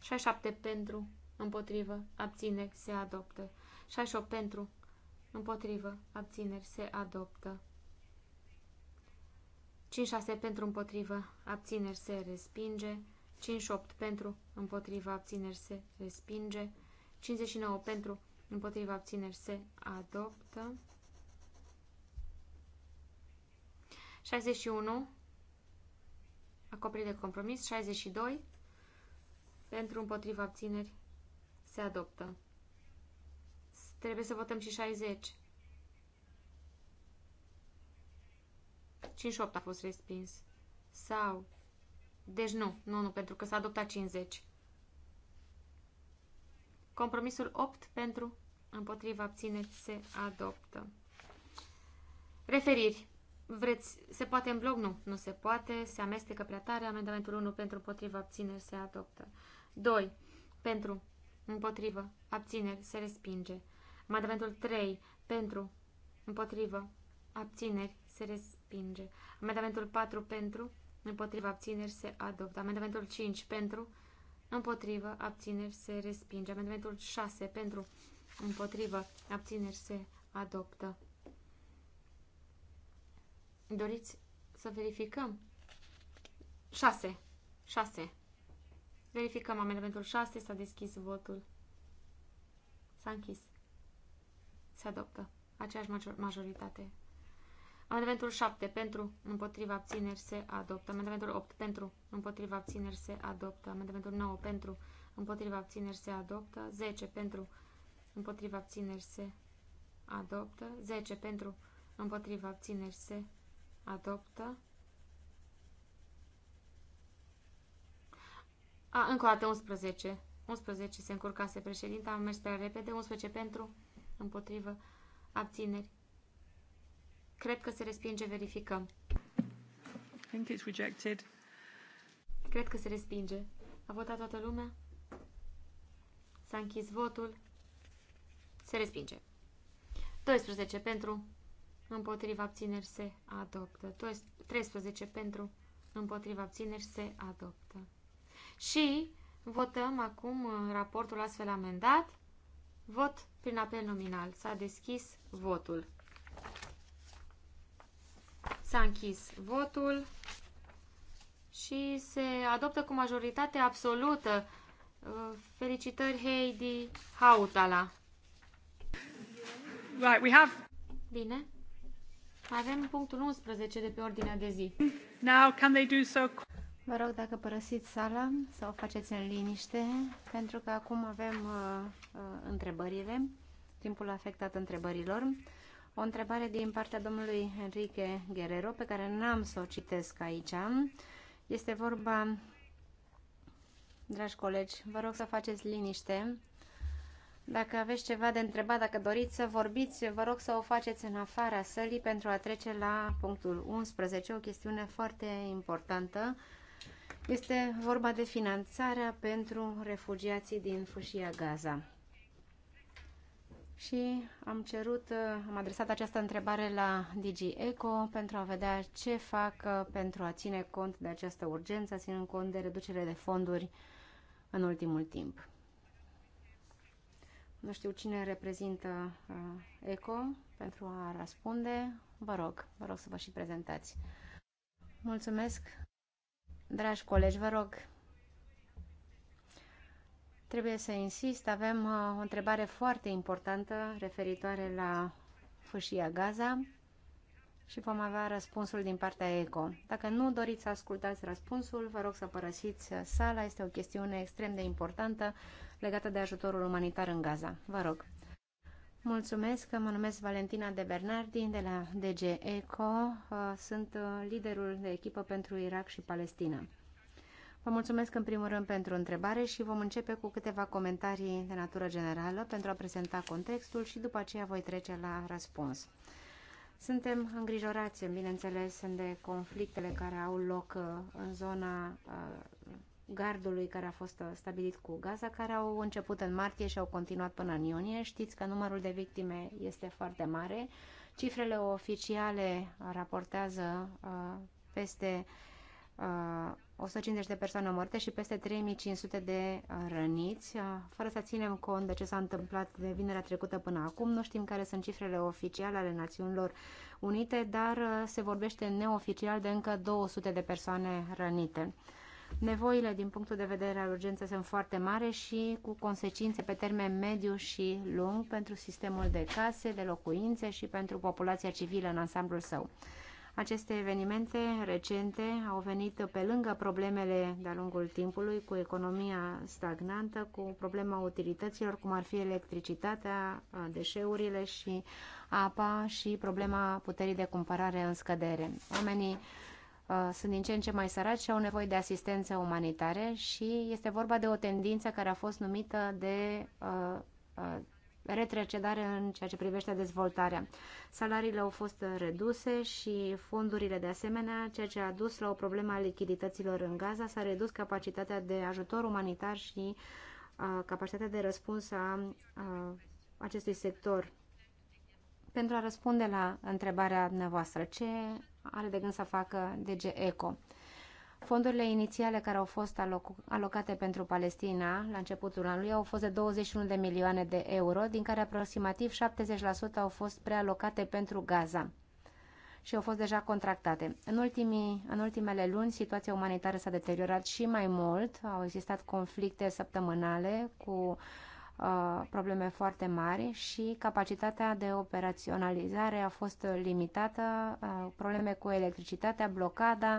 67 pentru, împotrivă, abțineri, se adoptă. 68 pentru, împotrivă, abțineri, se adoptă. 56 pentru împotrivă, abțineri se respinge. 58 pentru împotrivă, abțineri se respinge. 59 pentru împotrivă, abțineri se adoptă. 61 acoperire de compromis. 62 pentru împotriva abțineri se adoptă. Trebuie să votăm și 60. 58 a fost respins. Sau... Deci nu, nu, nu, pentru că s-a adoptat 50. Compromisul 8 pentru împotriva abțineri se adoptă. Referiri. Vreți, se poate în blog? Nu, nu se poate. Se amestecă prea tare. Amendamentul 1 pentru împotriva abțineri se adoptă. 2. Pentru. Împotrivă. Abțineri. Se respinge. Amendamentul 3. Pentru. Împotrivă. Abțineri. Se respinge. Amendamentul 4. Pentru. Împotrivă. Abțineri. Se adoptă. Amendamentul 5. Pentru. Împotrivă. Abțineri. Se respinge. Amendamentul 6. Pentru. Împotrivă. Abțineri. Se adoptă. Doriți să verificăm? 6. 6. Verificăm amendamentul 6, s-a deschis votul. S-a închis. Se adoptă. Aceeași majoritate. Amendamentul 7 pentru, împotriva abțineri se adoptă. Amendamentul 8 pentru, împotriva abțineri se adoptă. Amendamentul 9 pentru, împotriva abțineri se adoptă. 10 pentru, împotriva abțineri se adoptă. 10 pentru, împotriva abțineri se adoptă. A, încă o dată 11. 11 se încurcase președinta, am mers prea repede. 11 pentru, împotrivă, abțineri. Cred că se respinge, verificăm. I think it's rejected. Cred că se respinge. A votat toată lumea? S-a închis votul. Se respinge. 12 pentru, împotriva abțineri se adoptă. 12, 13 pentru, împotriva abțineri se adoptă. Și votăm acum uh, raportul astfel amendat. Vot prin apel nominal. S-a deschis votul. S-a închis votul și se adoptă cu majoritate absolută. Uh, felicitări Heidi Hautala. Right, we have... Bine. Avem punctul 11 de pe ordinea de zi. Now, can they do so... Vă rog dacă părăsiți sala să o faceți în liniște, pentru că acum avem uh, uh, întrebările, timpul afectat întrebărilor. O întrebare din partea domnului Enrique Guerrero, pe care n-am să o citesc aici. Este vorba, dragi colegi, vă rog să faceți liniște. Dacă aveți ceva de întrebat, dacă doriți să vorbiți, vă rog să o faceți în afara sălii pentru a trece la punctul 11, o chestiune foarte importantă este vorba de finanțarea pentru refugiații din fâșia Gaza. Și am cerut, am adresat această întrebare la Digi Eco pentru a vedea ce fac uh, pentru a ține cont de această urgență, ținând cont de reducere de fonduri în ultimul timp. Nu știu cine reprezintă uh, Eco pentru a răspunde. Vă rog, vă rog să vă și prezentați. Mulțumesc! Dragi colegi, vă rog, trebuie să insist, avem uh, o întrebare foarte importantă referitoare la fâșia Gaza și vom avea răspunsul din partea ECO. Dacă nu doriți să ascultați răspunsul, vă rog să părăsiți uh, sala, este o chestiune extrem de importantă legată de ajutorul umanitar în Gaza. Vă rog. Mulțumesc, mă numesc Valentina de Bernardi de la DG ECO. Uh, sunt uh, liderul de echipă pentru Irak și Palestina. Vă mulțumesc în primul rând pentru întrebare și vom începe cu câteva comentarii de natură generală pentru a prezenta contextul și după aceea voi trece la răspuns. Suntem îngrijorați, bineînțeles, de conflictele care au loc uh, în zona gardului care a fost uh, stabilit cu Gaza, care au început în martie și au continuat până în iunie. Știți că numărul de victime este foarte mare. Cifrele oficiale raportează uh, peste uh, 150 de persoane morte și peste 3500 de uh, răniți. Uh, fără să ținem cont de ce s-a întâmplat de vinerea trecută până acum, nu știm care sunt cifrele oficiale ale Națiunilor Unite, dar se vorbește neoficial de încă 200 de persoane rănite. Nevoile din punctul de vedere al urgenței sunt foarte mari și cu consecințe pe termen mediu și lung pentru sistemul de case, de locuințe și pentru populația civilă în ansamblul său. Aceste evenimente recente au venit pe lângă problemele de-a lungul timpului cu economia stagnantă, cu problema utilităților, cum ar fi electricitatea, deșeurile și apa și problema puterii de cumpărare în scădere. Oamenii Uh, sunt din ce în ce mai săraci și au nevoie de asistență umanitare și este vorba de o tendință care a fost numită de uh, uh, retrocedare în ceea ce privește dezvoltarea. Salariile au fost reduse și fondurile de asemenea, ceea ce a dus la o problemă a lichidităților în Gaza, s-a redus capacitatea de ajutor umanitar și capacitatea de răspuns a, a acestui sector. Pentru a răspunde la întrebarea dumneavoastră, ce are de gând să facă DG ECO. Fondurile inițiale care au fost alocate pentru Palestina la începutul anului au fost de 21 de milioane de euro, din care aproximativ 70% au fost prealocate pentru Gaza și au fost deja contractate. În, ultimii, în ultimele luni, situația umanitară s-a deteriorat și mai mult. Au existat conflicte săptămânale cu uh, Uh, probleme foarte mari și capacitatea de operaționalizare a fost limitată, uh, probleme cu electricitatea, blocada,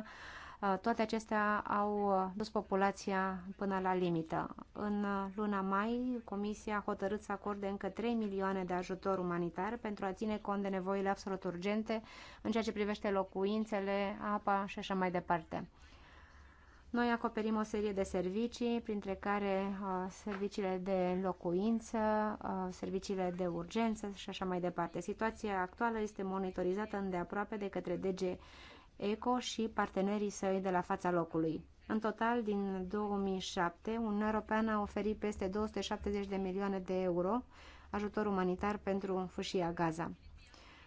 uh, toate acestea au dus populația până la limită. În luna mai, Comisia a hotărât să acorde încă 3 milioane de ajutor umanitar pentru a ține cont de nevoile absolut urgente în ceea ce privește locuințele, apa și așa mai departe. Noi acoperim o serie de servicii, printre care uh, serviciile de locuință, uh, serviciile de urgență și așa mai departe. Situația actuală este monitorizată îndeaproape de către DG ECO și partenerii săi de la fața locului. În total, din 2007, Uniunea Europeană a oferit peste 270 de milioane de euro ajutor umanitar pentru fâșia Gaza.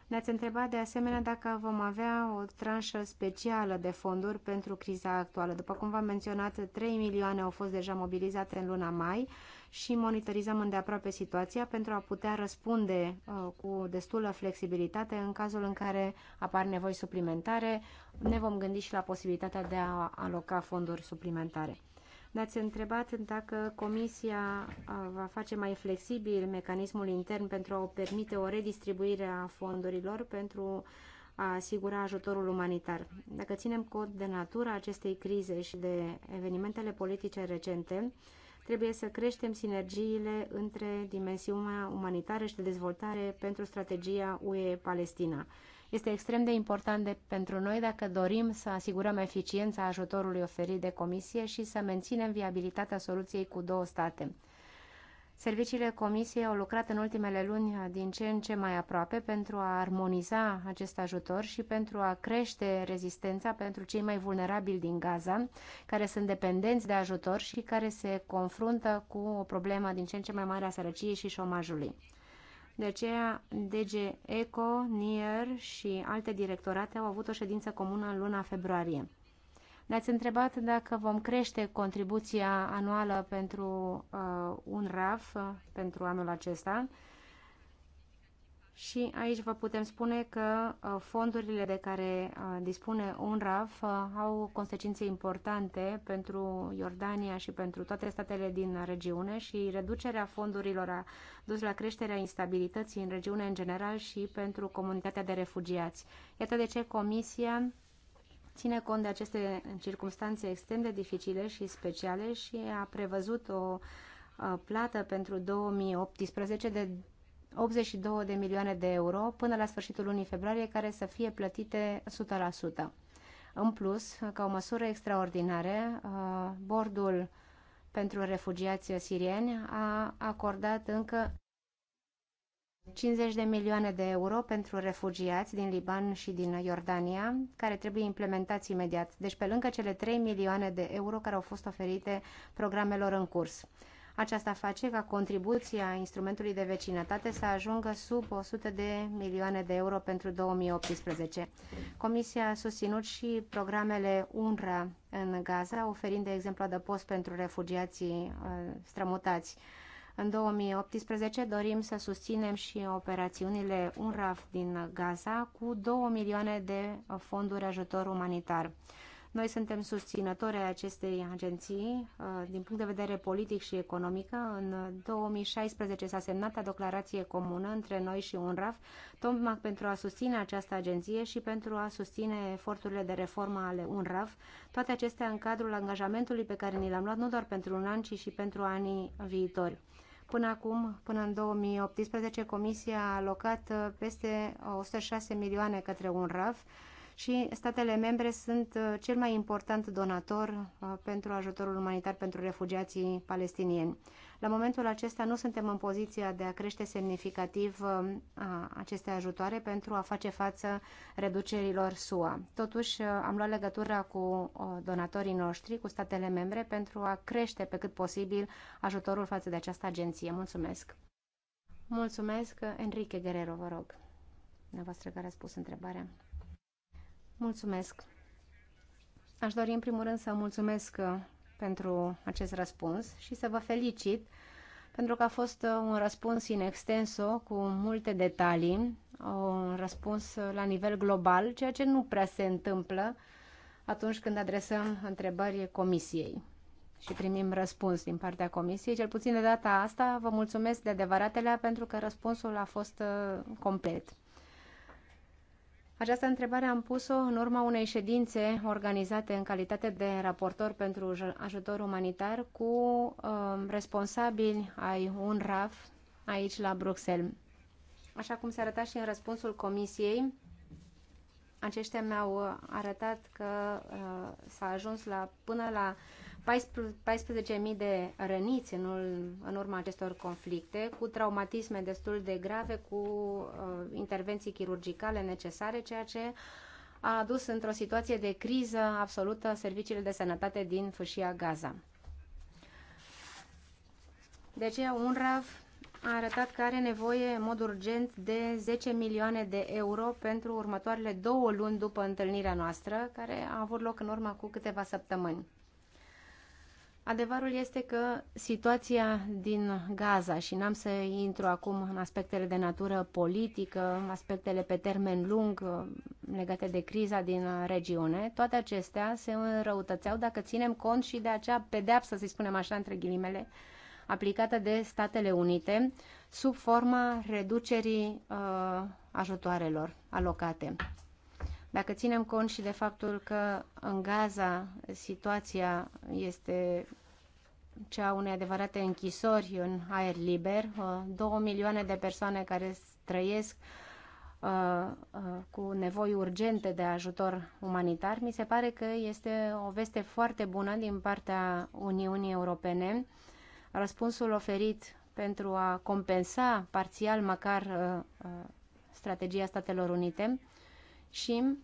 Ne-ați întrebat de asemenea dacă vom avea o tranșă specială de fonduri pentru criza actuală. După cum v-am menționat, 3 milioane au fost deja mobilizate în luna mai și monitorizăm îndeaproape situația pentru a putea răspunde uh, cu destulă flexibilitate în cazul în care apar nevoi suplimentare. Ne vom gândi și la posibilitatea de a aloca fonduri suplimentare. Ne-ați întrebat dacă Comisia uh, va face mai flexibil mecanismul intern pentru a o permite o redistribuire a fondurilor pentru a asigura ajutorul umanitar. Dacă ținem cont de natura acestei crize și de evenimentele politice recente, trebuie să creștem sinergiile între dimensiunea umanitară și de dezvoltare pentru strategia UE-Palestina. Este extrem de important de, pentru noi dacă dorim să asigurăm eficiența ajutorului oferit de comisie și să menținem viabilitatea soluției cu două state. Serviciile Comisiei au lucrat în ultimele luni din ce în ce mai aproape pentru a armoniza acest ajutor și pentru a crește rezistența pentru cei mai vulnerabili din Gaza, care sunt dependenți de ajutor și care se confruntă cu o problemă din ce în ce mai mare a sărăciei și șomajului. De aceea, DG ECO, NIR și alte directorate au avut o ședință comună în luna februarie. Ne-ați întrebat dacă vom crește contribuția anuală pentru uh, un RAF uh, pentru anul acesta. Și aici vă putem spune că uh, fondurile de care uh, dispune UNRAF uh, au consecințe importante pentru Iordania și pentru toate statele din regiune și reducerea fondurilor a dus la creșterea instabilității în regiune în general și pentru comunitatea de refugiați. Iată de ce Comisia ține cont de aceste circunstanțe extrem de dificile și speciale și a prevăzut o plată pentru 2018 de 82 de milioane de euro până la sfârșitul lunii februarie care să fie plătite 100%. În plus, ca o măsură extraordinară, uh, bordul pentru refugiații sirieni a acordat încă 50 de milioane de euro pentru refugiați din Liban și din Iordania, care trebuie implementați imediat, deci pe lângă cele 3 milioane de euro care au fost oferite programelor în curs. Aceasta face ca contribuția instrumentului de vecinătate să ajungă sub 100 de milioane de euro pentru 2018. Comisia a susținut și programele UNRWA în Gaza, oferind, de exemplu, adăpost pentru refugiații uh, strămutați. În 2018 dorim să susținem și operațiunile UNRAF din Gaza cu 2 milioane de fonduri ajutor umanitar. Noi suntem susținători ai acestei agenții uh, din punct de vedere politic și economic. În 2016 s-a semnat o declarație comună între noi și UNRAF, tocmai pentru a susține această agenție și pentru a susține eforturile de reformă ale UNRAF, toate acestea în cadrul angajamentului pe care ni l-am luat nu doar pentru un an, ci și pentru anii viitori. Până acum, până în 2018, Comisia a alocat uh, peste 106 milioane către UNRAF, și statele membre sunt uh, cel mai important donator uh, pentru ajutorul umanitar pentru refugiații palestinieni. La momentul acesta nu suntem în poziția de a crește semnificativ uh, aceste ajutoare pentru a face față reducerilor SUA. Totuși, am luat legătura cu donatorii noștri, cu statele membre, pentru a crește pe cât posibil ajutorul față de această agenție. Mulțumesc! Mulțumesc, Enrique Guerrero, vă rog. Dumneavoastră care a spus întrebarea. Mulțumesc. Aș dori în primul rând să mulțumesc uh, pentru acest răspuns și să vă felicit pentru că a fost uh, un răspuns in extenso, cu multe detalii, un răspuns uh, la nivel global, ceea ce nu prea se întâmplă atunci când adresăm întrebări comisiei și primim răspuns din partea comisiei. Cel puțin de data asta vă mulțumesc de adevăratele pentru că răspunsul a fost complet. Această întrebare am pus-o în urma unei ședințe organizate în calitate de raportor pentru ajutor umanitar cu uh, responsabili ai UNRAF aici la Bruxelles. Așa cum se arăta și în răspunsul comisiei, aceștia mi-au uh, arătat că uh, s-a ajuns la, până la uh, 14.000 de răniți în, în urma acestor conflicte, cu traumatisme destul de grave, cu uh, intervenții chirurgicale necesare, ceea ce a adus într-o situație de criză absolută serviciile de sănătate din fâșia Gaza. De aceea, UNRAV a arătat că are nevoie în mod urgent de 10 milioane de euro pentru următoarele două luni după întâlnirea noastră, care a avut loc în urmă cu câteva săptămâni. Adevărul este că situația din Gaza, și n-am să intru acum în aspectele de natură politică, aspectele pe termen lung uh, legate de criza din regiune, toate acestea se înrăutățeau dacă ținem cont și de acea pedeapsă, să spunem așa, între ghilimele, aplicată de Statele Unite sub forma reducerii uh, ajutoarelor alocate. Dacă ținem cont și de faptul că în Gaza situația este cea unei adevărate închisori în aer liber, uh, două milioane de persoane care trăiesc uh, uh, cu nevoi urgente de ajutor umanitar, mi se pare că este o veste foarte bună din partea Uniunii Europene. Răspunsul oferit pentru a compensa parțial măcar strategia Statelor Unite și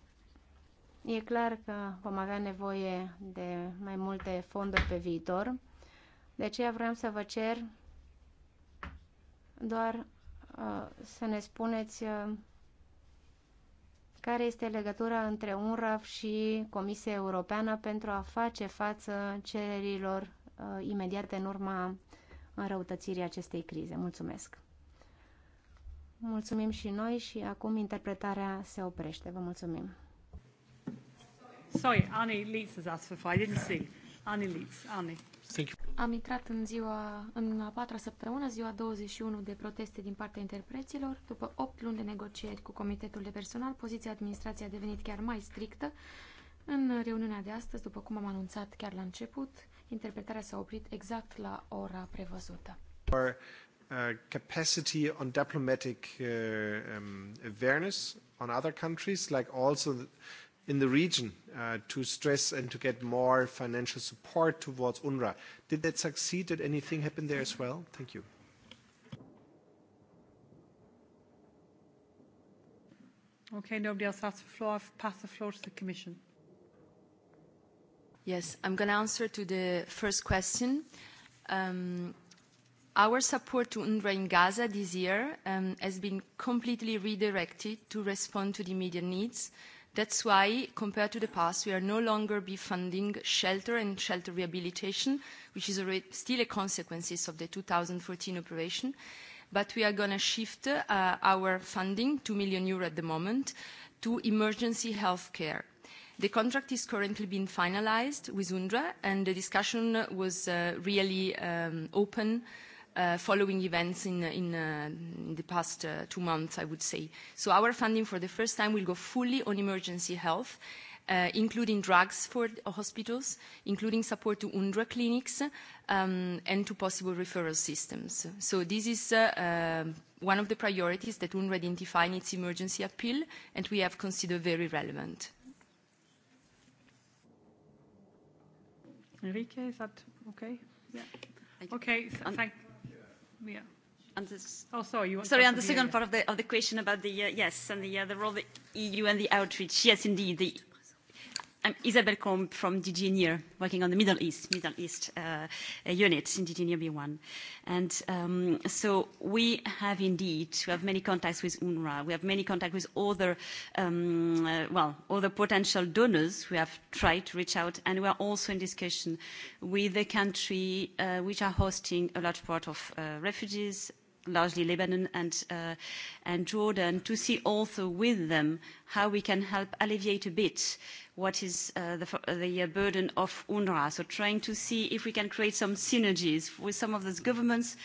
E clar că vom avea nevoie de mai multe fonduri pe viitor, de aceea vreau să vă cer doar uh, să ne spuneți uh, care este legătura între UNRAF și Comisia Europeană pentru a face față cererilor uh, imediate în urma înrăutățirii acestei crize. Mulțumesc! Mulțumim și noi și acum interpretarea se oprește. Vă mulțumim! Sorry, Annie Leeds has asked for five. I didn't see. Annie Leeds, Annie. Thank you. Am intrat în ziua, în a patra săptămână, ziua 21 de proteste din partea interpreților. După 8 luni de negocieri cu Comitetul de Personal, poziția administrației a devenit chiar mai strictă. În reuniunea de astăzi, după cum am anunțat chiar la început, interpretarea s-a oprit exact la ora prevăzută. Our, uh, capacity on diplomatic uh, um, awareness on other countries, like also the in the region uh, to stress and to get more financial support towards UNRWA. Did that succeed? Did anything happen there as well? Thank you. Okay, nobody else has the floor. I've passed the floor to the Commission. Yes, I'm going to answer to the first question. Um, our support to UNRWA in Gaza this year um, has been completely redirected to respond to the immediate needs That's why, compared to the past, we are no longer be funding shelter and shelter rehabilitation, which is already still a consequences of the 2014 operation, but we are going to shift uh, our funding, 2 million euro at the moment, to emergency health care. The contract is currently being finalized with UNDRA, and the discussion was uh, really um, open Uh, following events in, uh, in, uh, in the past uh, two months, I would say. So our funding for the first time will go fully on emergency health, uh, including drugs for hospitals, including support to UNDRA clinics, um, and to possible referral systems. So this is uh, uh, one of the priorities that UNRWA identified in its emergency appeal, and we have considered very relevant. Enrique, is that okay? Yeah. Okay, thank, And this, oh, sorry, you want sorry, on the second part of the, of the question about the, uh, yes, and the, uh, the role of the EU and the outreach. Yes, indeed, the I'm Isabel Combe from DG Near, working on the Middle East, Middle East uh, uh unit in DG Near B1. And um, so we have indeed, we have many contacts with UNRWA. We have many contacts with other, um, uh, well, other potential donors. We have tried to reach out, and we are also in discussion with the country uh, which are hosting a large part of uh, refugees largely Lebanon and, uh, and Jordan, to see also with them how we can help alleviate a bit what is uh, the, the uh, burden of UNRWA. So trying to see if we can create some synergies with some of those governments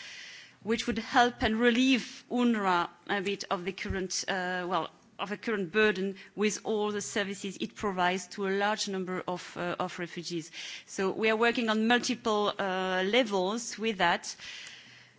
which would help and relieve UNRWA a bit of the current, uh, well, of a current burden with all the services it provides to a large number of, uh, of refugees. So we are working on multiple uh, levels with that. Uh,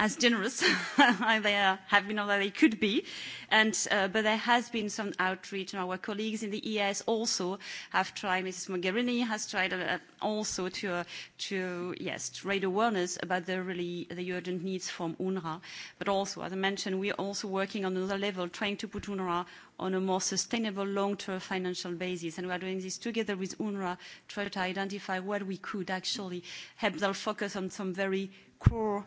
as generous as they uh, have been or they could be. And, uh, but there has been some outreach, and our colleagues in the ES also have tried, Mrs. Mogherini has tried uh, also to, uh, to, yes, to raise awareness about the really the urgent needs from UNRWA. But also, as I mentioned, we are also working on another level, trying to put UNRWA on a more sustainable long-term financial basis. And we are doing this together with UNRWA, trying to identify what we could actually help them focus on some very core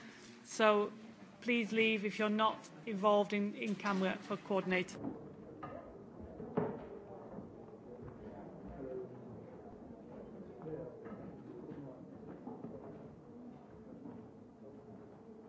So please leave if you're not involved in, in camera for coordinating.